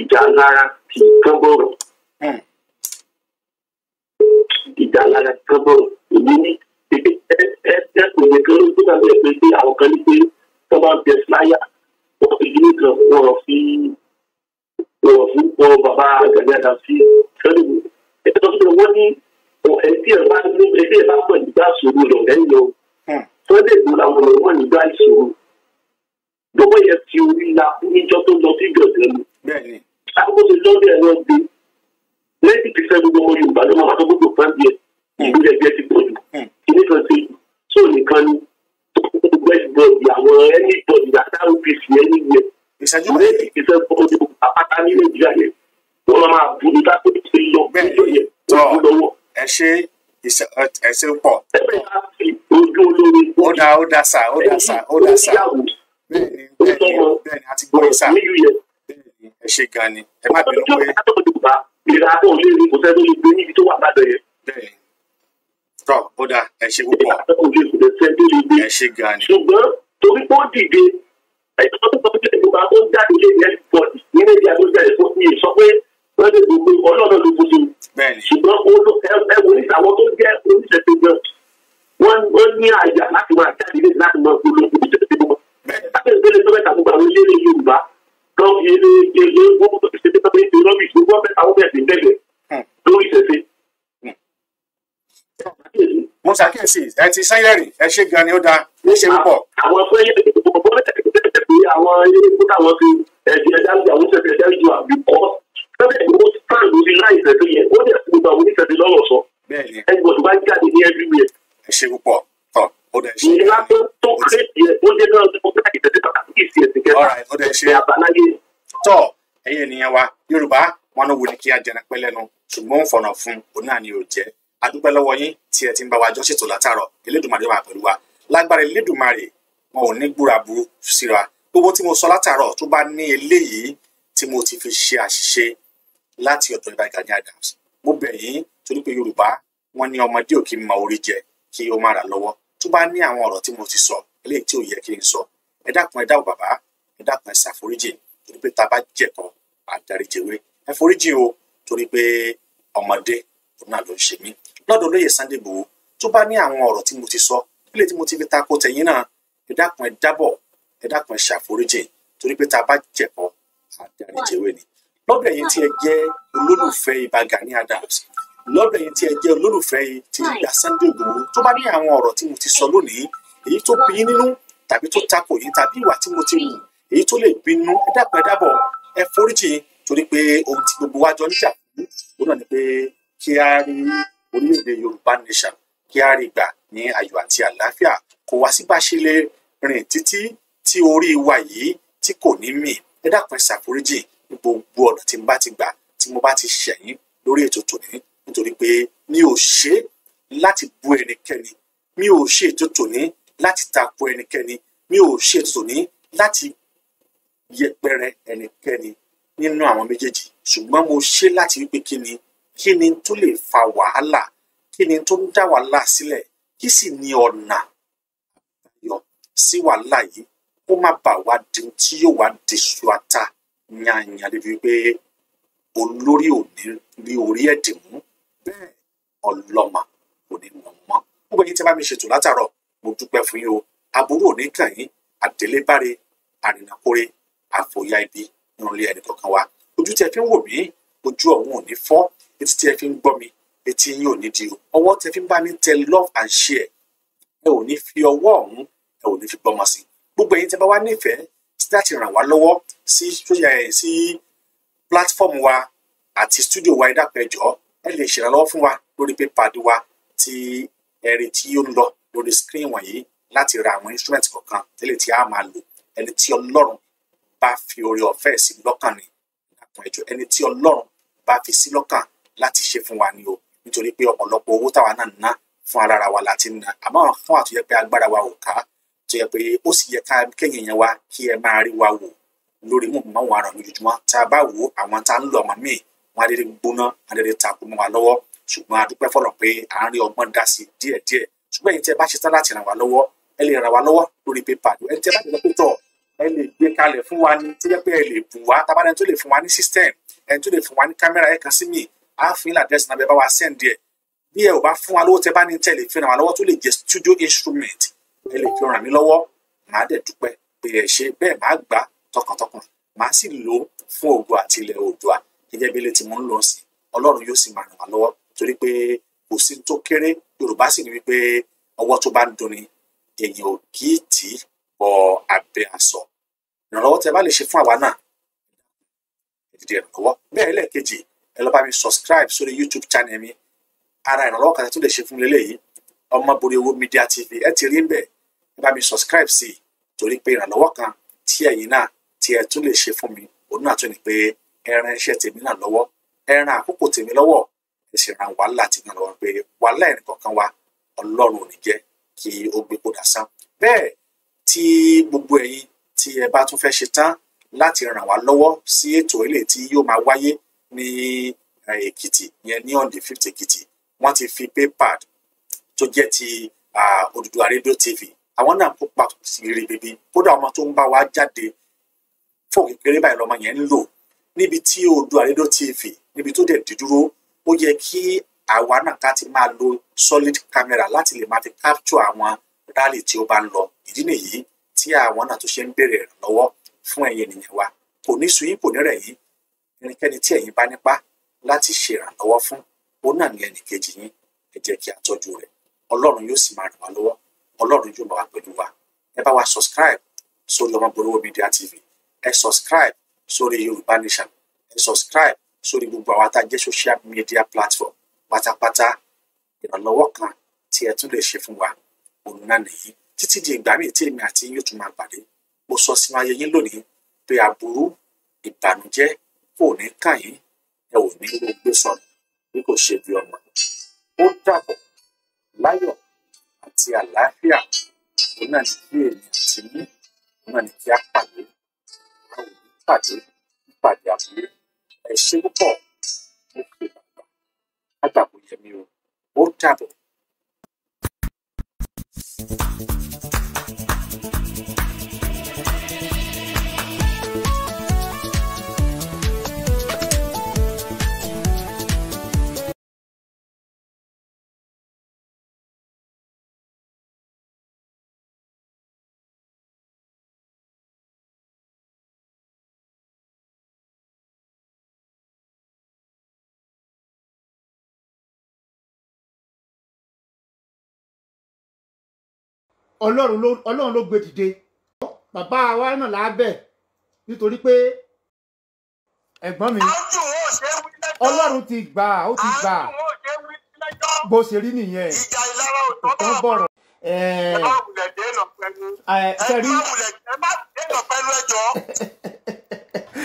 ìjà ńlára ti kábọ̀rọ̀ hmm. ìjà ńlára ti kábọ̀rọ̀ èyí ní ẹ̀ẹ́dẹ́kùn ní kí ló ń gbé bàbá ẹ̀ pé àwọn kan ní pé tó bá bẹ fúláyà wọ́n fi yín kan wọ́n rọ̀ fi wọ́n fi wọ́n bàbá gàdé àdá sí sẹ́lẹ̀ mi ẹ̀ tó fi wọ́n ní ẹbí ẹ̀ bá ní ẹbí ẹ̀ bá pọ̀ nígbà sòrò lọ lẹ́yìn lọ sọ́dẹ̀ ìgbò làwọn ọ̀rọ̀ wọn nígbà ìṣòro lọ́wọ́ yẹn fi orí la níjọ́ tó lọ sí ìjọ̀dẹ̀ bẹ́ẹ̀ni. àkókò ti lọ́ọ̀dì ẹ̀rọ gbé ninety percent gbogbo ọmọ yorùbá ló máa tó gbogbo pàǹdì ẹ̀ hmm. ìgbélé ẹgbẹ́ ti gbọ́dọ̀ hmm. kìíní kan ṣe tó nìkan ni gbogbo ẹ̀ bọ̀dì àwọn ẹni bọ̀dì àtàwọn pc ẹni yẹ ìṣẹ́jú ninety percent gbogbo àpáta ní nàìjíríà yẹ wọ́n máa bu nígbà tó ti lọ níjọ yẹ wọ́n lọ́wọ́. ẹ ṣe ẹ ṣe pọ̀. ẹ bẹ́ẹ̀ ká fi ojú olóore. ó dá ó dá sà ó dá sà ó dá sà bẹ́ẹ̀ni bẹ́ẹ̀ni bẹ́ẹ̀ni àti gbọ́ sà ẹ ṣe gan ni ẹ má bínú pé. ọjọ́ àtọ́kọ̀ tó bá ìlera tó ń lé ní kò sẹ́ni ló gbé níbi tó wà lábẹ́ yẹn. bẹ́ẹ̀ tọ́ ó dáa ẹ ṣe púpọ̀ ẹ ṣe gan ni. ṣùgbọ́n torí pé ó dìde ẹ̀jọ̀ tó sọ pé ìjọba tó ń jáde lé ní ẹ̀dìbọ̀dì nínú èdè àgbéjáde fún iye wọ́n lè gbogbo ọlọ́run ló gbogbo. bẹ́ẹ̀ni ṣùgbọ́n ẹwọ níta gan wọ́n ní àyà láti máa jáde láti máa gbogbo ìjọba ilé ilé gbogbo ìṣẹ́fẹ́ tó ń ṣe rọ́bì gbogbo ọ̀fẹ́ àwọn bẹ̀rẹ̀ sí ń dẹ́gbẹ̀ lórí ìṣẹ́fẹ́. mo ṣàkíyèsí ẹ ti sẹ́yẹ̀rì ẹ ṣe gan ni ó dáa ní ṣe púpọ̀. àwọn ẹgbẹ́ yẹn ti pọ̀ bọ́ mẹ́ta kẹ́kẹ́ pé àwọn ilé kó táwọn fi ẹ̀jẹ̀ ẹ̀dá ìjà àwọn ìṣẹ̀fẹ̀ ẹ̀dá ìjọ àbí kọ́ sẹ́fẹ̀ ìgbó sáà lórí láì ìṣẹ̀fẹ̀ yẹn ó dẹ̀ gbogbo àwọn oníṣẹ̀fẹ̀ lọ́rọ̀ sọ ẹgbẹ́ tó bá jáde ní ẹbí mi. ẹ ṣe púpọ̀ ìlà tó tó kéde ó dé náà tó bá ìtẹ̀tẹ̀ tó kàkí ìfi ẹ̀sìn kẹta ní àbáláyé. tọ ẹ̀yin ènìyàn wa yorùbá wọn náà wò ní kí a jẹrán pẹ́ lẹ́nu ṣùgbọ́n fọ̀nà fún òun náà ni yóò jẹ́ a dúpẹ́ lọ́wọ́ yín tí ẹ ti ń bá wa jọ ṣètò látàárọ̀ elédùnmarè wà pẹ̀lú wa lágbára elédùnmarè wọn ò ní gbúra burú síra gbogbo tí mo sọ látàárọ̀ tó bá ní eléyìí tí mo ti fi ṣe àṣìṣe láti ọ̀dọ̀ Ìbà Gani Adams mo bẹ̀ yín torí pé yorùbá wọn ní ọmọdé ò kí ń mọ orí jẹ kí ó má ra lọ́wọ́ tó bá ní àwọn ọ̀rọ̀ tí mo ti sọ eléyìí tí ò yẹ kí n sọ ẹ dákun ẹ dáwọ bàbá ẹ dákun ẹ ṣàforíjì torí pé tá a bá jẹ̀kan àdáríjẹwé ẹ foríjì o torí pé ọmọdé òun náà ló ń ṣe mí lọ́dọ̀ olóyè Sunday Igboho tó bá ní àwọn ọ̀rọ̀ tí mo ti sọ eléyìí tí mo ti fi ta ko tẹ̀yìn náà ẹ dákun ẹ dábọ̀ ẹ dákun ẹ ṣàforíjì torí pé tá a bá jẹ̀kan àdáríjẹwé ni lọ́dọ̀ lọ́dọ̀ yìí tí ẹ jẹ́ olólùfẹ́ yìí ti gba Sunday Igboho tó bá ní àwọn ọ̀rọ̀ tí mo ti sọ lónìí èyí tó bí nínú tàbí tó takò yín tàbí ìwà tí mo ti wù èyí tó lè bínú ẹ dàpọ̀ ẹ dàbọ̀ ẹ foríjì torí pé ohun tí gbogbo wa jọ níjà fún náà ni pé kí a rí orílẹ̀-èdè Yorùbá nation kí a rí gbà ní ayọ̀ àti àlàáfíà kò wá sí bá ṣe lè rìn títí tí orí wa yìí tí kò ní mì ẹ dàpọ̀ ẹ ṣàforíjì gbogbo ọ̀nà tí mo bá ti gbà tí mo bá ti ṣẹ̀yìn lórí ètò tòní nítorí pé mi ò ṣe láti bu ẹnikẹ́ni mi ò ṣe ètò tòní láti tako ẹnikẹ́ni mi ò ṣe ètò tòní láti yẹpẹrẹ ẹnikẹ́ni nínú àwọn méjèèjì ṣùgbọ́n mo ṣe láti wípé kí ni kí ni tó lè fa wàhálà kí ni tó ń dá wàhálà sílẹ̀ kí sì ni ọ̀nà àbáyọ sí wàhálà yìí kó má bàa wá di tí yóò wá di ṣuata yanyan débi pé olórí ò ní rí orí ẹ̀dìn bẹ́ẹ̀ ọlọ́mà kò ní wọ́n mọ́ gbogbo yín tí bá mi ṣètò látàárọ̀ mo dúpẹ́ fún yín o aburú ò ní kàn yín àdélébáre àrìnàkóre àfòyà ibi ìrànlẹ́ ẹnìkọ̀ọ̀kan wa ojú tí ẹ fi ń wò mí ojú ọ̀hún ò ní fọ́ etí tí ẹ fi ń gbọ́ mi etí yín ò ní di o ọwọ́ tí ẹ fi ń bá mi tẹ love and share ẹ ò ní fi ọwọ́ ọ̀hún ẹ ò ní fi gbọ́mọ sí gbogbo ẹ̀yin tí ẹ bá wá nífẹ̀ẹ́ sí láti ràn wá lọ́wọ́ sí sí platform wa àti studio wa ẹ dápẹ́ jọ̀ọ́ ẹ lè ṣèrànlọ́wọ́ fún wa lórí pépàdé wa ti ẹ̀rí tí ó ń lọ lórí screen wọ̀nyí láti ra àwọn instrument kọ̀ọ̀kan tẹ́lẹ̀ tí a máa lò ẹni tí ọlọ́run bá fi oore ọ̀fẹ́ sí lọ́kàn ni àpọ̀n ẹ̀jọ̀ ẹni tí ọlọ́run bá fi sí lọ́kàn láti ṣe fún wa ni o nítorí pé ọ̀pọ̀lọpọ̀ owó táwa náà ná fún ara wa láti ná àmọ́ fún àtúnyẹ pé agbára wa ò ká tó yẹ pé ó sì yẹ ká kéèyàn yẹn wa kí ẹ máa rí wa wò lórí mọ̀mọ́ àwọn àrùn lójoojúmọ́ tá a bá wo àwọn tá a ń lọ ọmọ míì wọn adédè gbóná adédè takò mọ́ wa lọ́wọ́ ṣùgbọ́n a dúpẹ́ fọlọ́ pé à ń rí ọgbọ́n dá sí díẹ̀díẹ̀ ṣùgbọ́n èyí tẹ́ bá ṣe tán láti ràn wá lọ́wọ́ ẹ lè ràn wá lọ́wọ́ lórí pépà ẹ tẹ́ bá ti lọ pé tọ̀ ẹ lè gbé kalẹ̀ fún wa ní tó yẹ pé ẹ lè bù wá tabalẹ tó lè fún wa ní system ẹ tó lè fún wa ní kámẹ́rà ẹ kan sí mi á fún náà bẹ́ẹ̀ bá wa send ẹ bí ẹ ò bá fún wa lówó tẹ́ bá ní tẹ́ lè fi ràn wá lọ́wọ́ tó lè jẹ́ studio instrument ẹ lè fi ràn mí lọ́wọ́ màá dẹ̀ dúpẹ́ pé ẹ ṣe bẹ́ẹ̀ màá gbà tọkàntọkàn màá sì lò fún ògo àti ilẹ̀ Oòduà gẹ́gẹ́ bí ilé tí mo ń lọ sí ọlọ́run yóò sì máa ràn wá lọ́wọ́ torí pé kò sí tó kéré yorùbá sì ní wípé ọwọ́ tó bá ń dunni èèyàn ò kì í tì í bọ abẹ́ aṣọ ìrànlọ́wọ́ tẹ bá lè ṣe fún àwa náà ìdíje ìrànlọ́wọ́ bẹ́ẹ̀ lẹ́ẹ̀kejì ẹ lọ bá mi subscribe sórí youtube channel mi ara ìrànlọ́wọ́ kan tó lè ṣe fún mi lélẹ́yìí ọmọbìnrin owó media tv ẹ ti rí ń ẹ bá mi subscribe sí i torí pé ìrànlọ́wọ́ kan tí ẹ̀yin náà tí ẹ tún lè ṣe fún mi òun náà tún ni pé ẹran iṣẹ́ tèmi náà lọ́wọ́ ẹran àkókò tèmi lọ́wọ́ ẹ sì ran wàhálà tèmi náà lọ́wọ́ pé e. wàhálà ẹnì kọ̀ọ̀kan wa ọlọ́run ò ní jẹ́ kí ó gbé kó dà sán bẹ́ẹ̀ tí gbogbo ẹ̀yin tí ẹ bá tún fẹ́ ṣe tán láti ràn wá lọ́wọ́ sí ètò ilé tí yóò máa wáyé ní èkìtì yẹn ní on the èkìtì wọ́n ti fi paypal tó jẹ́ ti Odùduwà rédíò tv àwọn náà kópa ribiribi kódà ọmọ tó ń bá wa jáde fóònù kékeré báyìí lọmọ yẹn ń lò níbi tí Oòduà Rédíò TV níbi tó dẹ̀ dé dúró ó yẹ kí àwa náà ká ti máa lo solid camera láti lè máa fi capture àwọn rally tí ó bá ń lọ ìdí nìyí tí àwọn náà tó ṣe ń béèrè ìrànlọ́wọ́ fún ẹ̀yin ènìyàn wa kò ní sùn yín kò ní rẹ̀ yín ẹnikẹ́ni tí ẹ̀yin bá nípa láti ṣe ìrànlọ́wọ́ fún òun náà ní ẹnìkejì yín ẹ jẹ́ kí a tọ́jú rẹ̀ ọlọ́run yóò sì máa ràn wá lọ́wọ́ ọlọ́run yóò máa wà pẹ̀lú wa ẹ bá wa subscribe sórí Ọmọ Polówó Media TV ẹ subscribe sórí Yorùbá Nation ẹ subscribe sórí gbogbo àwọn àtàjẹ́ social media platform pátápátá ìrànlọ́wọ́ kan tí ẹ tún lè ṣe fún wa òun náà nìyí títí di ìgbà míì tí èmi àti yín yóò tún máa pàdé mo sọ sínú ayé yín lónìí pé aburú ìbànújẹ́ kò ní kàn yín ẹ ò ní ló gbé sọnù bí kò ṣe bí ọmọ ó dàbọ̀ láyọ̀ àti àlàáfíà òun náà ní kí èmi àti yín òun náà ní kí á pàdé pàdé pàdé àbúrò ẹ ṣé púpọ̀ mo fi bàbá àgbàgbọ́ yẹmi o ó dàbọ̀. ọlọ́run ló gbé dìde bàbá wa náà lábẹ́ nítorí pé ẹ̀gbọ́n mi ọlọ́run ti gbà ó ti gbà bó ṣe rí nìyẹn tó ń bọ̀rọ̀. ẹ má wulẹ̀ dènà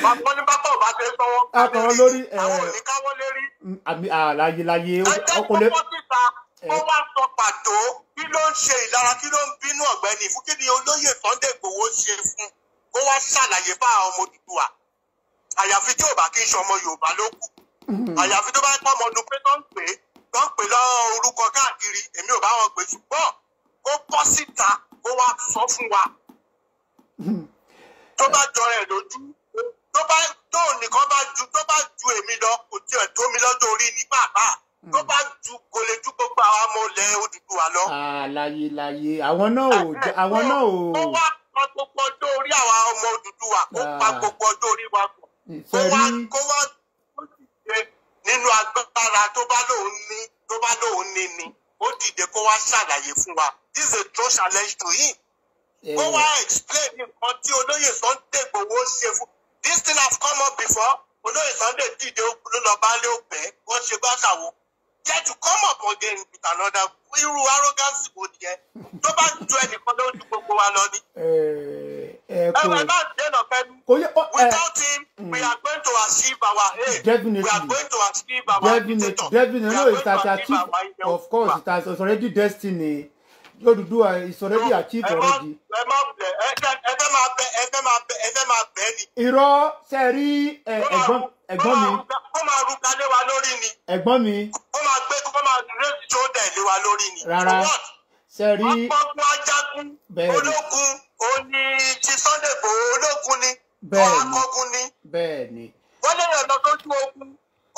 bàbá ní bàbá ò bá ṣe sọ́wọ́. akọ̀rọ̀ lórí àmì àlàyé láyé ọkùnrin. ẹ jẹ́ kókó síta wọ́n eh. wá sọ pàtó kí ló ń ṣe ìlara kí ló ń bínú ọ̀gbẹ́ni fún kí ni olóyè Sunday Igboho ṣe fún kó wá ṣàlàyé bá ọmọ Odùduwà àyàfi tí ò bá kí n ṣọmọ Yorùbá ló kù mm-hmm. àyàfi tó bá ń pọ́nmọ ọdún pé tó ń pè é tó ń pè lọ́wọ́ orúkọ káàkiri èmi ò bá wọn pè ṣùgbọ́n kó bọ́ síta kó wá sọ fún wa mm-hmm. tó bá jọra ẹ̀ lójú tó bá tóun nìkan bá ju tó bá ju èmi lọ kò tiẹ̀ tó mi lọ́jọ́ orí ní pàápàá. Hmm. tó bá ju kò lè ju gbogbo àwọn ọmọ ilẹ̀ Odùduwà lọ. àlàyé láyé àwọn náà ò àwọn náà ò. ó wá pa gbogbo ọjọ́ orí àwa ọmọ Odùduwà ó pa gbogbo ọjọ́ orí wa pọ̀. kó wá kó wá ó sì ṣe nínú agbára tó bá lóun ní tó bá lóun ní ni ó dìde kó wá ṣàlàyé fún wa this is a true challenge to him. Eh. kó wá explain nǹkan tí olóyè Sunday Igboho ṣe fún this thing have come up before olóyè Sunday dìde ló lọ bá lé òpè wọ́n ṣe gbàgbà wo yet to come up again with another irú arrogance wo nìyẹn tó bá ju ẹnìkan ló ju gbogbo wa lọ ni. ẹ̀rọ bá dènà pẹ̀lú without him mm. we are going to achieve our aim we are going to achieve our dictator definitely no it has achieved of course it has already destiny Odùduwà It's already achieved already. ẹ má ẹ fẹ́ bẹ ẹ fẹ́ máa bẹ ẹ fẹ́ máa bẹ ni. irọ́ sẹ́ẹ̀rí ẹ̀gbọ́n ẹ̀gbọ́n mi. ó máa ru ta lé wa lórí ni. ẹ̀gbọ́n mi. ó máa gbé kó máa ré tó dẹ̀ lé wa lórí ni. rárá ṣe rí. ọpọlọpọ ajagun ológun òní ti Sunday bò ológun ni. bẹ́ẹ̀ni ọkọgun ni. bẹ́ẹ̀ni. wọ́n lè lọ sójú ogun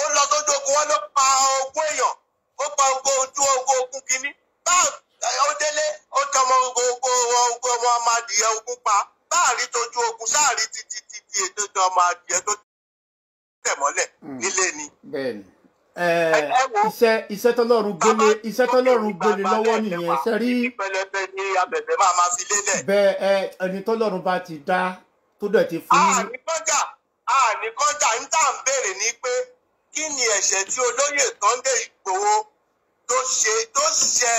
ó lọ sójú ogun wọ́n ló pa ogún èèyàn ó pa ogún ojú ogun ogun kìíní. báà ó délé ó tọmọ ogun ogun ọmọ adìyẹ ogun pa báà rí tójú ogun sáà rí títí títí ètò ìjọba adìyẹ tó tẹ̀ mọ́lẹ̀ hmm. nílé ni. iṣẹ́ iṣẹ́ tọ́lọ́run gbélé iṣẹ́ tọ́lọ́run gbélé lọ́wọ́ nìyẹn ṣe rí. bẹ́ẹ̀ ẹni tọ́lọ́run bá ti dá tó dẹ̀ ti fún yín. àníkọ́jà àníkọ́jà ń tà ń béèrè ni pé kí ni ẹ̀ṣẹ̀ tí olóyè Sunday Igboho tó ṣe tó ṣe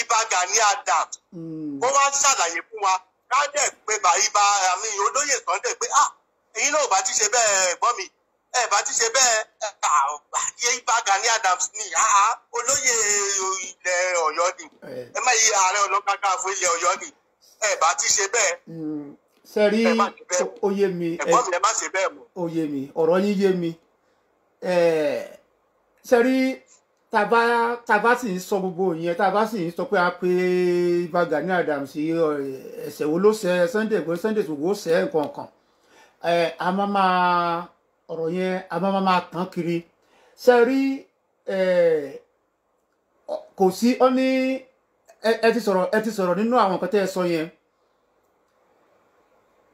Ìbà Gani Adams hmm. ó wá ṣàlàyé fún wa ká dẹ̀ pé bàyí bá àmì olóyè Sunday pé ah èyí náà ò bá ti ṣe bẹ́ẹ̀ gbọ́ mi ẹ bá ti ṣe bẹ́ẹ̀ yé ibà Gani Adams ni olóyè ilẹ̀ Ọ̀yọ́ ni ẹ má yí ààrẹ ọlọ́gbàgbà fún ilẹ̀ Ọ̀yọ́ ni ẹ bá ti ṣe bẹ́ẹ̀. sẹ́rí mm. oyè mi oyè mi ọ̀rọ̀ yín yé mi sẹ́rí tàbá tàbá sì ń sọ gbogbo yẹn tàbá sì ń sọ pé a pé ibà Gani Adams ẹsẹ̀ wo ló ṣe Sunday Igboho Sunday Igboho ṣe nǹkan kan a máa máa ọ̀rọ̀ yẹn a máa máa tàn kiri ṣe rí kò sí ọ ní ẹ ti sọ̀rọ̀ ẹ ti sọ̀rọ̀ nínú àwọn nǹkan tẹ́ ẹ sọ yẹn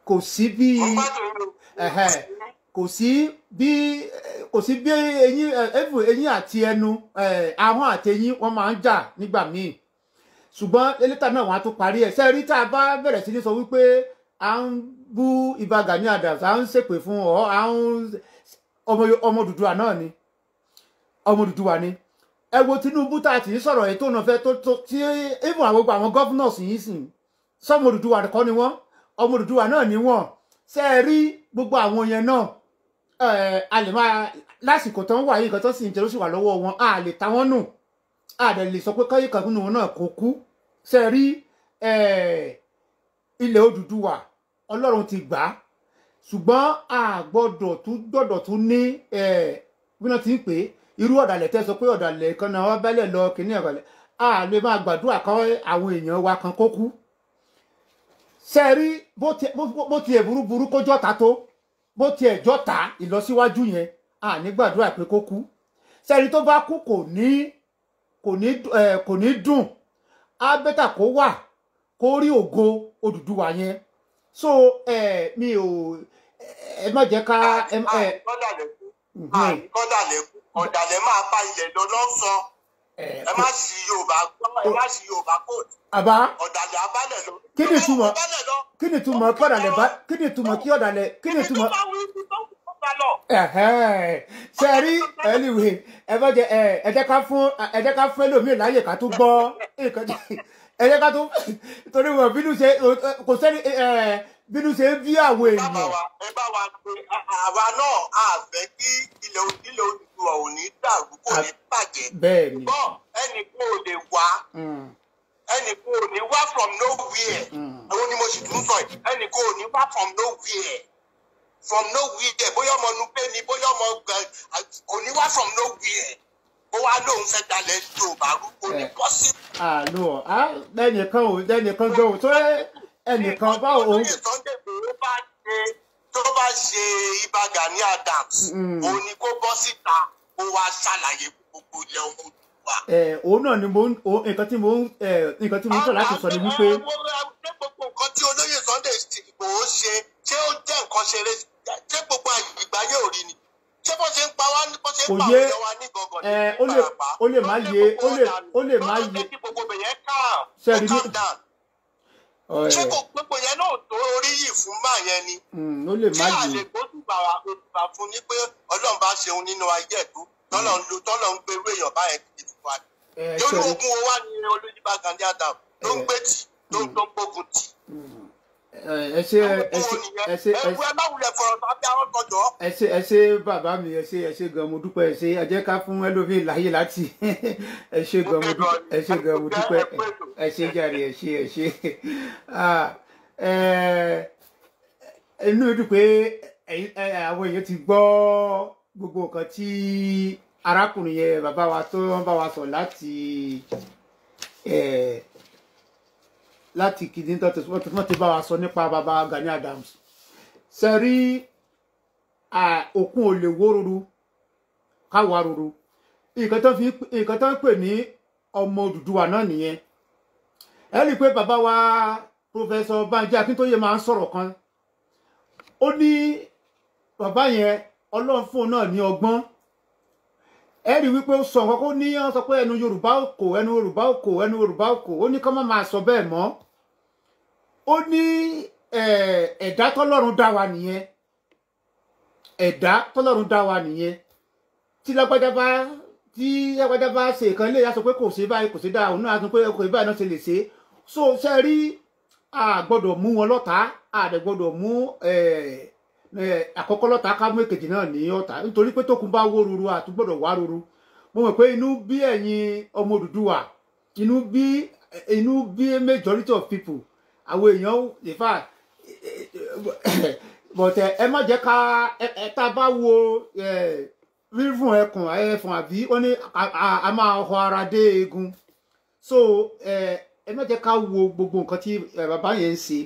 kò sí bí kò sí bí kò sí bí eyín eyín àti ẹnu ahọ́n àti eyín wọ́n máa ń jà nígbà míì ṣùgbọ́n eléta náà wọ́n á tún parí ẹ̀ ṣe rí tá a bá bẹ̀rẹ̀ sí ní sọ wípé à ń bú Ìbà Gani Adams à ń ṣèpè fún ọ à ń ọmọ Odùduwà náà ni ọmọ Odùduwà ni ẹ wo Tinubu tá a ti sọ̀rọ̀ ètò ọ̀nà fẹ́ tó tó tí even àwọn gbogbo àwọn governors yìí sìn sọmọ Odùduwà kọ́ ni wọ́n ọmọ Odùduwà náà ni wọ́n ṣe é rí gbogbo àwọn yẹn náà a lè máa lásìkò tó ń wà yìí kan tó sì ń jẹ́ ló sì wà lọ́wọ́ wọn a lè ta wọ́n nù a dẹ̀ lè sọ pé káyé kan nínú wọn náà kò kú ṣe é rí ilẹ̀ Odùduwà ọlọ́run ti gbà á ṣùgbọ́n a gbọ́dọ̀ tún gbọ́dọ̀ tún ní bí wọ́n ti ń pè é irú ọ̀dàlẹ̀ tẹ́ sọ pé ọ̀dàlẹ̀ kan náà wọ́n bẹ́lẹ̀ lọ kínní ọ̀dàlẹ̀ a lè máa gbàdúrà kọ́ àwọn èèyàn wa kan kó kú ṣe rí bó tiẹ̀ burúburú kó jọ́ta tó bó tiẹ̀ jọ́ta ìlọsíwájú yẹn a ní gbàdúrà pé kó kú ṣe rí tó bá kú kò ní kò ní kò ní dùn á bẹ́tà kó wà kó rí ògo Odùduwà yẹn so eh, mi ò eh, ẹ má jẹ́ ká. Ah, ah, kọ́dàlẹ́kù mhm. ah, ọ̀dàlẹ̀ máa pa ilẹ̀ lọ lọ́sọ eh, ẹ má sì Yorùbá ẹ má sì Yorùbá kóòtù ọ̀dàlẹ̀ abálẹ̀ lọ. kí ni túmọ̀ kí ni túmọ̀ kí ọ̀dàlẹ̀ bá kí ni túmọ̀ kí ọ̀dàlẹ̀ kí ni túmọ̀. ṣe é rí ẹlíwe ẹ bá jẹ ẹ ẹ jẹ́ ká fún ẹ jẹ́ ká fún ẹlòmíì láàyè ká tó gbọ́ nǹkan jẹ ẹ jẹ́ ká tó torí wọn bínú ṣe kò sẹ́ni bínú ṣe ń bí àwọn èèyàn. bàbá wa ẹ bá wa pé àwa náà a fẹ́ kí ilẹ̀ onílẹ̀ Odùduwà ò ní dàrú kò ní bàjẹ́. bẹ́ẹ̀ ni bọ́ ẹnì kò lè wá hmm. ẹnì kò ní wá from nowhere àwọn hmm. ni mo sì tún sọ yìí ẹnì kò ní wá from nowhere from nowhere bóyá ọmọ nupé ni bóyá ọmọ kò ní wá from nowhere ó wá lóun fẹ́ dalẹ̀ yorùbá rú kò ní eh. bọ́ sí. àlọ á ẹnìkan ò ẹnìkan gan ò tó ẹnìkan bá òun. tó bá ṣe Ìbà Gani Adams mm-hmm. òun kó bọ́ síta kó wá ṣàlàyé gbogbo ilẹ̀ ọ̀hún wa. Eh, òun náà ni mo nǹkan tí mo eh, nǹkan tí mo ń sọ láti sọ ni wípé. Ah, gbogbo tí olóyè Sunday Igboho ṣe ṣé ó jẹ́ nǹkan ṣeré ṣé gbogbo àgbáyé ò ṣé bó ṣe ń pa wá bó ṣe ń pa àwọn ọ̀yọ́ wa ní gọ̀gàn ní ìfarapa ó lè má yé ó lè ó lè má yé sẹ́ẹ̀rì ní ṣé kò gbogbo yẹn náà tó orí yìí fún bá yẹn ni tí hmm, àlèkò tùbà òtùbà fún ni pé ọlọ́run bá ṣeun nínú ayé ẹ̀dú tọ́lọ̀ ń lo tọ́lọ̀ ń gbé irú èèyàn báyẹn kìí fún wa lórí ogun owó wa ní olóyìnbá Gani Adams ló ń gbé tì ló hmm. ń gbógun tì. Hmm. Eh, ẹ ṣe ẹ ṣe ẹ ṣe ẹ ṣe ẹ ṣe bàbá mi ẹ ṣe ẹ ṣe gan mo dúpẹ́ ẹ ṣe ẹ jẹ́ ká fún ẹlòmíì láyé láti ẹ ṣe gan mo dúpẹ́ ẹ ṣe gan mo dúpẹ́ ẹ ṣe jàre ẹ ṣe ẹ ṣe ah, inú mi dùn pé àwọn èèyàn ti gbọ́ gbogbo nǹkan tí arákùnrin yẹn bàbá wa tó ń bá wa sọ láti. láti kìdí wọ́n ti bá wa sọ nípa baba Gani Adams ṣe rí òkun ò lè wó ruru káwa ruru nǹkan tó ń pè ní ọmọ Odùduwà náà nìyẹn ẹ rí i pé bàbá wa pòfẹsọ Banji Akíntóyè máa ń sọ̀rọ̀ kan ó ní baba yẹn Ọlọ́run náà ní ọgbọ́n ẹ rí wípé ó sọ nǹkan kó ní ó sọ pé ẹnu Yorùbá ò ẹnu Yorùbá ò ẹnu Yorùbá ò kò ó ní kọ́ má máa sọ bẹ́ẹ̀ mọ́ ó ní ẹ̀dá tọ́lọ́run dá wa nìyẹn ẹ̀dá tọ́lọ́run dá wa nìyẹn tí lágbájá bá tí lágbájá bá ṣe nǹkan ilé ìyá sọ pé kò ṣe báyìí kò ṣe dáa òun náà sọ pé kò ṣe báyìí náà ṣe lè ṣe so ṣe rí a gbọ́dọ̀ mú wọn lọ́ta a dẹ̀ gbọ́dọ̀ mú àkọ́kọ́ lọ́ta ká mú èkejì náà ní ọ̀tá nítorí pé tókun bá wó ruru àtúgbọ́dọ̀ wá ruru mo mọ̀ pé inú bí ẹ̀yin ọmọ Odùduwà inú bí inú bí majority of people àwọn èèyàn in fact bọ̀tẹ̀ eh, ẹ má jẹ́ ká ẹ tá a bá wo eh, rírun ẹkùn eh, ẹfun àbí ó ní a máa họ ara dé eegun so ẹ má jẹ́ ká wo gbogbo nǹkan tí bàbá yẹn ń ṣe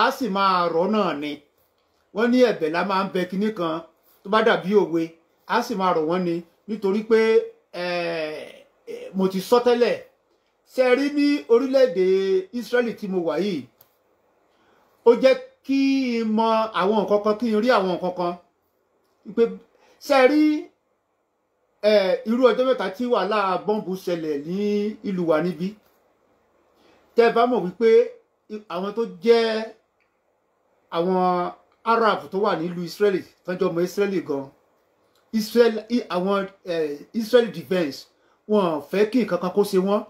a sì máa rọ̀ náà ni wọ́n ní ẹ̀bẹ̀ la máa ń bẹ kinní kan tó bá dàbí òwe a sì máa rọ̀ wọ́n ni nítorí pé mo ti sọ tẹ́lẹ̀ ṣe rí ní orílẹ̀-èdè Israeli tí mo wà yìí ó jẹ́ kí n mọ àwọn nǹkan kan kí n rí àwọn nǹkan kan pé ṣe rí irú ọjọ́ mẹ́ta tí wàhálà bọ́ǹbù ṣẹlẹ̀ ní ìlú wa níbí tẹ́ ẹ bá mọ̀ wípé àwọn tó jẹ́ àwọn Arab tó wà nílùú Israeli tọ́jú ọmọ Israeli gan Israel àwọn Israeli defence wọn fẹ́ kí nǹkan kan kó ṣe wọ́n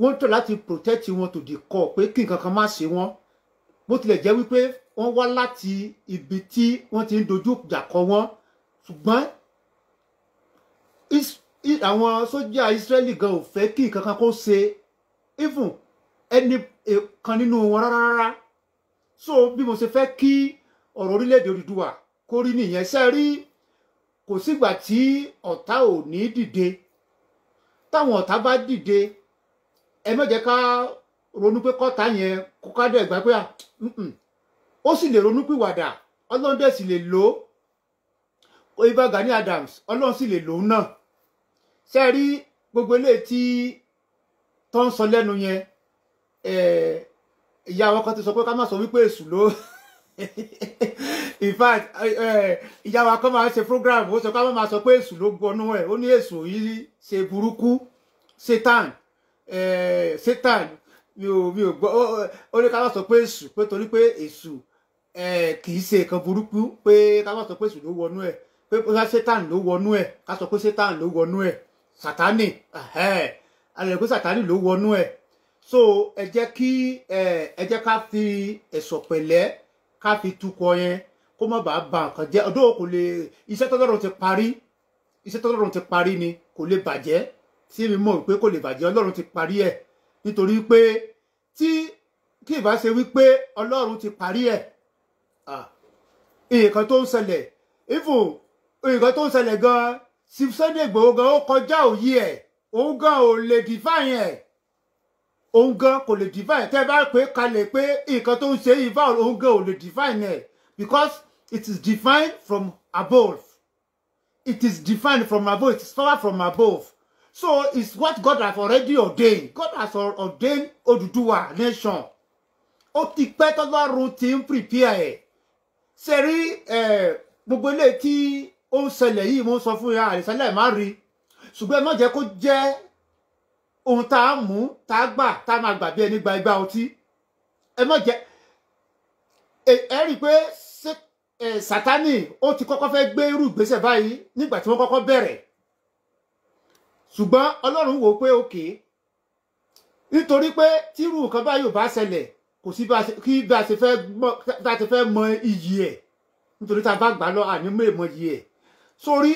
wọ́n tọ̀ láti protect wọn to the core pé kí nǹkan kan má ṣe wọ́n bó tilẹ̀ jẹ́ wípé wọ́n wá láti ibi tí wọ́n ti ń dojú ìjà kọ wọ́n ṣùgbọ́n àwọn sójà Israeli gan ò fẹ́ kí nǹkan kan kó ṣe even ẹni e, kan nínú wọn rárá rárá so bí mo ṣe fẹ́ kí ọ̀rọ̀ orílẹ̀-èdè Odùduwà kó rí nìyẹn ṣe rí kò sígbà tí ọ̀tá ò ní dìde táwọn ọ̀tá bá dìde ẹ má jẹ́ ká ronú pé kọ́ta yẹn kó ká dẹ̀ gbà pé à ó sì lè ronú ọlọ́run dẹ̀ sì lè lò ó Adams ọlọ́run sì lè lò ó náà ṣe rí gbogbo eléyìí tí tó ń sọ lẹ́nu yẹn ìyá àwọn kan ti sọ pé ká má sọ wípé ló ìyá wa kan máa ń ṣe program ó sọ ká má máa sọ pé èṣù ló gbọnú ó ní yìí satan mi ò mi ò gbọ́ ó ní ká má sọ pé èṣù pé torí pé èṣù kì í ṣe nǹkan burúkú pé ká má sọ pé èṣù ló wọnú ẹ̀ pé satan ló wọnú ẹ̀ ká sọ pé satan ló wọnú ẹ̀ sátánì alẹ́ pé sátánì ló wọnú ẹ̀ so ẹ jẹ́ kí ẹ jẹ́ ká fi ẹ̀sọ̀ pẹ̀lẹ́ ká fi tukọ̀ yẹn kó má bàa ba nǹkan jẹ́ ọdún kò lè iṣẹ́ tọ́lọ́run ti parí iṣẹ́ tọ́lọ́run ti parí ni kò lè bàjẹ́ tí èmi mọ̀ wípé kò lè bàjẹ́ ọlọ́run ti parí ẹ̀ nítorí pé tí kí ìbá ṣe wípé ọlọ́run ti parí ẹ̀ nǹkan tó ń ṣẹlẹ̀ ifo nǹkan tó ń ṣẹlẹ̀ gan-an sí Sunday Igboho gan ó kọjá òye ẹ̀ òun gan ò lè define ẹ̀ òun gan kò lè define tẹ́ bá pé kalẹ̀ pé nǹkan tó ń ṣe yìí báwo òun gan ò lè define ẹ̀ because it is defined from above it is defined from above it is far from above So it's what God has already ordained. God has ordained Oduduwa nation. Ó ti pẹ́ tọ́lọ́run ti ń prepare ẹ̀. Ṣé rí gbogbo ilé tí ó ń ṣẹlẹ̀ yìí mo ń sọ fún ya àrísẹ́lẹ̀ má rí. Ṣùgbọ́n ẹ má jẹ́ kó jẹ́ ohun tá a mú tá a gbà tá a máa gbà bí ẹni gba igba ọtí. Ẹ má jẹ́ ẹ rí i pé Sátánì ó ti kọ́kọ́ fẹ́ gbé irú ìgbésẹ̀ báyìí nígbà tí wọ́n kọ́kọ́ bẹ̀rẹ̀ ṣùgbọ́n ọlọ́run wò pé òkè nítorí pé tírú nǹkan báyìí ò bá ṣẹlẹ̀ kò sí kí bá ṣe fẹ́ mọ iyì ẹ̀ nítorí tá a bá gbà lọ àní mọ èèmọ iyì ẹ̀ sórí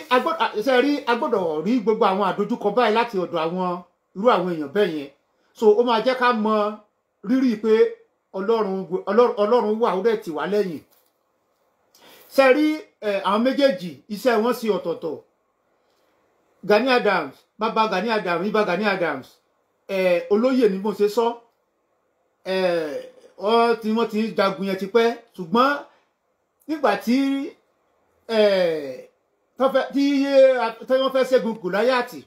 ṣe rí agbọ́dọ̀ rí gbogbo àwọn àdójúkọ báyìí láti ọ̀dọ̀ àwọn irú àwọn èèyàn bẹ́ẹ̀ yẹn so ó máa jẹ́ ká mọ rírì pé ọlọ́run wà ó dẹ̀ tì wá lẹ́yìn ṣe rí àwọn méjèèjì iṣẹ́ wọn sí ọ̀tọ̀ọ̀tọ̀ Gani Adams bàbá Gani Adams ibà Gani Adams olóyè ni mo ṣe sọ ọ tí wọ́n ti jagun yẹn tipẹ́ ṣùgbọ́n nígbà tí tí wọ́n fẹ́ ṣẹ́gun Gòláyàtì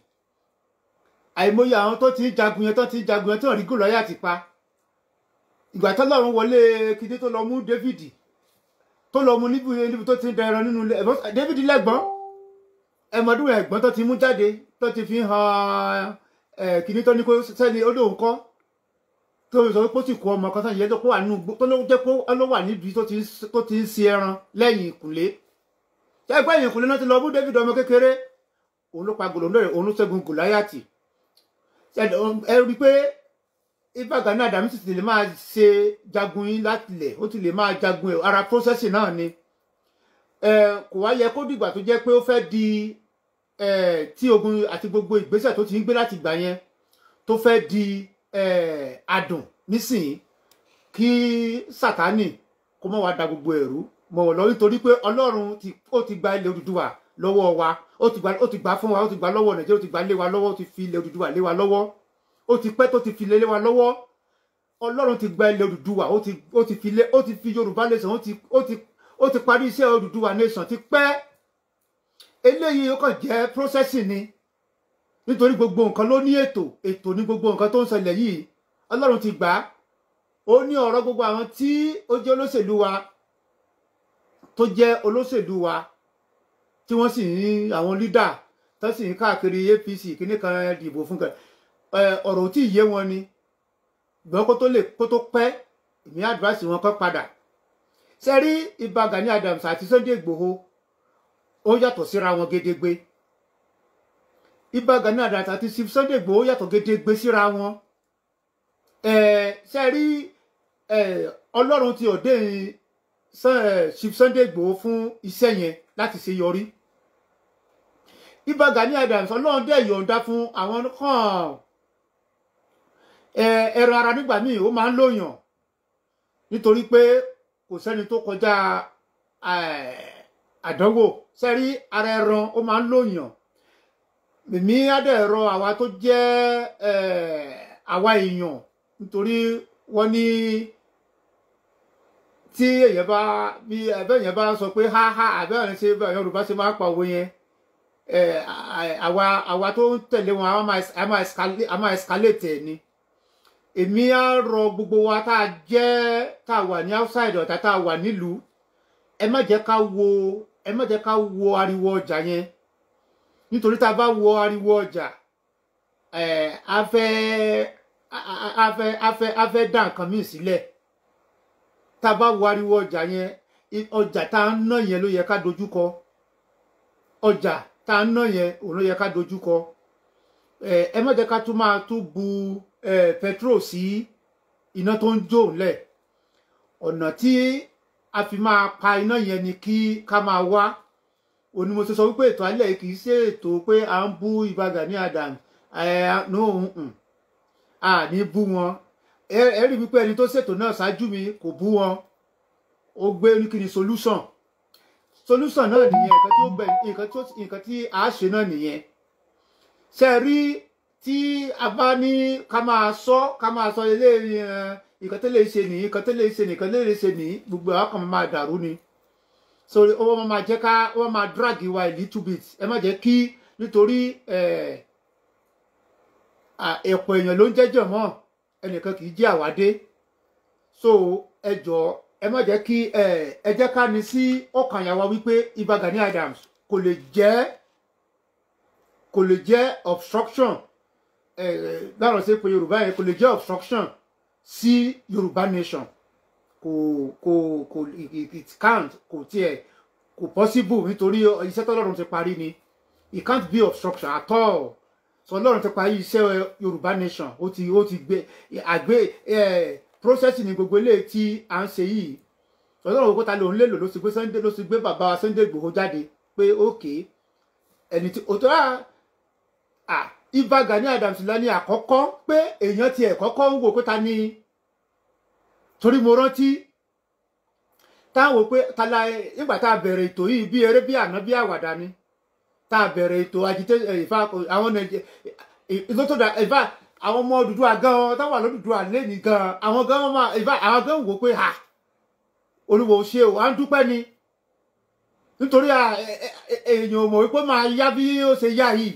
àìmọye àwọn tó ti jagun yẹn tó ti jagun yẹn tó rí Gòláyàtì pa ìgbà tọ́lọ́run wọlé kíndé tó lọ mú David tó lọ mú níbi tó ti ń da ẹran nínú ilé David lẹ́gbọ́n ẹ̀mọ́dún ẹ̀gbọ́n tó ti mú jáde tó ti fi hàn ẹ̀ kìíní tó ní kó sẹ́ni ó lóun kọ́ tó sọ pé ó sì kó ọmọ kan sẹ́yìn lẹ́jọ́ pé wà nínú tó ló jẹ́ pé ó ló wà nídìí tó ti ń sin ẹran lẹ́yìn ìkùnlé ẹgbẹ́ ẹ̀yìn ìkùnlé náà ti lọ bú David ọmọ kékeré òun ló pa gòlò lóòrè òun ló ṣẹ́gun Gòláyàtì ẹ rí i pé Ifá Gani Adams ti lè máa ṣe jagun yín látilẹ̀ ó ti lè máa jagun ara prọ́sẹ̀sì náà ni kò wá yẹ kó dìgbà tó jẹ́ pé ó fẹ́ di tí ogun àti gbogbo ìgbésẹ̀ tó ti ń gbé láti gbà yẹn tó fẹ́ di adùn nísìnyí kí sátánì kó mọ́ wá da gbogbo ẹ̀rú mọ̀ wọ́n lọ nítorí pé ọlọ́run ó ti gba ilẹ̀ Odùduwà lọ́wọ́ wa ó ti gbà fún wa ó ti gbà lọ́wọ́ Nàìjíríà ó ti gbà lé wa lọ́wọ́ ó ti fi ilẹ̀ Odùduwà lé wa lọ́wọ́ ó ti pẹ́ tó ti fi lé wa lọ́wọ́ ọlọ́run ti gba ilẹ̀ Odùduwà ó ti fi Yorùbá nation ó ti parí iṣẹ́ Odùduwà nation ti pẹ́ eléyìí ó kàn jẹ́ processing ni nítorí gbogbo nǹkan ló ní ètò ètò ní gbogbo nǹkan tó ń ṣẹlẹ̀ yìí ọlọ́run ti gbà á ó ní ọ̀rọ̀ gbogbo àwọn tí ó jẹ́ olóṣèlú wa tó jẹ́ olóṣèlú wa tí wọ́n sì ní àwọn lídà tó sì ń káàkiri APC kíní kan dìbò fún kan ọ̀rọ̀ tí yé wọn ni gbọ́n kó tó lè kó tó pẹ́ ìmí àdúrà sí wọn kọ́ padà ṣe rí Gani Adams àti Sunday Igboho ó yàtọ̀ síra wọn gédégbé Ìbà Gani Adams àti Chief Sunday Igboho yàtọ̀ gédégbé síra wọn ṣe rí ọlọ́run ti ọ̀dẹ́yìn Chief Sunday Igboho fún iṣẹ́ yẹn láti ṣe yọrí Ìbà Gani Adams ọlọ́run dẹ̀ yọ̀ǹda fún àwọn kan ẹ̀rọ ara nígbà míì ó máa ń lòyàn nítorí pé kò sẹ́ni tó kọjá àdánwò. sẹ́rí ara ẹran ó máa ń lòyàn mímí adẹ̀rọ àwa tó jẹ́ àwa èèyàn nítorí wọ́n ní tí èèyàn bá bí ẹ̀bẹ́ èèyàn bá sọ pé ha ha àbẹ́ àrùn ṣe bá ṣe máa pa òwe yẹn àwa àwa tó ń tẹ̀lé wọn a máa escalate ẹ̀ gbogbo wa tá a jẹ́ tá a wà ní outside ọ̀tá tá a wà nílùú ẹ wo ẹ má jẹ́ ká wo ariwo ọjà yẹn nítorí tá a bá wo ariwo ọjà ẹ a a dá nǹkan míì sílẹ̀ tá a bá wo ariwo ọjà yẹn ọjà tá a ń ná yẹn ló yẹ ká ọjà tá a ń ná yẹn ló yẹ ká dojúkọ ẹ má ká tún máa tún bu a fi máa pa iná yẹn ni kí ká máa wá òní mo ti sọ wípé ètò alẹ́ kì í ṣe ètò pé à ń bú Ìbà Gani Adams nóhùn à ní bú wọn ẹ rí wípé ẹni tó ṣètò náà ṣáájú mi kò bú wọn ó gbé oníkìní solution solution náà nìyẹn nǹkan tí ó bẹ nǹkan tí a ṣe náà nìyẹn ṣe rí tí a bá ní ká máa sọ ká máa sọ eléyìí ìkan tó lè ṣe nìyí ìkan tó lè ṣe nìkan lè lè ṣe nìyí gbogbo àwọn kan máa dàrú ni so owó máa máa jẹ́ ká wọ́n máa drag wa a little bit ẹ má jẹ́ kí nítorí eh, ẹ̀pọ̀ èèyàn ló ń jẹ́jọ̀ mọ́ ẹnìkan kì í jẹ́ àwádé so ẹ jọ̀ọ́ ẹ má jẹ́ kí eh, ẹ jẹ́ ká ní sí ọkàn yàwá wípé Ìbà Adams kò lè jẹ́ kò lè jẹ́ obstruction eh, láàrọ̀ sí pé Yorùbá yẹn kò lè jẹ́ obstruction sí yorùbá nation kò kò kò it can't kò tiẹ̀ kò possible nítorí iṣẹ́ tọ́lọ́run ti parí ni it can't be obstruction at all so ọlọ́run ti parí iṣẹ́ yorùbá nation ó ti ó ti gbé àgbé process ni gbogbo eléyìí tí à ń ṣe yìí ọlọ́run òkúta ta lòun lélò ló ti gbé Sunday ló ti gbé bàbá wa Sunday Igboho jáde pé ókè ẹni tí òtọ́ à ah, ah, Iva Gani Adams lọ ní àkọ́kọ́ pé èèyàn tiẹ̀ kọ́kọ́ ń wò pé ta ni torí mo rántí táwọn pé tala nígbà tá a bẹ̀rẹ̀ ètò yìí bí eré bí àná bí àwàdà ni tá a bẹ̀rẹ̀ ètò agitation eh, ìfà àwọn nàìjíríà eh, lótò dà ìfà àwọn ọmọ Odùduwà gan táwọn àlódùdú àlẹ́ni gan àwọn gan máa ìfà àwọn gan wò pé ha Olúwo ṣe o à ń dúpẹ́ ni nítorí eh, èèyàn ò mọ̀ wípé máa yá bí ó ṣe yá yìí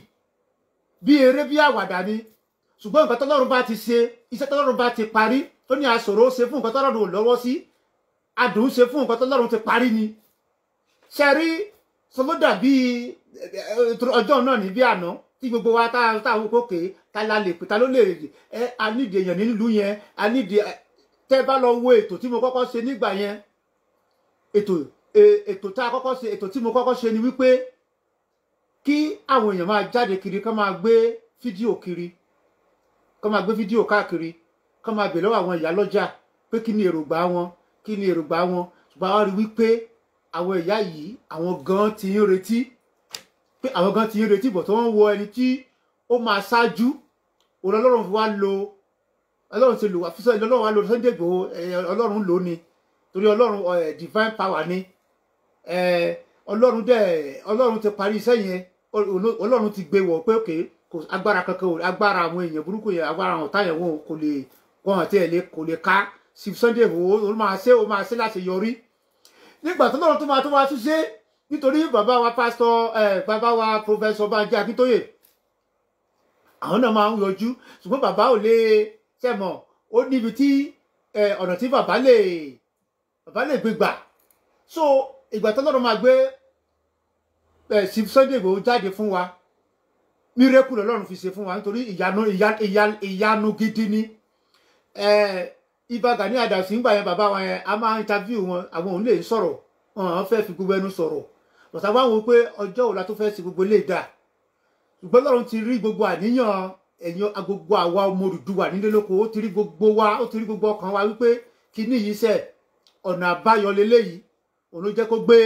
bí eré bí àwàdà ni ṣùgbọ́n nǹkan tọ́lọ́run bá ti ṣe iṣẹ́ tọ́lọ́run bá ti parí ó ní àṣòro ṣe fún nǹkan tọ́lọ́run ò lọ́wọ́ sí adùn ṣe fún nǹkan tọ́lọ́run ti parí ni ṣe rí sọlọ́dà bíi eh, eh, ọjọ́ náà ní bí àná tí gbogbo wa tá a wò kókè ta la lè pè ta ló lè ẹ a nídìí èèyàn nílùú yẹn a nídìí eh, tẹ bá lọ wo ètò tí mo kọ́kọ́ ṣe nígbà yẹn ètò ètò tá a kọ́kọ́ ṣe ètò tí mo kọ́kọ́ ṣe ni wípé kí àwọn èèyàn máa jáde kiri kán máa gbé fídíò kiri kán máa gbé fídíò káàkiri kán máa bèèrè lọ́wọ́ àwọn ìyá lọ́jà pé kí ni èròǹgbà wọn kí ni èròǹgbà wọn ṣùgbọ́n àwọn rí wípé àwọn ìyá yìí àwọn gan ti ń retí pé àwọn gan ti ń retí bọ̀ tó ń wọ ẹni tí ó máa ṣáájú òun ọlọ́run fi wá lo ọlọ́run ti lò wá fúnṣẹ́ ọlọ́run wá lo Sunday Igboho ọlọ́run lò ní torí ọlọ́run divine power ni ọlọ́run dẹ̀ ọlọ́run ti parí iṣẹ́ yẹn ọlọ́run ti gbé wọ̀ pé òkè agbára kankan ò agbára àwọn èèyàn burúkú yẹn agbára àwọn ọ̀tá yẹn wọn kò lè wọn àti ẹ̀ kò lè ká Sunday Igboho ó máa ṣe ó máa ṣe láti yọrí nígbà tó lọ́run tó máa tó máa tún ṣe nítorí bàbá wa pásítọ̀ bàbá wa pòfẹ́sọ̀ Bánjí Akíntóyè àwọn náà máa ń yọjú ṣùgbọ́n bàbá ò lè tẹ̀mọ̀ ó níbi tí ọ̀nà tí bàbá lè bàbá lè gbé gbà so ìgbà tó lọ́run máa gbé Eh, Chief Sunday Igboho jáde fún wa mírèkù lọ́lọ́run fi ṣe fún wa nítorí ìyanu ìyanu ìyanu gidi ni Ìbà eh, Gani Adams ń gbà yẹn bàbá wa yẹn a máa interview wọn àwọn òun lè sọ̀rọ̀ wọn fẹ́ fi gbogbo ẹnu sọ̀rọ̀ lọ́sà wá wọn pé ọjọ́ òla tó fẹ́ ṣe gbogbo lè dà ṣùgbọ́n lọ́run ti rí gbogbo àníyàn ẹ̀yìn agogo àwa ọmọ Odùduwà nílé lóko ó ti rí gbogbo wa ó ti rí gbogbo ọkàn wa wípé kíní yìí ṣe ọ̀nà àbáyọ leléyìí òun ló jẹ́ kó gbé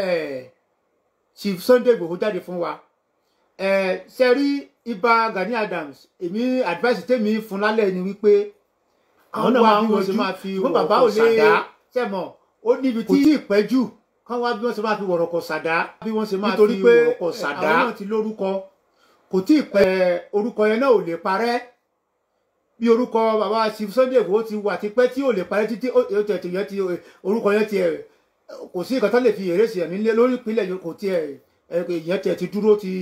eh, Chief Sunday Igboho jáde fún wa ẹ ṣe rí Ìbà Gani Adams èmi advice tèmi fún lálẹ́ ni wípé àwọn náà máa ń wọ́n ṣe máa fi wọ̀rọ̀kọ̀ ṣàdá tẹ̀mọ̀ ó níbi tí ìpẹ́jù kán wá bí wọ́n ṣe máa fi wọ̀rọ̀kọ̀ ṣàdá bí wọ́n ṣe máa fi wọ̀rọ̀kọ̀ ṣàdá àwọn náà ti lórúkọ kò tí ì pẹ́ orúkọ yẹn náà ò lè parẹ́ bí orúkọ bàbá Chief Sunday Igboho ti wà tipẹ́ tí ò lè parẹ́ títí orúkọ yẹn ti kò sí ìkàtà lè fi èrè sí ẹ̀mí lé lórí ìpínlẹ̀ kò tiẹ̀ ìyẹn tiẹ̀ ti dúró ti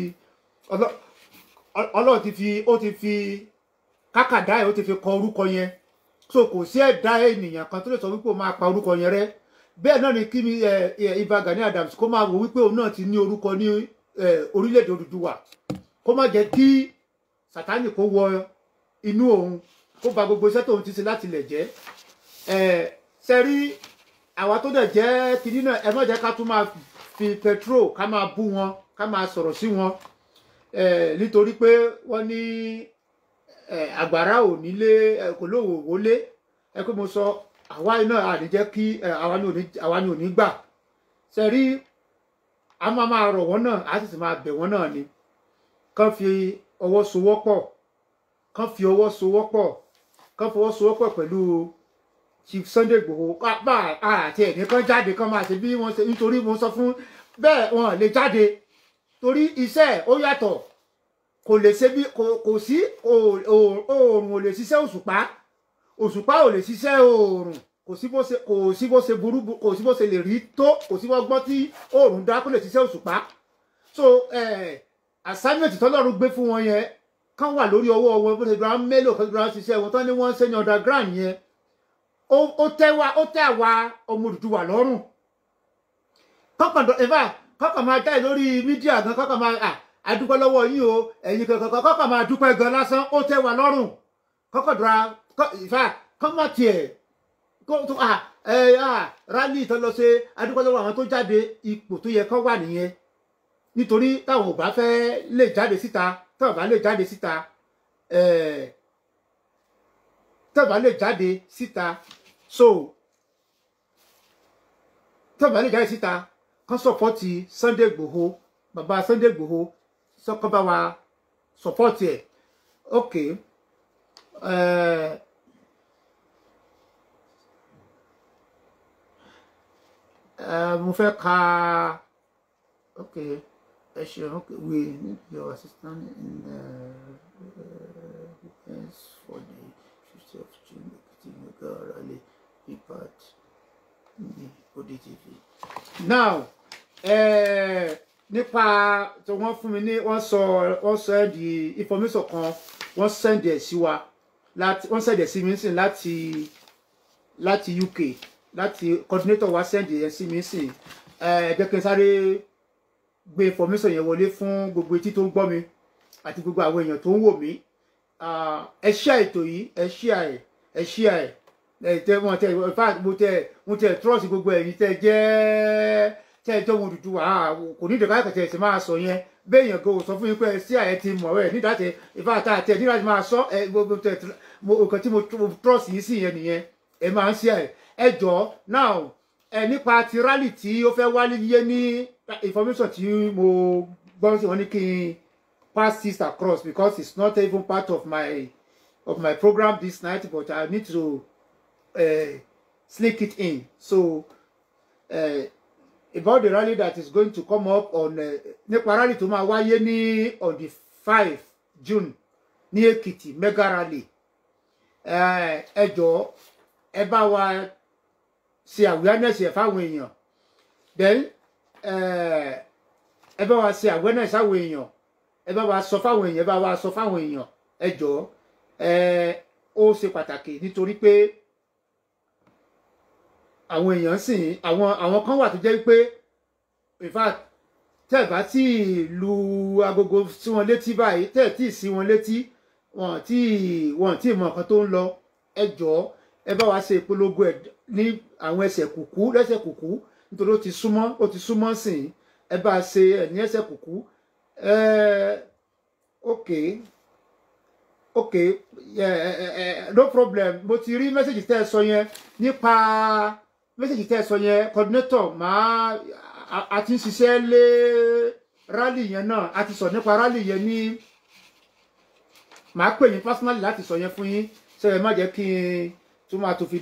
ọlọ́run ti fi ó ti fi kákàdá ẹ̀ ó ti fi kọ orúkọ yẹn so kò sí ẹ̀dá ènìyàn kan tó lè sọ wípé ó máa pa orúkọ yẹn rẹ́ bẹ́ẹ̀ náà ni kíni Ìbà Gani Adams kó máa wò wípé òun náà ti ní orúkọ ní orílẹ̀-èdè Odùduwà kó má jẹ́ kí Sàtánì kó wọ inú òun kó ba gbogbo iṣẹ́ tóun ti ṣe láti lẹ̀ jẹ́ sẹ́rí àwa tó dẹ̀ jẹ́ kínní náà ẹ má ká tún máa fi petrol ká máa bú wọn ká máa sọ̀rọ̀ sí wọn nítorí pé wọ́n ní àgbàrá ò nílé kò lówó wọlé ẹ pé mo sọ àwa náà àní jẹ́ kí àwa ni ò ní gbà ṣe rí a máa máa rọ̀ wọ́n náà a sì sì máa bẹ̀ wọ́n náà ni kán fi ọwọ́ sowọ́pọ̀ kán fi ọwọ́ sowọ́pọ̀ kán fọwọ́ sowọ́pọ̀ pẹ̀lú Chief Sunday Igboho bá àti ẹnìkan jáde kan máa ṣe bí wọ́n ṣe nítorí wọ́n sọ fún bẹ́ẹ̀ wọ́n lè jáde torí iṣẹ́ ó yàtọ̀ kò lè ṣe bí kò sí oòrùn ò lè ṣiṣẹ́ òṣùpá òṣùpá ò lè ṣiṣẹ́ oòrùn kò sí bó ṣe kò sí bó ṣe burú kò sí bó ṣe lè rí tó kò sí bọ́gbọ́n tí oòrùn dá kó lè ṣiṣẹ́ òṣùpá so assignment tọ́lọ́run gbé fún wọn yẹn kán wà lórí ọwọ́ wọn bó ṣe dúró mélòó kan dúró ṣiṣẹ́ wọn tán ni wọ́n ń ṣe ní underground yẹn o tẹ́ wa o tẹ́ àwa ọmọ Odùduwà lọ́rùn kọ́kàndọ̀ ẹ̀fà kọ́kàn máa jáde lórí mídíà gan kọ́kàn máa à adúpẹ́ lọ́wọ́ yín o ẹ̀yin kankan kọ́kàn máa dúpẹ́ gan lásán ó tẹ́ wa lọ́rùn kọ́kàndọ̀ra ẹ̀fà kọ́mọ̀ tiẹ̀ kó à ẹ̀ à rálì ìtọ́lọ́sẹ̀ adúpẹ́ lọ́wọ́ àwọn tó jáde ipò tó yẹ kó wà nìyẹn nítorí táwọn ò bá fẹ́ lè jáde síta táwọn ò bá lè jáde síta táwọn ò lè jáde síta so tọ́ba lè jáde síta kán sọ̀pọ́tì Sunday Igboho bàbá Sunday Igboho sọ́kọ́ bá wa sọ̀pọ́tì ẹ̀ ok eh, eh, mo fẹ́ ka ok ẹ ṣeun ok we need your assistance in the uh, eh, for the future of June Ekiti Mega Rally prepared ní ODTV. now eh, nípa tó wọ́n fún mi ní wọ́n sọ wọ́n sọ information kan wọ́n send the siwa wa láti wọ́n send ẹ̀ sí mi sìn láti láti UK láti coordinator wa send the sí mi sìn eh, ẹ̀ jẹ́ information yẹn wole fun gbogbo etí tó ń gbọ́ mi àti gbogbo àwọn èèyàn tó ń wò mí ah, ẹ ṣíà ètò yìí ẹ tẹ wọn tẹ in mo tẹ mo tẹ trust gbogbo ẹ̀yin tẹ jẹ́ tẹ jọ wo dùdú wa kò ní ìdọ̀ká kẹtẹ ẹ̀sìn máa sọ yẹn béèyàn kò sọ fún yín pé sí àyẹ̀ ti mọ̀ ẹ̀ nígbà tẹ in tá a tẹ nígbà tí máa sọ ẹ gbogbo tẹ nǹkan tí mo trust yín sí yẹn nìyẹn ẹ máa ń ṣe ẹ ẹ jọ now ẹ nípa ti rally tí ó fẹ́ wálé yíyé ní information tí mo gbọ́ sí wọn ní kí n pass this across because it's not even part of my of my program this night but I need to uh, sneak it in. So uh, about the rally that is going to come up on uh, nípa rally tó máa on the five June ní Èkìtì mega rally Ejo eba wa si awareness ẹ fáwọn wenyo. then eba wa si awareness fáwọn wenyo. Eba wa sofa wenyo. Eba wa sofa wenyo. Ejo ẹ jọ̀ọ́ ó ṣe pàtàkì àwọn èèyàn sì àwọn àwọn kan wà tó jẹ́ pé in fact tẹ́ ẹ̀ bá tí ì lu agogo sí wọn létí báyìí tẹ́ ẹ̀ tí ì sí wọn létí wọn tí ì wọn tí ì mọ nǹkan tó ń lọ ẹ jọ̀ọ́ ẹ bá wa ṣe ìpolongo ẹ ní àwọn ẹsẹ̀ kùkú lẹ́sẹ̀ kùkú nítorí ó ti súnmọ́ ó ti súnmọ́ sìn ẹ bá ṣe ẹ ní ẹsẹ̀ kùkú ẹ ok ok ẹ ẹ ẹ no problem mo ti rí mẹ́sẹ̀gì tẹ́ ẹ sọ yẹn nípa mẹ́sẹ̀jì tẹ́ sọ yẹn coordinator máa a ti ń ṣiṣẹ́ lé rally yẹn náà a ti sọ nípa rally yẹn ní màá pè yín personally láti sọ yẹn fún yín sẹ́yìn má jẹ́ kí n tún máa tó fi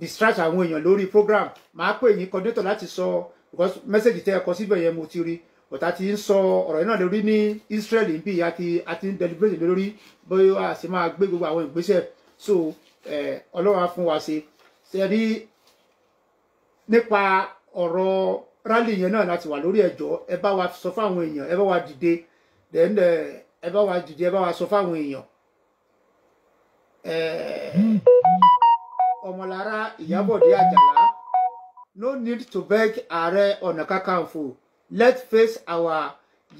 distract àwọn èèyàn lórí program màá pè yín coordinator láti sọ because mẹ́sẹ̀jì tẹ́ ẹ kọ síbẹ̀ yẹn mo ti rí ọ̀tá ti ń sọ ọ̀rọ̀ náà lórí ní Israel ń bí àti àti ń deliberate lórí bóyá a sì máa gbé gbogbo àwọn ìgbésẹ̀ so eh, ọlọ́run á fún wa ṣe tẹ̀rí nípa ọ̀rọ̀ rálì yẹn náà láti wà lórí ẹ̀jọ́ ẹ bá wa sọ fáwọn èèyàn ẹ bá wa dìde eh, ẹ bá wa dìde ẹ bá wa sọ fáwọn èèyàn eh, ọmọlára ìyábọ̀dé àjàlá no need to beg ààrẹ ọ̀nà kakanfò let's face our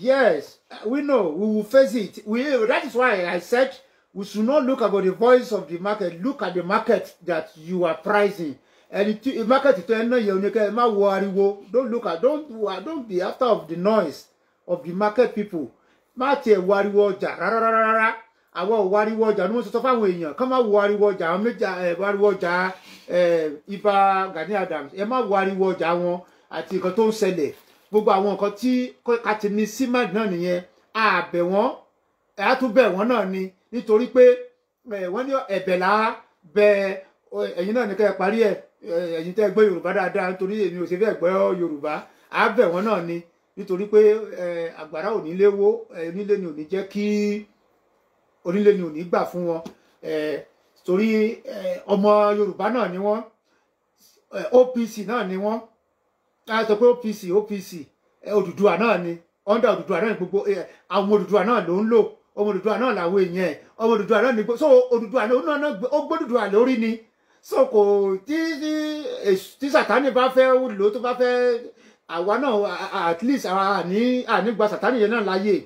yes we know we will face it we that is why i said we should not look about the voice of the market look at the market that you are pricing ẹni tí market tó ẹ náà yẹ oníkẹ ẹ má wo ariwo don't look at don't don't be after of the noise of the market people má tiẹ̀ wo ariwo ọjà rárárárá àwọn ò wo ariwo ọjà ni wọ́n sọ fáwọn èèyàn kán má wo ariwo ọjà àwọn méjà ẹ eh, wo ariwo ọjà ẹ eh, Ìbà Gani Adams ẹ má wo ariwo ọjà wọn àti nǹkan tó ń ṣẹlẹ̀ gbogbo àwọn nǹkan tí kàtí ní símà náà nìyẹn be wọ́n ẹ̀ á tún bẹ̀ wọ́n náà ni nítorí pé wọ́n ní ẹ̀bẹ̀ là á bẹ ẹ̀yin náà ní ká ẹ parí ẹ̀ ẹ̀yin tẹ́ gbọ́ yorùbá dáadáa nítorí èmi ò ṣe fẹ́ gbọ́ yorùbá á bẹ̀ wọ́n náà ni nítorí pé àgbàrá onílé wó ni ò ní jẹ́ kí onílé ni ò ní gbà fún wọn torí ọmọ yorùbá náà ni wọ́n OPC náà ni wọ́n á sọ pé OPC OPC Odùduwà náà ni under Odùduwà náà ni gbogbo àwọn Odùduwà náà ló ń lò ọmọ Odùduwà náà làwọn èèyàn ẹ̀ ọmọ Odùduwà náà nígbó so Odùduwà náà ó gbódùduwà lórí ni so kò tí tí sàtánì bá fẹ́ lò tó bá fẹ́ àwa náà at least àní àní gba sàtánì yẹn náà láàyè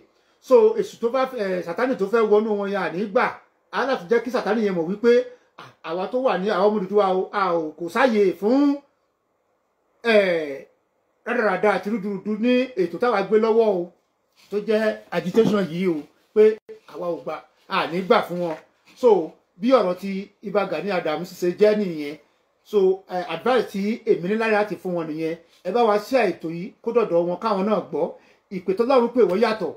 so èsù tó bá eh, sàtánì tó fẹ́ wọnú wọn yẹn àní gbà á láti jẹ́ kí sàtánì yẹn mọ̀ wípé àwa tó wà ní àwọn ọmọ Odùduwà a ò kò sáàyè fún eh, rádaràda àti rúdurùdu ní ètò táwa gbé lọ́wọ́ o tó jẹ́ agitation yìí o pé àwa ò gbà àní gbà fún wọn so bí ọ̀rọ̀ ti Ìbà Gani Adams ṣe jẹ́ nìyẹn so uh, advice tí èmi ní lára ti fún wọn nìyẹn ẹ bá wa ṣe ètò yìí kó dọ̀dọ̀ wọn káwọn náà gbọ́ ìpè tọ́lọ́run pè wọ́n yàtọ̀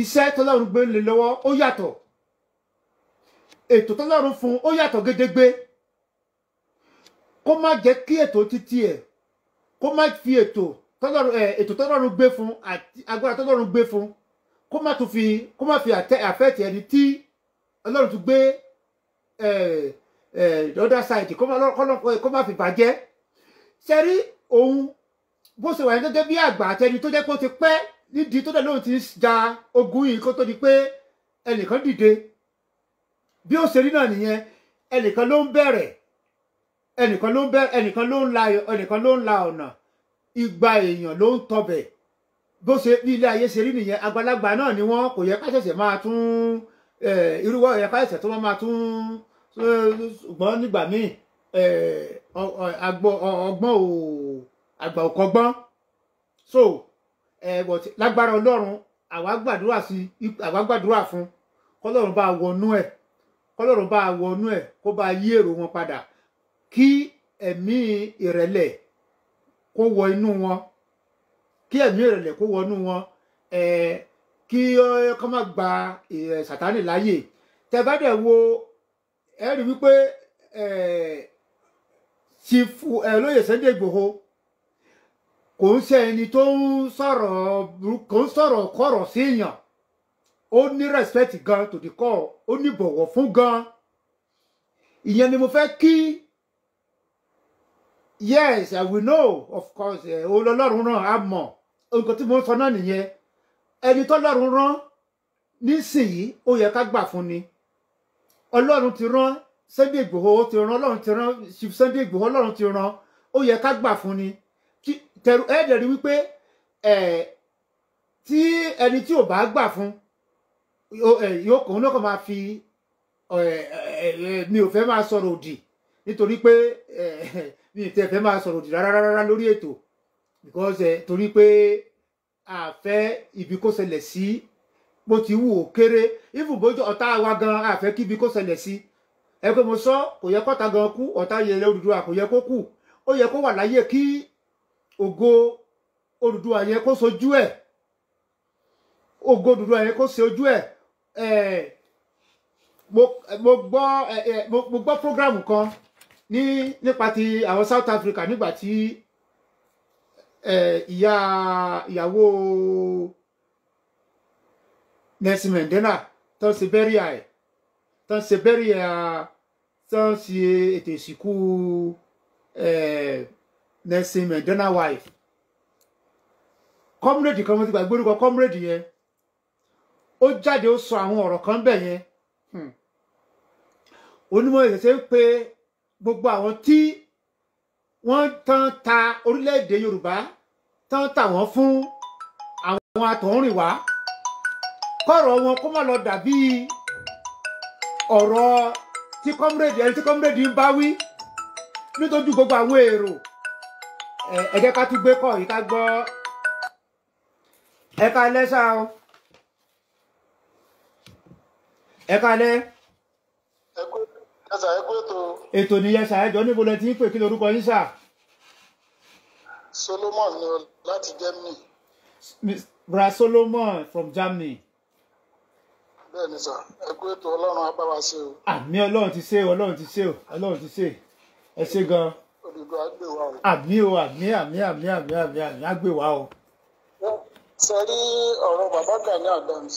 iṣẹ́ tọ́lọ́run gbé lé lọ́wọ́ ó yàtọ̀ ètò tọ́lọ́run fún ó yàtọ̀ gédégbé kó má jẹ́ kí ètò títí ẹ̀ kó má fi ètò tọ́lọ́run ètò tọ́lọ́run gbé fún àti agbára tọ́lọ́run gbé fún kó má tún fi kó má fi àfẹ́ẹ̀tì ẹni tí ọlọ́run tún gbé other side kó má fi bàjẹ́ ṣe rí òun bó ṣe wà ní gẹ́gẹ́ bí àgbà àtẹni tó jẹ́ pé ó ti pẹ́ nídìí tó dẹ̀ lóun ti ja ogun yìí kó tó di pé ẹnìkan dìde bí ó ṣe rí náà nìyẹn ẹnìkan ló ń bẹ̀rẹ̀ ẹnìkan ló ń la ọ̀nà ìgbà èèyàn ló ń tọbẹ̀ bó ṣe bí ilé ayé ṣe rí nìyẹn àgbàlagbà náà ni wọ́n kò yẹ ká ṣẹ̀ṣẹ̀ máa tún irúwọ́ yẹ ká ṣẹ̀ṣẹ̀ tó máa tún ṣùgbọ́n nígbà míì ọgbọ́n ò àgbà ò kọ́gbọ́n so lágbára ọlọ́run àwa gbàdúrà sí àwa gbàdúrà fún kọ́lọ́run bá wọnú ẹ̀ kọ́lọ́run bá wọnú ẹ̀ kó bá yí èrò wọn padà kí ẹ̀mí ìrẹ̀lẹ̀ kó wọ inú wọn kí ẹ̀mí ìrẹ̀lẹ̀ kó wọnú wọn kí kọ́ má gba sàtánì láàyè tẹ́ wo ẹ rí wípé chief lóyè Sunday Igboho kò ń ṣe ẹni tó ń sọ̀rọ̀ kò ń sọ̀rọ̀ kọ̀rọ̀ sí èèyàn ó ní respect gan tòdì kọ́ ó ní bọ̀wọ̀ fún gan ìyẹn ni mo fẹ́ kí yes I will know of course olólọ́run náà á mọ̀ nǹkan tí mo sọ náà nìyẹn ẹni tọ́lọ́run rán nísìnyí ó yẹ ká gbà fún ni ọlọ́run ti rán Sunday Igboho ó ti rán ọlọ́run ti rán Chief Sunday Igboho ọlọ́run ti rán ó yẹ ká gbà fún ni tẹ̀rù ẹ̀ẹ́dẹ̀ rí wípé tí ẹni tí ò bá gbà fún yóò kàn ní ọkàn máa fi mi ò fẹ́ máa sọ̀rọ̀ òdì nítorí pé mi ò tẹ̀ fẹ́ máa sọ̀rọ̀ òdì rárá lórí ètò because ẹ eh, torí pé àfẹ́ ibi kó ṣẹlẹ̀ sí bó ti wù ó kéré even bójú ọ̀tá wa gan àfẹ́ kí ibi kó ṣẹlẹ̀ sí ẹ pé mo sọ kò yẹ kọ́ta gan kú ọ̀tá yẹlẹ Odùduwà kò yẹ kó kú ó yẹ kó wà láyé kí ògo Odùduwà yẹn kó sojú ẹ̀ ògo Odùduwà yẹn kó sojú ẹ̀ ẹ̀ mo gbọ́ mo gbọ́ program kan ní nípa ti àwọn South Africa nígbà tí ìyá ìyàwó Nelson Mandela tó ń ṣe bẹ́ríà ẹ̀ tó ń ṣe bẹ́ríà Nelson Mandela wife comrade kan mo ti comrade kan hmm. gbogbo wọ́n tán ta orílẹ̀-èdè yorùbá tán tà wọ́n fún àwọn àtọ̀húnrìnwá kọ̀rọ̀ wọn kó má lọ dàbí ọ̀rọ̀ tí kọ́mírèdì ẹni tí kọ́mírèdì ń bá wí nítorí gbogbo àwọn èrò ẹ jẹ́ ká tún gbé kọ́ yìí ká gbọ́ ẹ ká lẹ́ ṣáà o ẹ ká lẹ́. ẹ kú ẹsà ẹ kú ètò. ètò ni ẹsà ẹjọ níbo lẹ ti ń pè kí lorúkọ yín sà. Solomon ni o láti Germany. Bra Solomon from Germany. bẹ́ẹ̀ni sà ẹ kú ètò Ọlọ́run á bá wa ṣe o. àmì Ọlọ́run ti ṣe o Ọlọ́run ti ṣe o Ọlọ́run ti ṣe ẹ ṣe gan. olùdó àgbè wa o. àmì o àmì àmì àmì àmì àmì àmì àgbè wa o. sọ rí ọ̀rọ̀ bàbá Gani Adams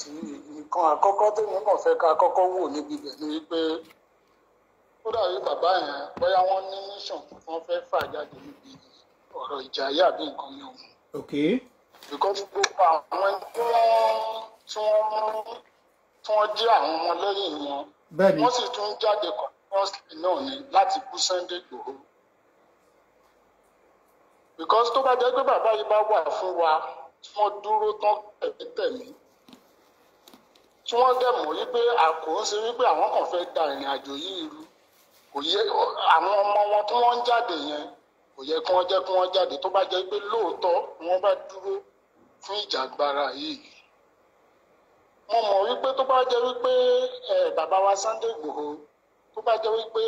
nǹkan àkọ́kọ́ tó mú kàn fẹ́ ká kọ́kọ́ wò níbi ibẹ̀ ni wípé ó dàbí bàbá yẹn bóyá wọ́n ní mission wọ́n fẹ́ fà jáde níbi ọ̀rọ̀ ìjà yìí àbí nǹkan mi òun. because gbogbo àwọn tí wọ́n tí wọ́n mú tí wọ́n jẹ́ àwọn ọmọlẹ́yìn wọn wọ́n sì tún jáde continuously náà ni láti bú Sunday Igboho because tó bá jẹ́ pé bàbá yìí bá wà fún wa tí wọ́n dúró tán tẹ̀mítẹ̀mí tí wọ́n dẹ̀ mọ̀ wípé àkóńṣe wípé àwọn kan fẹ́ da ìrìn àjò yìí rú kò àwọn ọmọ wọn tí wọ́n ń jáde yẹn kò yẹ kí wọ́n jẹ́ kí wọ́n jáde tó bá jẹ́ pé lóòótọ́ wọ́n bá dúró fún ìjàgbara yìí mo mọ̀ wípé tó bá jẹ́ wípé bàbá wa Sunday Igboho tó bá jẹ́ wípé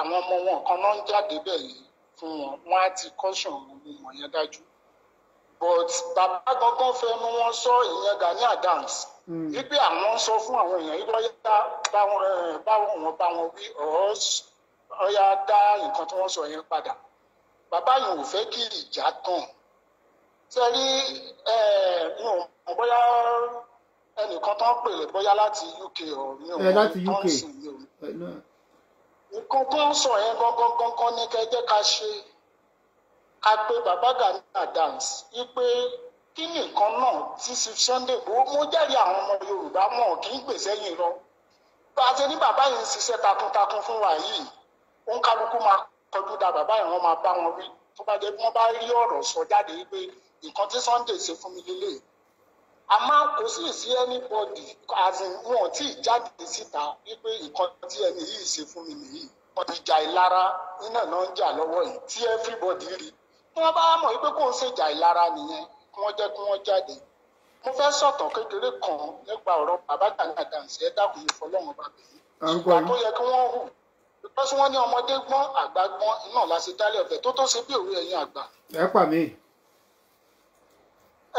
àwọn ọmọ wọn kan náà ń jáde bẹ́ẹ̀ fún wọn wọn á ti kọ́ṣọ̀ wọn mo mọ̀ yẹn dájú but bàbá gangan fẹnu wọn sọ ìyẹn Gani Adams hmm. wípé àwọn sọ fún àwọn èèyàn yìí lọ́yẹ́ bá wọn bá wọn wí ọ̀ọ́ ọyà dá nǹkan tí wọ́n sọ yẹn padà bàbá yìí ò fẹ́ kí ìjà tàn sẹ́rí ẹ̀ mi ò mọ̀ bóyá ẹnìkan tó pè lè bóyá láti UK ọ̀ mi ò mọ̀ tó ń sìn mi ò nǹkan tó ń sọ yẹn gangan gangan ní kẹjẹ ká ṣe ká pé bàbá Gani Adams wípé kí nìkan náà tí Sunday Igboho mo jẹ́rìí àwọn ọmọ Yorùbá mọ̀ kì í gbèsè yìí lọ bá a ṣe ní bàbá yìí ń ṣiṣẹ́ takuntakun fún wa yìí wọn kálukú máa kọjú da bàbá yẹn wọn máa bá wọn wí tó bá jẹ́ bí wọn bá rí ọ̀rọ̀ sọ jáde pé nǹkan tí Sunday ṣe fún mi lélẹ̀ àmọ́ kò sí sí anybody àsìn wọn tí ì jáde síta wípé nǹkan tí ẹni yìí ṣe fún mi nìyí ìjà ìlara iná náà ń jà lọ́wọ́ yìí tí everybody rí tí wọ́n bá mọ̀ wípé kò ń ṣèjà ìlara nìyẹn kí wọ́n jẹ́ kí wọ́n jáde mo fẹ́ sọ̀tàn kékeré kan nípa ọ̀rọ̀ bàbá Gani Adams ẹ dákun bàbá yìí ìgbà tó yẹ kí wọ́n hù because wọ́n ní ọmọdé gbọ́n àgbà gbọ́n náà la ṣe dálé ọ̀fẹ́ tó tó ṣe bí òwe ẹ̀yin àgbà. ẹ pa mí.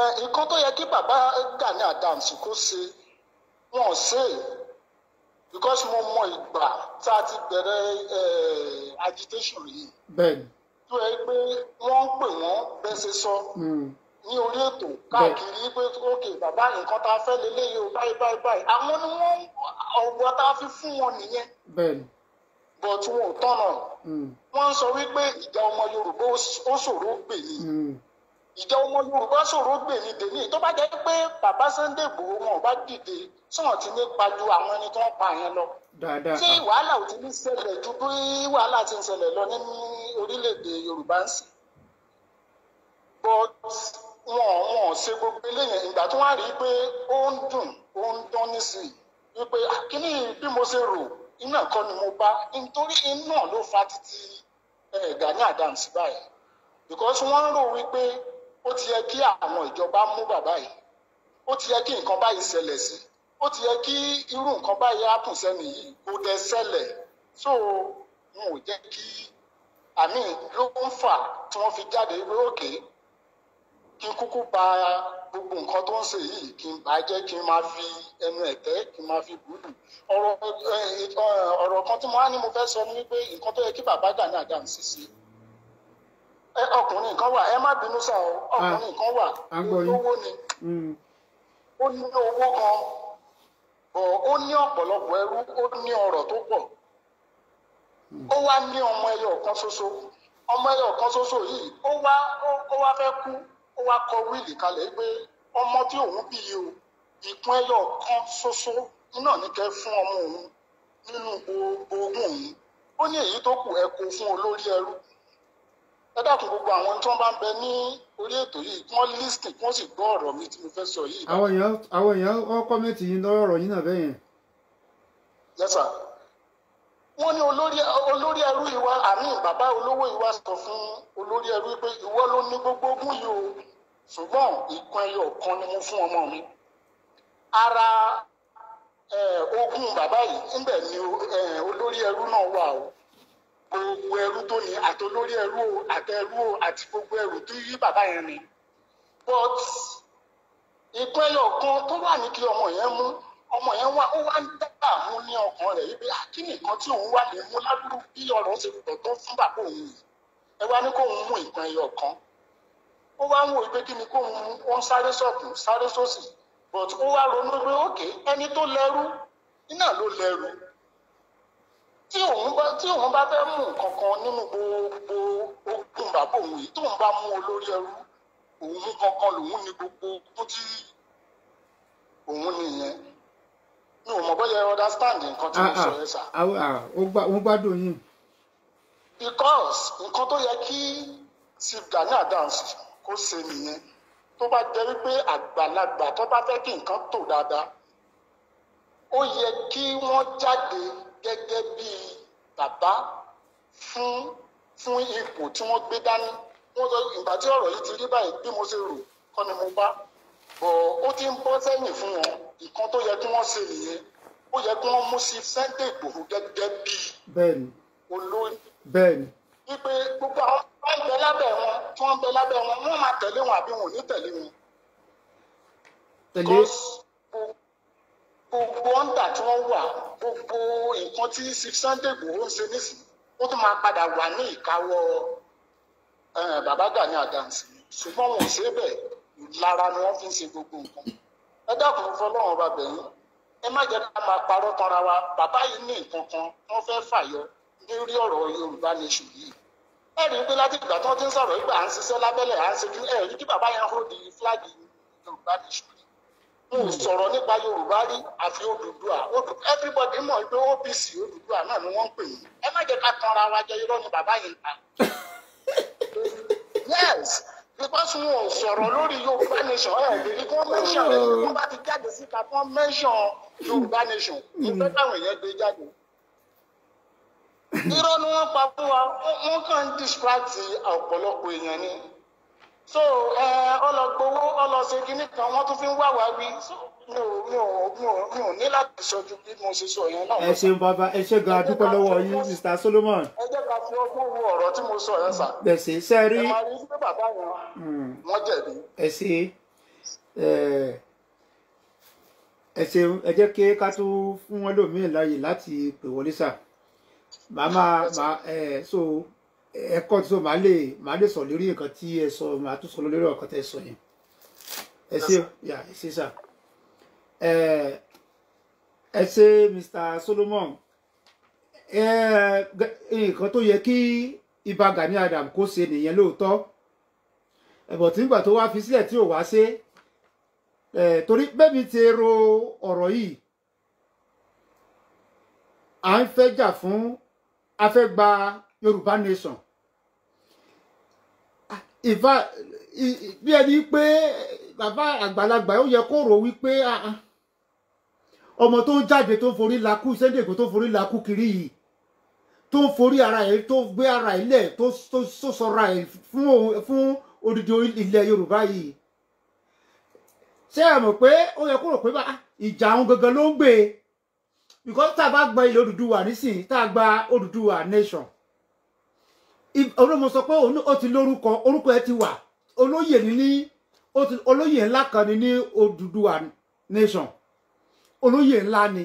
ẹ nǹkan tó yẹ kí bàbá Gani Adams kó ṣe wọn ò ṣe é because mo mọ ìgbà tá a ti bẹ̀rẹ̀ agitation yìí. bẹ́ẹ̀ni. tó yẹ pé wọ́n ń pè wọ́n bẹ́ẹ̀ ṣe sọ. Hmm. ní orí ètò káàkiri pé ok bàbá nǹkan tá a fẹ́ lélẹ́yìí o báyìí báyìí báyìí àwọn ni wọ́n ọ̀wọ́ tá a fi fún wọn nìyẹn. bẹ́ẹ̀ni but wọn ò tọ̀nà hmm. wọ́n ń sọ wípé ìjà ọmọ Yorùbá ó ṣòro gbè ní hmm. ìjà ọmọ Yorùbá ṣòro gbè ní dèní tó bá jẹ́ pé bàbá Sunday Igboho wọn ò bá dìde sọ̀rọ̀ tí ní pa ju àwọn ẹni tó ń pa yẹn lọ ṣé wàhálà ò ti ní ṣẹlẹ̀ ju bí wàhálà ti ń ṣẹlẹ̀ lọ nínú orílẹ̀-èdè Yorùbá ń sìn but wọn wọn ṣe gbogbo eléyẹn ìgbà tí wọ́n rí i pé ó ń dùn ó ń dán nísìnyí wípé kí ni bí mo ṣe rò iná kan ni mo bá nítorí iná ló fa títí eh, Gani Adams báyìí because wọ́n ń rò wípé ó ti yẹ kí àwọn ìjọba mú bàbá yìí ó ti yẹ kí nǹkan báyìí ṣẹlẹ̀ sí ó ti yẹ kí irú nǹkan báyìí happen sẹ́ni yìí kò dẹ̀ ṣẹlẹ̀ so wọn ò jẹ́ kí àmì ló ń fà tí wọ́n fi jáde lóòkè kí n kúkú pa gbogbo nǹkan tó ń ṣe yìí kí n bá jẹ́ kí n máa fi ẹnu ẹ̀tẹ́ kí n máa fi bùdù ọ̀rọ̀ kan tí mo á ní mo fẹ́ sọ ni wípé nǹkan tó yẹ kí bàbá Gani Adams sì ṣe ọkùnrin kan wà ẹ má bínú sá o ọkùnrin kan wà olówó ni mm. ó ní owó kan ó ní ọ̀pọ̀lọpọ̀ ẹrú ó ní ọrọ̀ tó pọ̀ ó wá ní ọmọ ẹyọ kan ṣoṣo ọmọ ẹyọ kan ṣoṣo yìí ó wá ó wá fẹ́ kú ó wá kọ wíìlì kalẹ̀ pé ọmọ tí òun bí yìí o ìpín ẹyọ kan ṣoṣo iná ní kẹ́ fún ọmọ òun nínú gbogbo ogún òun ó ní èyí tó kù ẹ kó fún olórí ẹrú ẹ dákun gbogbo àwọn tí wọ́n bá ń bẹ ní orí ètò yìí kí wọ́n lísìtì kí wọ́n sì gbọ́ ọ̀rọ̀ mi tí mo fẹ́ sọ yìí. àwọn èèyàn àwọn èèyàn wọn kọ́mẹ́ǹtì yín lọ́rọ̀ ọ̀rọ̀ yín náà bẹ́ẹ̀ yẹn. yẹ́sà wọ́n ní olórí ẹrú ìwà àmì bàbá olówó ìwà sọ fún olórí ẹrú pé ìwọ ló ní gbogbo ogún yìí o ṣùgbọ́n ìkan ẹyọ kan ni mo fún ọmọ mi ara ogún bàbá yìí ńbẹ ni olórí ẹrú náà wà o gbogbo ẹrú tó ní àti olórí ẹrú o àti ẹrú o àti gbogbo ẹrú tó yí bàbá yẹn ni but ìkan ẹyọ kan tó wà ní kí ọmọ yẹn mú ọmọ yẹn wá ó wá ń dààmú ní ọkàn rẹ̀ wípé akínì kan tí òun wà ní mú ládùúgbò bí ọ̀rọ̀ ṣe pọ̀ tó fún bàbá òun yìí ẹ wá ní kó òun mú ìkan ẹyọ kan ó wá ń wò pé kí ni kó ń sáré sọ̀tún sáré sósì but ó wá ronú pé òkè ẹni tó lẹ́rú iná ló lẹ́rú tí òun bá tí òun bá fẹ́ mú nǹkan nínú gbogbo ogun bàbá òun yìí tóun bá mú olórí ẹrú òun kankan lòun ni gbogbo ogun tí òun nìyẹn mi ò mọ̀ bóyá understand nǹkan tí mo ah, ah. sọ yẹn sà. ó ah, gbádùn yín. because nǹkan tó yẹ kí Chief Gani dance ó ṣe nìyẹn tó bá jẹ́ wípé àgbàlagbà tó bá fẹ́ kí nǹkan tò dáadáa ó yẹ kí wọ́n jáde gẹ́gẹ́ bíi bàbá fún fún ipò tí wọ́n gbé dání wọ́n sọ ìgbà tí ọ̀rọ̀ yìí ti rí báyìí bí mo ṣe rò kọ́ ni mo bá bọ̀ ó ti ń bọ́ sẹ́yìn fún wọn nǹkan tó yẹ kí wọ́n ṣe nìyẹn ó yẹ kí wọ́n mú sí Sunday Ìgbòho gẹ́gẹ́ bíi olórí. bẹ́ẹ̀ni wípé gbogbo àwọn tó ń bẹ lábẹ́ wọn tó ń bẹ lábẹ́ wọn wọ́n máa tẹ̀lé wọn àbí wọn ò ní tẹ̀lé wọn. because gbogbo ọ̀ǹdà tí wọ́n wà gbogbo nǹkan tí six sunday gbòòrò ń ṣe nísìnyí ó tún máa padà wà ní ìkáwọ́ bàbá Gani Adams ṣùgbọ́n wọn ò ṣe bẹ́ẹ̀ lára ni wọ́n fi ń ṣe gbogbo nǹkan ẹ dákun fọlọ́run ọba bẹ̀yìn ẹ má jẹ́ ká máa parọ́ kanra wa bàbá yìí ní nǹkan kan wọ́n fẹ́ fàyọ lórí ọ̀rọ̀ Yorùbá nation yìí ẹ rí i láti ìgbà tó ti ń sọ̀rọ̀ ìgbà à ń ṣiṣẹ́ lábẹ́lẹ̀ à ń ṣojú ẹ rí kí bàbá yẹn hó di fúláàgì yorùbá nation mo sọ̀rọ̀ nípa yorùbá rí àfi Odùduwà everybody mọ̀ pé OPC Odùduwà náà ni wọ́n ń pè yín ẹ má jẹ́ ká tanra wa jẹ irọ́ ni bàbá yẹn ta yes because wọn ò sọ̀rọ̀ lórí yorùbá nation ẹ̀ lè rí kí wọ́n mention rẹ̀ wọ́n bá ti jáde síta kí wọ́n mention yorùbá nation ìfẹ́ táwọn èèyàn gbé jáde irọ́ ni wọ́n pa fún wa wọ́n kàn ń distract ọ̀pọ̀lọpọ̀ èèyàn ni so ẹ ọlọgbowó ọlọsẹ kínní kan wọ́n tún fi ń wá wá wí mi ò mi ò mi ò mi ò ní láti sọ ju bí mo ṣe sọ yẹn náà. ẹ ṣeun bàbá ẹ ṣe gan adúpẹ́ lọ́wọ́ yín Mr Solomon. ẹ jẹ́ ká fi ọgbọ́n wo ọ̀rọ̀ tí mo sọ yẹn sà. gbèsè ṣe rí. ẹ máa rí sí bàbá yẹn hmm. wọ́n jẹ̀bi. ẹ ṣe ẹ ṣeun ẹ jẹ́ kí ká tún fún wọn lómìn láàyè láti pè wọlé sáà màá máa màá ẹ so ẹ̀kọ́ tí so màá lè màá lè sọ lórí nǹkan tí ẹ sọ màá tún sọ lórí ọ̀kan tẹ́ sọ yẹn ẹ ṣé yà ẹ ṣé sà ẹ ẹ ṣé Mr. Solomon ẹ nǹkan tó yẹ kí Ìbà Gani Adam kó ṣe nìyẹn lóòótọ́ ẹ̀bọ̀ tí nígbà tó wá fi sílẹ̀ tí ò wá ṣe ẹ̀ torí bẹ́ẹ̀ni ti ro ọ̀rọ̀ yìí à ń fẹ́ jà fún a fẹ́ gba Yorùbá nation ìfà bí ẹni pé bàbá àgbàlagbà ó yẹ kó rò wípé ah, ah, ọmọ tó ń jáde tó ń forí lakú Sunday Igboho tó ń forí lakú kiri yìí tó ń forí ara ẹ̀ tó gbé ara ẹ̀ lẹ̀ tó sọra ẹ̀ fún odidi ilẹ̀ Yorùbá yìí ṣé ẹ mọ̀ pé ó yẹ kó rò pé ah, ìjà àwọn gangan ló ń gbé e because tá a bá gba ilẹ̀ Odùduwà nísìnyí tá a gba Odùduwà nation olómo sọ pé ó ti lórúkọ orúkọ ẹ ti wà olóyè ní ní olóyè ńlá kan ní ní Odùduwà nation olóyè ńlá ni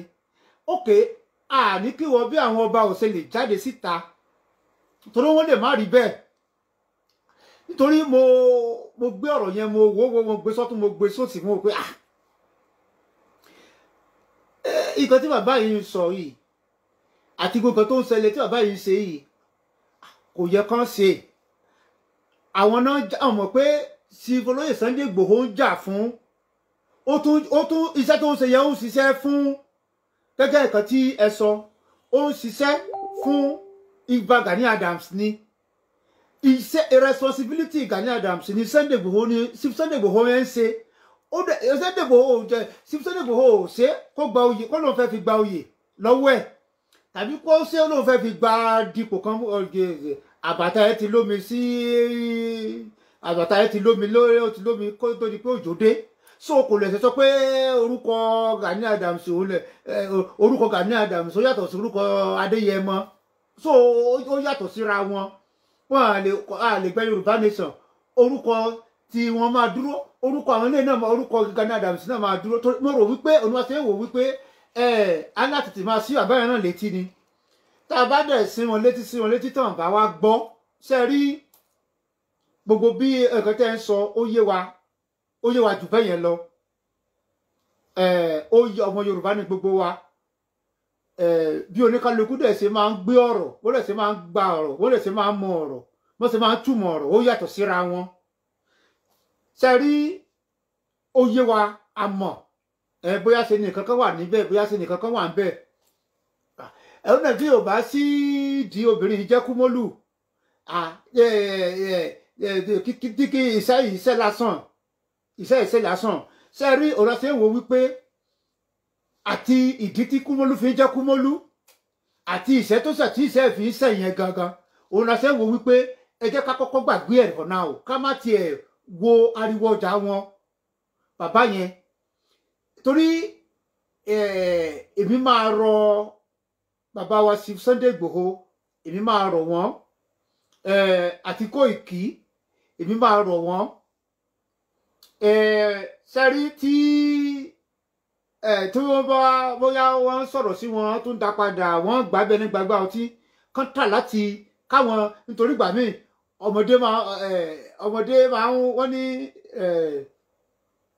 ok àní kí wọ́n bí àwọn ọba ò ṣe lè jáde síta torí wọ́n lè má rí bẹ́ẹ̀ nítorí mo mo gbé ọ̀rọ̀ yẹn mo wo wo mo gbé sọ́tún mo gbé sósì mo pé ah Eh, nǹkan tí bàbá yìí ń sọ yìí àti gbogbo tó ń ṣẹlẹ̀ tí bàbá yìí ń ṣe yìí kò yẹ kán ṣe àwọn náà mọ̀ pé sifolóye Sunday Igboho ń jà fún ó tún iṣẹ́ tó ń ṣe yẹn ó ń ṣiṣẹ́ fún gẹ́gẹ́ ẹ̀kan tí ẹ sọ ó ń ṣiṣẹ́ fún Ìbà Gani Adams ni iṣẹ́ responsibility Gani Adams ni Sunday Igboho ni Sunday Igboho yẹn ń ṣe ó dẹ Sunday Igboho ò jẹ Sunday Igboho ò ṣe kó gba oyè kó lóun fẹ́ fi gba oyè lọ́wọ́ ẹ̀ tàbí kó ṣe lóun fẹ́ fi gba dipò kan àbàtà ẹ ti lómi sí àbàtà ẹ ti lómi lórí ó ti lómi kó tó di pé òjò dé so kò lè ṣe sọ pé orúkọ Gani Adams ò lè orúkọ Gani Adams ó yàtọ̀ sí orúkọ Adéyẹmọ so ó yàtọ̀ síra wọn wọn à lè gbẹ Yorùbá nation orúkọ tí wọ́n máa dúró orúkọ àwọn ilé náà orúkọ Gani Adams náà máa dúró tó mo rò wípé oníwàṣẹ́ wò wípé ẹ alátìtì máa sí àbáyọ náà létí ni tá a bá dẹ̀ sí wọn létí sí wọn létí tán bá wa gbọ́ ṣe rí gbogbo bí ẹ̀kọ́ tẹ́ ń sọ ó yé wa ó yé wa jù bẹ́ẹ̀ yẹn lọ ó yẹ ọmọ Yorùbá ní gbogbo wa bí oníkálukú dẹ̀ ṣe máa ń gbé ọ̀rọ̀ ó dẹ̀ ṣe máa ń gba ọ̀rọ̀ ó dẹ̀ ṣe máa ń mọ ọ̀rọ̀ bó ṣe máa ń túmọ̀ ọ̀rọ̀ ó yàtọ̀ síra wọn ṣe rí oyé wa àmọ́ ẹ bóyá ṣe nìkan kan wà níbẹ̀ bóyá ṣe nìkan kan wà níbẹ̀ ẹ̀rọ náà tí yóò bá sí di obìnrin jẹ́kúmọ́lù kíkí iṣẹ́ iṣẹ́ lásán iṣẹ́ iṣẹ́ lásán ṣe rí ọ̀rọ̀ ṣe ń wo wípé àti ìdí tí kúmọ́lù fi jẹ́ kúmọ́lù àti ìṣẹ́ tó ṣàtì ìṣẹ́ fi ń ṣẹ̀yẹn gangan ọ̀rọ̀ ṣe ń wo wípé ẹ jẹ́ ká kọ́kọ́ gbàgbé ẹ̀ for now ká má tiẹ̀ wo ariwo ọjà wọn bàbá yẹn torí èmi máa rọ bàbá wa sí Sunday Igboho èmi máa rọ wọn àti Koiki èmi máa rọ wọn sẹ́rí tí tí wọ́n bá bóyá wọ́n sọ̀rọ̀ sí wọn tó ń da padà wọ́n gbàgbẹ́ ní gbàgbà ọtí kọ́ńtà láti káwọn nítorí gbà ọmọdé máa ọmọdé máa ń wọ́n ní eh,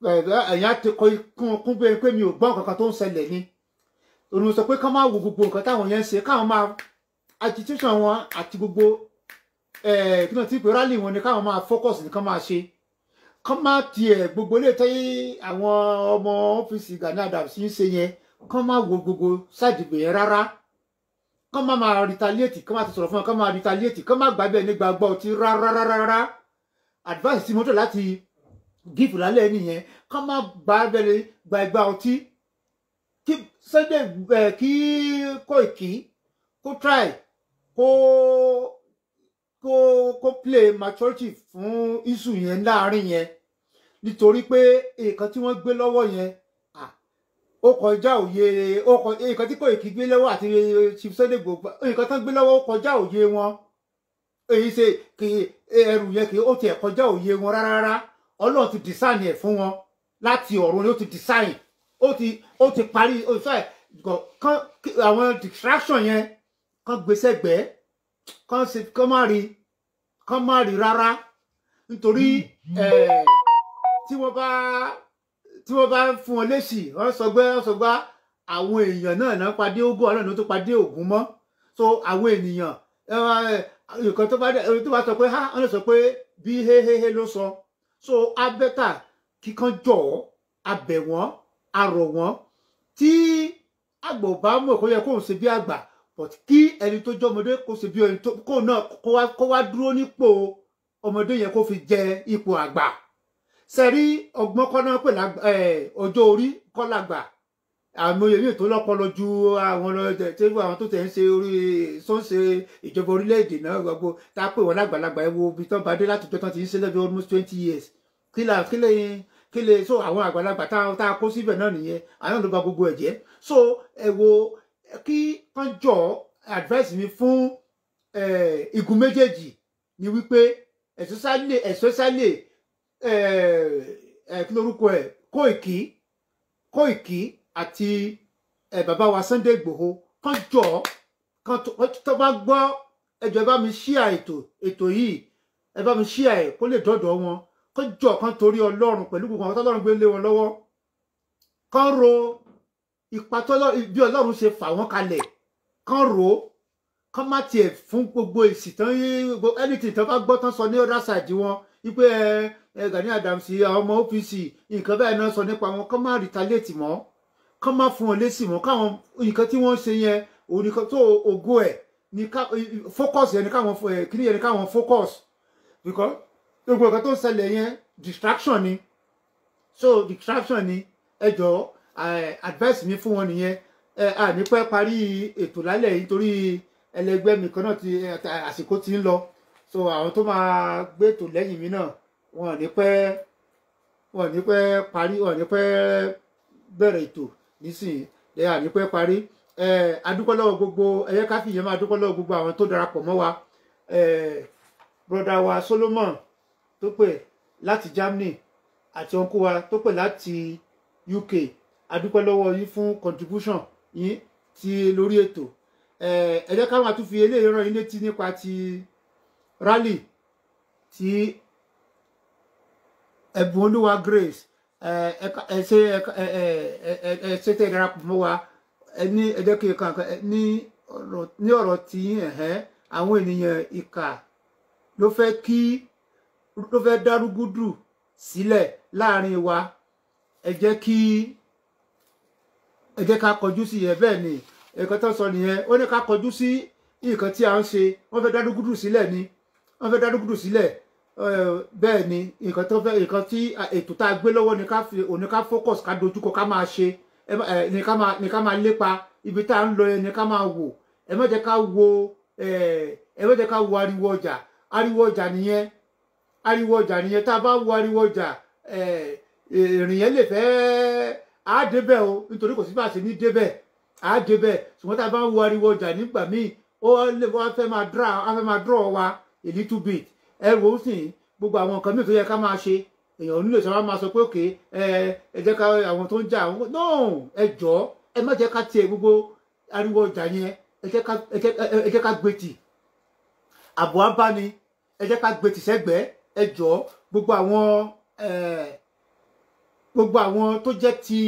eh, ẹ̀yà ti kọ ikún kún pé pé mi ò gbọ́ nǹkan kan tó ń ṣẹlẹ̀ ni òun sọ pé ká máa wo gbogbo nǹkan táwọn yẹn ń ṣe káwọn máa agitation wọn àti gbogbo eh, kí náà ti pè rálì wọn ni káwọn máa focus nìkan máa ṣe kán má tiẹ̀ gbogbo ilé tẹ́ àwọn ọmọ ọ́fíìsì Gani Adams ń ṣe yẹn kán má wo gbogbo ṣáàdìgbò yẹn rárá kán má máa retaliate kán má ti sọ̀rọ̀ fún wọn kán má retaliate kán má gbàgbé ẹni gbàgbọ́ ọtí advice tí mo tọ̀ láti gífù lálẹ́ nìyẹn ká má gba abẹ́rẹ́ gba ẹgbà ọtí kí Sunday eh, kí Koiki kó try kó kó kó play maturity fún issue yẹn láàrin yẹn nítorí pé nǹkan tí wọ́n gbé lọ́wọ́ yẹn ó kọjá òye ó kọ nǹkan tí Koiki gbé lọ́wọ́ àti Chief Sunday Igboho nǹkan tán gbé lọ́wọ́ ó kọjá òye wọn èyí ṣe kì ẹrù yẹn kì ó tiẹ̀ kọjá òye wọn rárá rárá ọlọ́run ti dísáìnì ẹ̀ fún wọn láti ọ̀run ni ó ti dísáìnì ó ti ó ti parí òṣìṣẹ́ kan àwọn distraction yẹn kan gbèsè gbẹ́ kan ṣe kan má rí kan má rí rárá nítorí tí wọ́n bá tí wọ́n bá fún wọn léṣì wọ́n sọ gbẹ́ wọ́n sọ gbá àwọn èèyàn náà náà padé ogún ọlọ́run tó padé ògún mọ́ so àwọn ènìyàn nǹkan tó bá dẹ̀ tó bá sọ pé ha wọ́n lè sọ pé bí hehehe ló sọ so abẹ́tà kíkan jọ̀ọ́ abẹ̀ wọ́n arọ̀ wọ́n tí àgbà ò bá mọ̀ kó yẹ kóun ṣe bí àgbà but kí ẹni tó jẹ́ ọmọdé kó ṣe bí ẹni tó kó náà kó wá dúró nípò ọmọdé yẹn kó fi jẹ ipò àgbà ṣe rí ọgbọ́n kọ́ náà pè ọjọ́ orí kọ́ làgbà àmọye mi tó lọ́pọlọ ju àwọn tẹ́lifù àwọn tó tẹ̀ ń ṣe orí sọ́ọ̀ṣì ìjọba orílẹ̀-èdè náà gbogbo tá a pè wọ́n lágbàlagbà ẹ wo ibi tán bá dé látijọ́ tán ti ń ṣe lẹ́bi almost twenty years kí la kí lè kí lè so àwọn àgbàlagbà tá a kó síbẹ̀ náà nìyẹn àwọn ló ba gbogbo ẹ̀ jẹ́ so ẹ wo kí kán jọ advice mi fún igun méjèèjì ni wípé ẹ̀sọ́sálẹ̀ ẹ̀sọ́sálẹ̀ kí lorúkọ ẹ̀ Koiki Koiki àti ẹ bàbá wa Sunday Igboho kán jọ kán tó bá gbọ́ ẹjọ́ ẹ bá mi ṣíà ètò ètò yìí ẹ bá mi ṣíà ẹ kó lè dọ́dọ̀ wọn kán jọ kán torí Ọlọ́run pẹ̀lú gbogbo àwọn tọ́lọ́run gbé lé wọn lọ́wọ́ kán ro ipa bí Ọlọ́run ṣe fà wọ́n kalẹ̀ kán ro kán má tiẹ̀ fún gbogbo èsì tán anything tán bá gbọ́ tán sọ ní other side wọn wípé ẹ Gani Adams àwọn ọmọ OPC nǹkan bẹ́ẹ̀ náà sọ nípa wọn kán má retaliate mọ́ kán má fún ọ lésì mọ́ káwọn nǹkan tí wọ́n ṣe yẹn òun nìkan tó ògo ẹ̀ ní ká focus yẹn ní káwọn kíní yẹn ní káwọn focus because gbogbo nǹkan tó ń ṣẹlẹ̀ yẹn distraction ni so distraction ni ẹ jọ̀ọ́ advice mi fún wọn nìyẹn ẹ à ní pẹ́ parí ètò lálẹ́ yìí torí ẹlẹgbẹ́ mi kan náà ti àsìkò ti ń lọ so àwọn tó máa gbé ètò lẹ́yìn mi náà wọn ò ní pẹ́ wọn ò ní pẹ́ parí wọn ò ní pẹ́ bẹ̀rẹ̀ ètò nísìnyí lẹ́yìn ànípẹ́ parí adúpẹ́ lọ́wọ́ gbogbo ẹ̀yẹ́ káfíyẹ́ máa dúpẹ́ lọ́wọ́ gbogbo àwọn tó darapọ̀ mọ́ wa broda wa Solomon tó pè láti Germany àti ọ̀nkú wa tó pè láti UK adúpẹ́ lọ́wọ́ yín fún contribution yín ti lórí ètò ẹ jẹ́ ká máa tún fi eléyìí rán yín létí nípa ti rally ti ẹ̀bùn olúwa grace ẹ ṣe tẹ darapọ̀ mọ́ wa ní ẹjọ́ kí n kàn ní ọ̀rọ̀ tí eh, eh, àwọn ènìyàn ìkà ló fẹ́ kí ló fẹ́ dárúgúdù sílẹ̀ láàrin wa ẹ jẹ́ kí ẹ jẹ́ ká kọjú sí yẹn bẹ́ẹ̀ ni ẹ̀kọ́ tó sọ nìyẹn ó ní ká kọjú sí nǹkan tí a ń ṣe wọ́n fẹ́ dárúgúdù sílẹ̀ ni wọ́n fẹ́ dárúgúdù sílẹ̀ Eh, bẹ́ẹ̀ ni nǹkan tó fẹ́ nǹkan tí ètò tá a gbé lọ́wọ́ ni ká fi òní ká focus ká dojúkọ ká máa ṣe eh, ni ká máa ni ká ibi tá ń lọ yẹn wò ẹ jẹ́ ká wo eh, ẹ ka jẹ́ ká wo ariwo ọjà ariwo ọjà nìyẹn ariwo ọjà nìyẹn tá a bá wo ariwo ọjà ìrìn yẹn o nítorí kò sí bá a ṣe ní débẹ̀ á débẹ̀ ṣùgbọ́n tá a ẹ wò ó sìn gbogbo àwọn nǹkan míì tó yẹ ká máa ṣe èèyàn ò nílò ìṣọ́ra máa sọ pé òkè ẹ ẹ jẹ́ ká àwọn tó ń jà àwọn no ẹ jọ ẹ má jẹ́ ká tiẹ̀ gbogbo ariwo ọjà yẹn ẹ jẹ́ ká gbé tì àbò abáni ẹ jẹ́ ká gbé tì sẹ́gbẹ̀ẹ́ ẹ jọ gbogbo àwọn gbogbo àwọn tó jẹ́ ti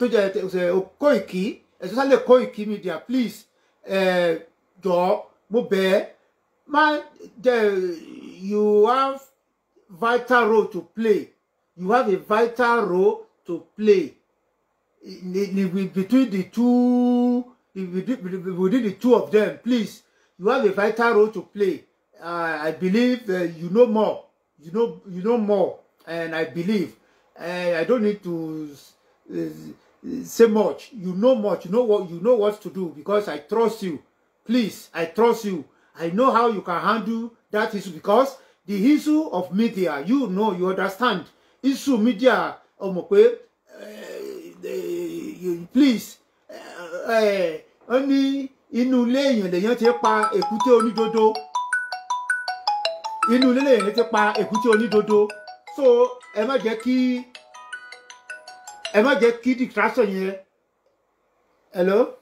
tó jẹ́ Koiki especially Koiki media please jọ. Uh, mo bẹ̀ ẹ́ you have vital role to play you have a vital role to play between the two between the two of them please you have a vital role to play uh, I believe uh, you know more you know you know more and I believe uh, I don't need to uh, say much you know much you know what you know what to do because I trust you Please, I trust you. I know how you can handle that issue because the issue of media, you know, you understand. Issue media, ọmọ pé, eh, eh, please, ó eh, ní inú ilé èèyàn lèèyàn ti pa èkúté onídodo. Inú ilé èèyàn ti pa èkúté onídodo. So ẹ má jẹ́ kí ẹ má jẹ́ kí distraction yẹn. Hello?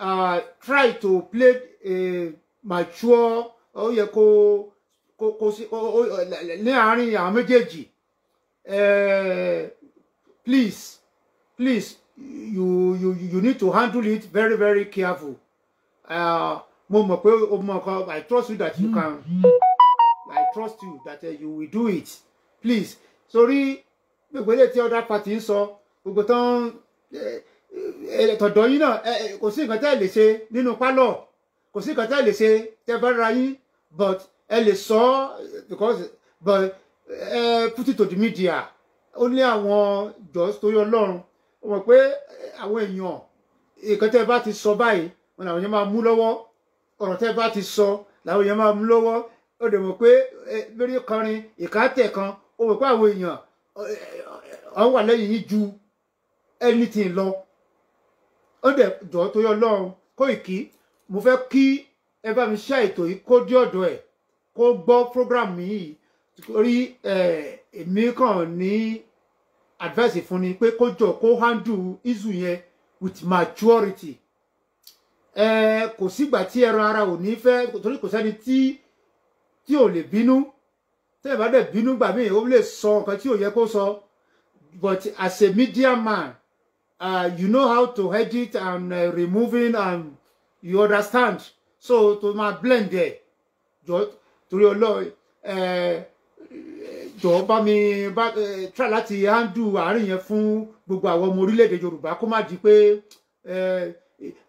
uh, try to play a mature ó yẹ kó kó oh, oh. ní àárín àwọn méjèèjì eh, please please you you you need to handle it very very careful uh, mo mọ̀ pé o mọ̀ kan I trust you that you hmm. can I trust you that uh, you will do it please sorry gbogbo ilé tí other party ń sọ gbogbo tán. Uh, Eh, tọ̀dọ̀ yín náà eh, eh, kò sí nǹkan tẹ́ ẹ lè ṣe nínú pálọ̀ kò sí nǹkan tẹ́ ẹ lè ṣe tẹ́ bá ra yín but ẹ lè sọ because but ẹ put it to the media ó ní àwọn jọ torí ọlọ́run ó mọ̀ pé àwọn èèyàn nǹkan tẹ́ ẹ bá ti sọ báyìí wọn làwọn yẹn máa mú lọ́wọ́ ọ̀rọ̀ tẹ́ ẹ bá ti sọ làwọn yẹn máa mú lọ́wọ́ ó dẹ̀ mọ̀ pé lórí kọrin ìkátẹ̀ kan ó mọ̀ pé àwọn èèyàn àwọn wà lẹ́yìn yín ju anything lọ ó dẹ̀ jọ tó yọ lọ́run Koiki mo fẹ́ kí ẹ bá mi ṣe ètò yìí kó dé ọ̀dọ̀ ẹ̀ kó gbọ́ program yìí torí èmi kàn ní advice fún ni pé kó jọ kó handle issue yẹn with maturity kò sígbà tí ẹran ara ò ní fẹ́ torí kò sẹ́ni tí tí ò lè bínú tẹ́lẹ̀ bá dẹ̀ bínú gbà míì ó lè sọ nǹkan tí ò yẹ kó sọ but as a media man uh, you know how to hedge it and uh, removing and you understand so to my blend there jọ your ọlọ eh, jọ bá me, bá eh, try láti handle àárín yẹn fún gbogbo àwọn ọmọ orílẹ̀-èdè Yorùbá kó má di pé eh,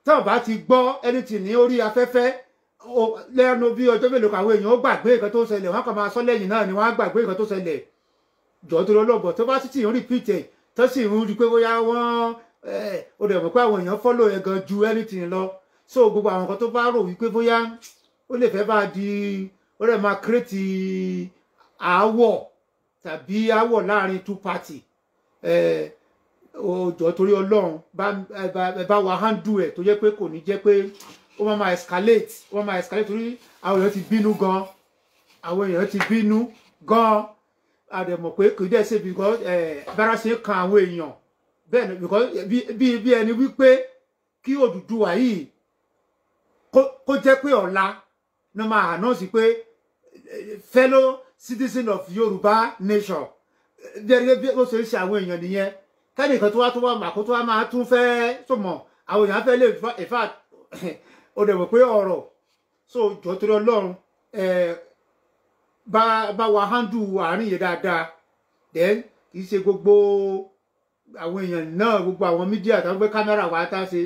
táwọn bá it. gbọ́ anything you have Oh, there no be ní orí afẹ́fẹ́ lẹ́nu bí ọjọ́ mélòó kan àwọn èèyàn ó gbàgbé nǹkan tó ṣẹlẹ̀ wọ́n kàn you sọ lẹ́yìn náà ni wọ́n á gbàgbé nǹkan tó ṣẹlẹ̀ jọ torí ọlọ́bọ̀ tó bá sì ti repeat ẹ̀ tó sì ń rí pé bóyá wọ́n ó dẹ̀ mọ̀ pé àwọn èèyàn fọ́lọ̀ ẹ̀ gan ju anything lọ so gbogbo àwọn nǹkan tó bá rò wípé bóyá ó lè fẹ́ bá di ó lè máa kírètì aáwọ̀ tàbí aáwọ̀ láàrin two party òjò torí ọlọ́run bá wa handle ẹ̀ tó jẹ́ pé kò ní jẹ́ pé ó máa máa escalate ó máa máa escalate torí àwọn èèyàn ti bínú gan àwọn èèyàn ti bínú gan àdẹ̀mọ̀ pé kì í dẹ̀ ṣe because bára ṣe kan àwọn èèyàn bẹ́ẹ̀ ni because bí bí ẹni wípé kí Odùduwà yìí kó jẹ́ pé ọ̀la ni máa announce pé fellow citizen of Yorùbá nation gẹ́gẹ́ bí ó ṣe ń ṣe àwọn èèyàn nìyẹn kẹ́nìkan tó wá tó wá màkó tó wá máa tún fẹ́ sọmọ àwọn èèyàn fẹ́ lè in fact ó dẹ̀ wọ̀ pé ọ̀rọ̀ so jọ́ torí Ọlọ́run bá bá wa handle àárín yẹn dáadáa then kì í ṣe gbogbo àwọn èèyàn náà gbogbo àwọn mídíà tó ń gbé kámẹ́rà wa tá a ṣe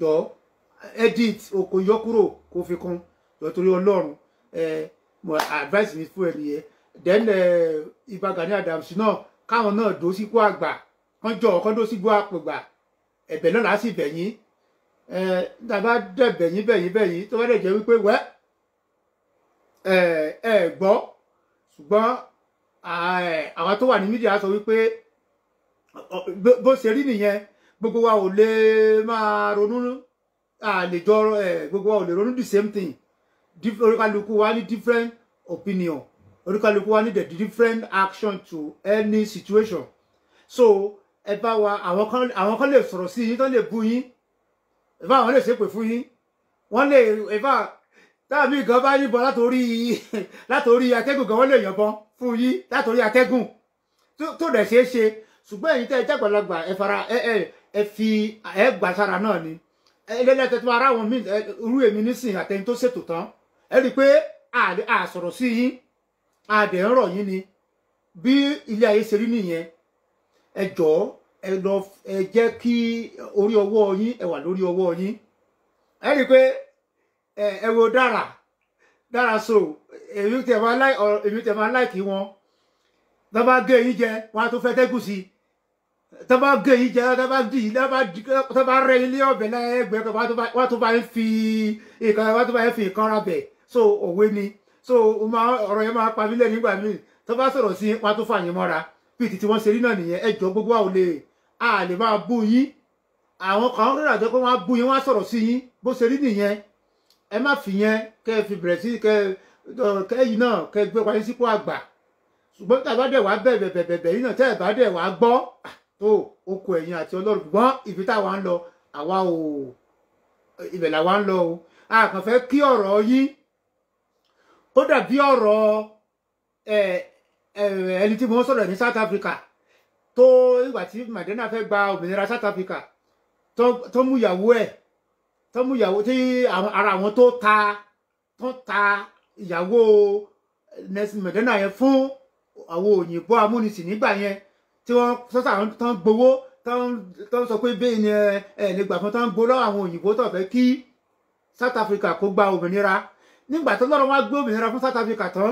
jọ edit kò yọ kúrò kò fi kún jọ torí ọlọ́run advice mi fún ẹni yẹn then Ìbà Adams náà káwọn náà dó sípò àgbà kán jọ kán dó sípò àpògbà ẹ̀bẹ̀ náà láti bẹ̀yìn dàbá dẹ̀ bẹ̀yìn bẹ̀yìn bẹ̀yìn tó bá dẹ̀ jẹ́ wípé wẹ́ẹ́ ẹ gbọ́ ṣùgbọ́n àwọn tó wà ní mídíà sọ wípé bó ṣe rí nìyẹn gbogbo wa ò lè máa ronú àlejò gbogbo wa ò lè ronú the same thing oríkàlùkù wa ní different opinion oríkàlùkù wa ní the different action to any situation so ẹ bá wa àwọn kan lè sọ̀rọ̀ sí yín tán lè bú yín ẹ bá àwọn lè ṣépè fún yín wọ́n lè ẹ bá táàbí gan bá yìnbọn látòrí látòrí atẹ́gùn gan wọ́n lè yọ̀bọn fún yín látòrí atẹ́gùn tó dẹ̀ ṣeé ṣe ṣùgbọ́n èyí tẹ́ ẹ jágbàlagbà ẹ fara ẹ ẹ ẹ fi ẹ gbà sára náà ni ẹlẹ́lẹ́tẹ̀ tó ara wọn mí irú èmi nísìn àtẹni tó ṣètò tán ẹ rí i pé a sọ̀rọ̀ sí yín a dẹ̀ ń rọ̀ yín ni bí ilé ayé ṣe rí nìyẹn ẹ jọ̀ọ́ ẹ lọ ẹ jẹ́ kí orí ọwọ́ yín ẹ wà lórí ọwọ́ yín ẹ rí i pé ẹ wo dára dára so èmi tẹ máa láì ọ̀rọ̀ èmi tẹ máa láìkì wọn tó bá gé yín jẹ wọn á tún fẹ́ tẹ́gùn sí tó bá gé yín jẹ tó bá dì tó bá rẹ ilé ọbẹ̀ lẹ́gbẹ̀ẹ́ kan wọn á tún bá ń fi ìkan wọn á tún bá ń fi ìkan ra bẹ̀ so òwe ni so ọ̀rọ̀ yẹn máa pa mí lẹ́nu nígbà míì tó bá sọ̀rọ̀ sí wọn tún fàyín mọ́ra bíi títí wọ́n ṣe rí náà nìyẹn ẹjọ́ gbogbo àwọn olè a lè máa bú yín àwọn kan rírà jọ pé wọ́n á bú yín wọ́n á sọ̀rọ̀ sí yín bó ṣe rí nìyẹn ẹ má fi yẹn kẹ́ ẹ fi bẹ̀rẹ̀ sí kẹ́ ẹ yìí náà kẹ́ ẹ gbé wáyé sípò àgbà ṣùgbọ́n tá a bá dẹ̀ wá bẹ̀bẹ̀ bẹ̀bẹ̀ yìí náà tẹ́ ẹ bá dẹ̀ wá gbọ́ tó okùn ẹ̀yìn àti ọlọ́run gbọ́n ibi táwa ń lọ àwa ò ibẹ̀ làwa ń lọ o a kàn fẹ́ kí ọ̀rọ̀ yín ó dàbí ọ̀rọ̀ ẹni tí mo ń sọ̀rọ̀ ní South Africa tó ìgbà tí Mandela fẹ́ gba òmìnira South Africa tó mú ìyàwó ẹ̀ tó mú ìyàwó tí ara àwọn tó ta tó ta ìyàwó Nelson Mandela yẹn fún àwọn òyìnbó amúnisìn nígbà yẹn tí wọ́n sọ́sà tó ń gbowó tó ń sọ pé bẹ́ẹ̀ ni ẹ̀ nígbà kan tó ń gbowó lọ́wọ́ àwọn òyìnbó tó fẹ́ kí South Africa kó gba òmìnira nígbà tó lọ́rọ̀ wá gbé òmìnira fún South Africa tán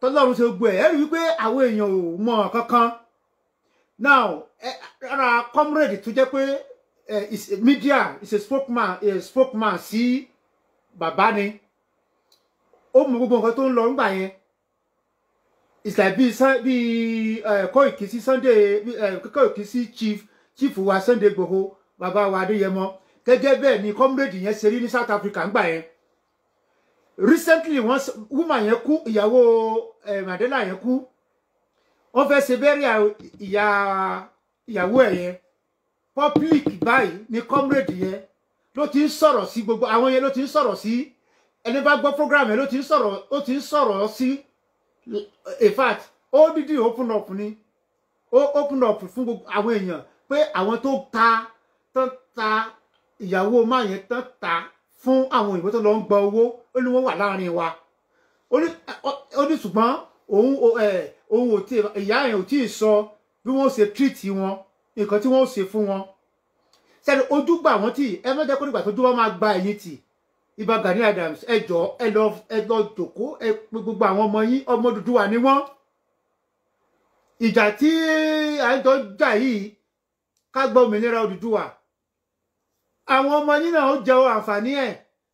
tọ́lọ́run ṣe gbọ́ ẹ̀ ẹ́ rí wípé àwọn èèyàn ò mọ̀ kankan now ara comrade tó jẹ́ pé Eh, is media is a spokesman a spokesman sí bàbá ni ó mọ gbogbo nǹkan tó ń lọ ńgbà yẹn it's like bí bí eh, Koiki sí Sunday eh, Koiki sí chief chief wa Sunday Igboho bàbá wa Adéyẹmọ gẹ́gẹ́ bẹ́ẹ̀ ni comrade yẹn ṣe rí ní South Africa ńgbà yẹn recently once, woman yẹn kú ìyàwó Mandela yẹn kú wọ́n fẹ́ ṣe bẹ́ẹ̀rẹ̀ ìyá ìyàwó ẹ̀ yẹn public báyìí ni comrade yẹn ló ti ń sọ̀rọ̀ sí gbogbo àwọn yẹn ló ti ń sọ̀rọ̀ sí ẹni bá gbọ́ program yẹn ló ti ń sọ̀rọ̀ ó ti ń sọ̀rọ̀ sí in fact ó open up ni ó open up fún gbogbo àwọn èèyàn pé àwọn tó ta tán ta ìyàwó máa yẹn tán ta fún àwọn òyìnbó tó lọ ń gba owó ó ní wọ́n wà láàrin wa ó ní ṣùgbọ́n òun ò tí ìyá yẹn ò tí ì sọ bí wọ́n ṣe treat wọn nǹkan tí wọ́n ó ṣe fún wọn sẹ́ni ojú gbà wọ́n tì ẹ má jẹ́ kó nígbà tó dúró máa gba ẹ̀yìn tì Ìbà Gani Adams ẹ jọ ẹ lọ ẹ lọ jòkó ẹ gbogbo àwọn ọmọ yín ọmọ dúdú wà ní wọn ìjà tí àjọ jà yìí ká gba òmìnira Odùduwà àwọn ọmọ yín náà ó jẹ àǹfààní ẹ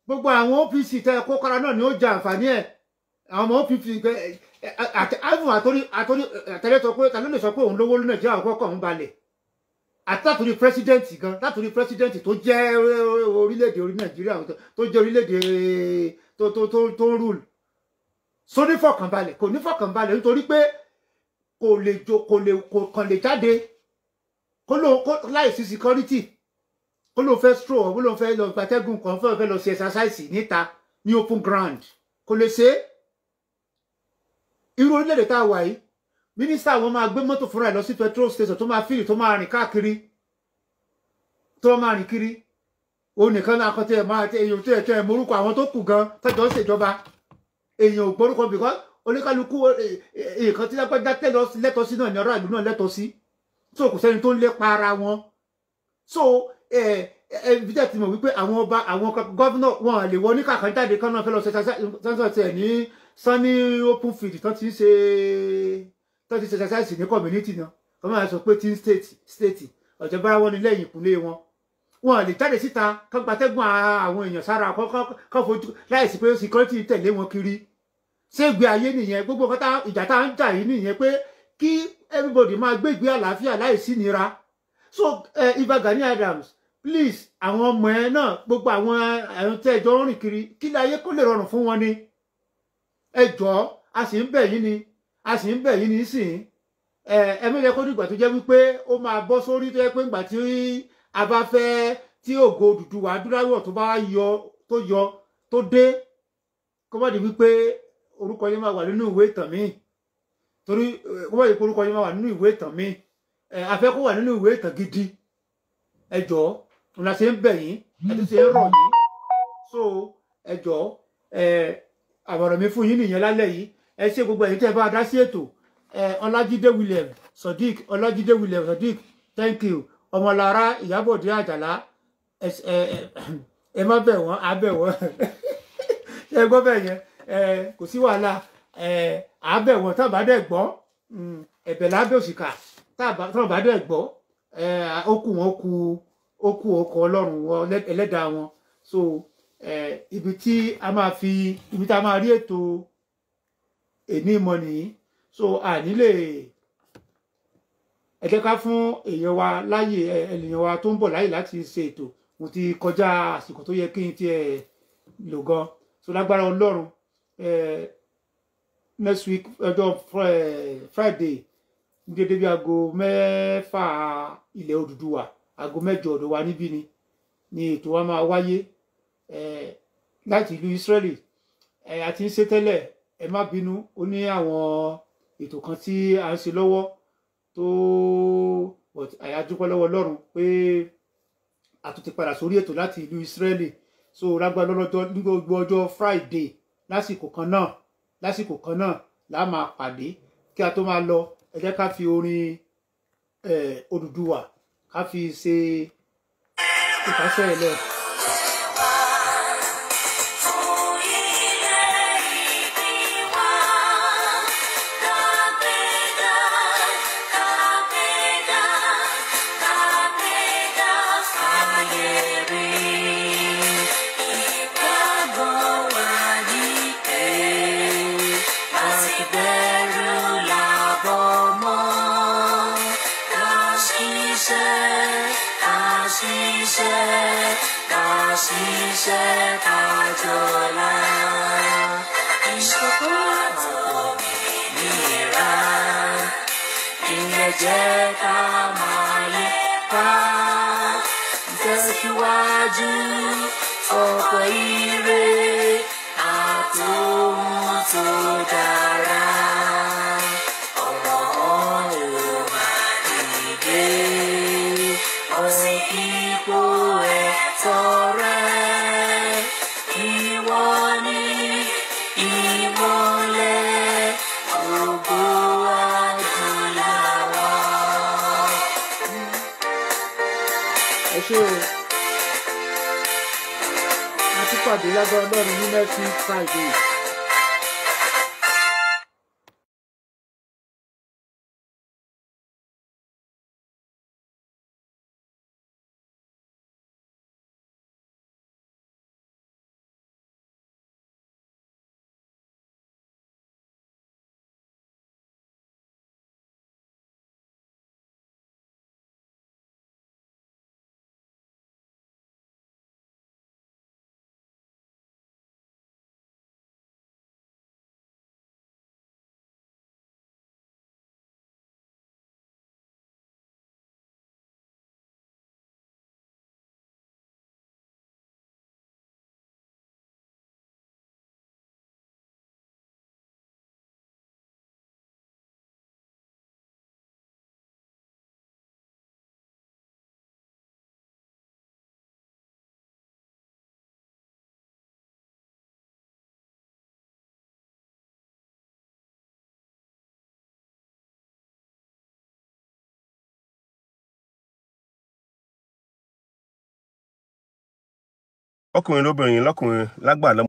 gbogbo àwọn OPC tẹ ẹ kókara náà ni ó jẹ àǹfààní ẹ àwọn ọmọ OPC àtẹlẹsọ pé tàló lè sọ pé òun lówó lónà jẹ àwọn kọkọ ń balẹ̀ àti látòrí pírẹsidẹ́ǹtì gan látòrí pírẹsidẹ́ǹtì tó jẹ́ orílẹ̀-èdè orí nàìjíríà tó jẹ́ orílẹ̀-èdè tó tó tó tó ń rúlù so nífọ̀kànbalẹ̀ kò nífọ̀kànbalẹ̀ nítorí pé kò lè jo kò lè kò kàn lè jáde kó ló kó láì sí security kó ló fẹ́ stroll kó ló fẹ́ lọ gbàtẹ́gùn kan fẹ́ fẹ́ lọ sí exercise níta ní open ground kò lè ṣe é irú orílẹ̀-èdè tá a wà yìí mínísítà wọn máa gbé mọ́tò fúnra ẹ̀ lọ sí petrol station tó máa fìlì tó máa rìn káàkiri tó máa rìn kiri òun nìkan náà kan tí ẹ máa èèyàn tó yẹ tó ẹ morúkọ àwọn tó kù gan tọjọ ṣèjọba èèyàn ò gbórúkọ bìkọ́ oníkálukú nǹkan tí lágbájá lẹ́tọ̀ọ́ sí náà ní ọ̀rọ̀ àlù náà lẹ́tọ̀ọ́ sí tó kò sẹ́ni tó ń lépa ara wọn so ẹ ẹ bíjà ti mọ̀ wípé àwọn ọba àwọn gọ́vnà wọn à lè wọ ní kàkàn jáde kan náà fẹ́ lọ ṣe ní sanni open field tán ti ń ṣe tó ti ṣẹṣẹṣẹṣì ní community náà kọ́mọ́ àwọn pé tí state state ọ̀jọ̀ba wọn ni lẹ́yìn ìkúnlé wọn wọn lè jáde síta kán àwọn èèyàn sára kọ́ fojú láìsí pé security tẹ̀lé wọn kiri ṣégbé ayé nìyẹn gbogbo nǹkan ìjà tá ń jà yìí nìyẹn pé kí everybody máa gbégbé àlàáfíà láìsí nira so uh, Iba Gani Adams please àwọn ọmọ ẹ náà gbogbo àwọn ẹ̀rùn tẹ́ ẹjọ́ rìn kiri kí láyé kó lè rọrùn fún wọn ni ẹ jọ̀ọ́ a sì ń bẹ̀ yín ni a sì ń bẹ̀ yín nísìn ẹ mẹ́rẹ̀ kó dìgbà tó jẹ́ wípé ó máa bọ́ sórí tó yẹ pé ńgbà tí a bá fẹ́ tí ògo dúdú wà dúráwọ̀ tó bá yọ tó yọ tó dé kó má di wípé orúkọ yín máa wà nínú ìwé ìtàn mi torí kó má di pé orúkọ yín máa wà nínú ìwé ìtàn mi a fẹ́ kó wà nínú ìwé ìtàn gidi ẹ jọ̀ọ́ ọ̀nà ṣe ń bẹ̀ yín ẹ tún ṣe ń rọ̀ yín so ẹ jọ̀ọ́ àbọ̀rọ̀ mi fún yín nìyẹn lálẹ́ yìí ẹ ṣe gbogbo ẹ̀yin tẹ́ bá dá sí ètò ọlájídé william sodiq ọlájídé william sodiq thank you ọmọlára ìyábọ̀dé àjàlá ẹ má bẹ̀ wọ́n á bẹ̀ wọ́n ẹ gbọ́ bẹ̀ yẹn kò sí wàhálà á bẹ̀ wọ́n tá a bá dẹ̀ gbọ́ mm, ẹ̀bẹ̀ lábẹ́ òṣìkà tá a bá dẹ̀ gbọ́ ó kù wọn kù ó kù ọkọ̀ ọlọ́run wọn ẹlẹ́dàá wọn so ibi tí a máa fi ibi tí a máa rí ètò èní ìmọ̀ nìyí so àní lè ẹ jẹ́ ká fún èèyàn wa láyè ènìyàn wa tó ń bọ̀ láyè láti ṣe ètò mo ti kọjá àsìkò tó yẹ kí n tiẹ̀ lò gan so lágbára ọlọ́run next week ọjọ́ friday ní dédé bí aago mẹ́fà ilẹ̀ Odùduwà aago mẹ́jọ ọ̀dọ̀ wa níbí ni ni ètò wa máa wáyé láti ìlú Israeli àti ń ṣe tẹ́lẹ̀ ẹ má bínú ó ní àwọn ètò kan tí a ń ṣe lọ́wọ́ tó àyájúpẹ́ lọ́wọ́ ọlọ́run pé a tún ti padà sórí ètò láti ìlú Israeli so rágbá lọ́lọ́jọ́ ní gbogbo ọjọ́ Friday lásìkò kan náà lásìkò kan náà la máa pàdé kí a tó máa lọ ẹ jẹ́ ká fi orin eh, Odùduwà ká fi ṣe ìfàsẹ́ ẹlẹ́ẹ̀. Jeta Malepa სხვა დილაბარ მიმერში ხალდი lọ́kùnrin lóbìnrin lọ́kùnrin lágbà lọ́mọ.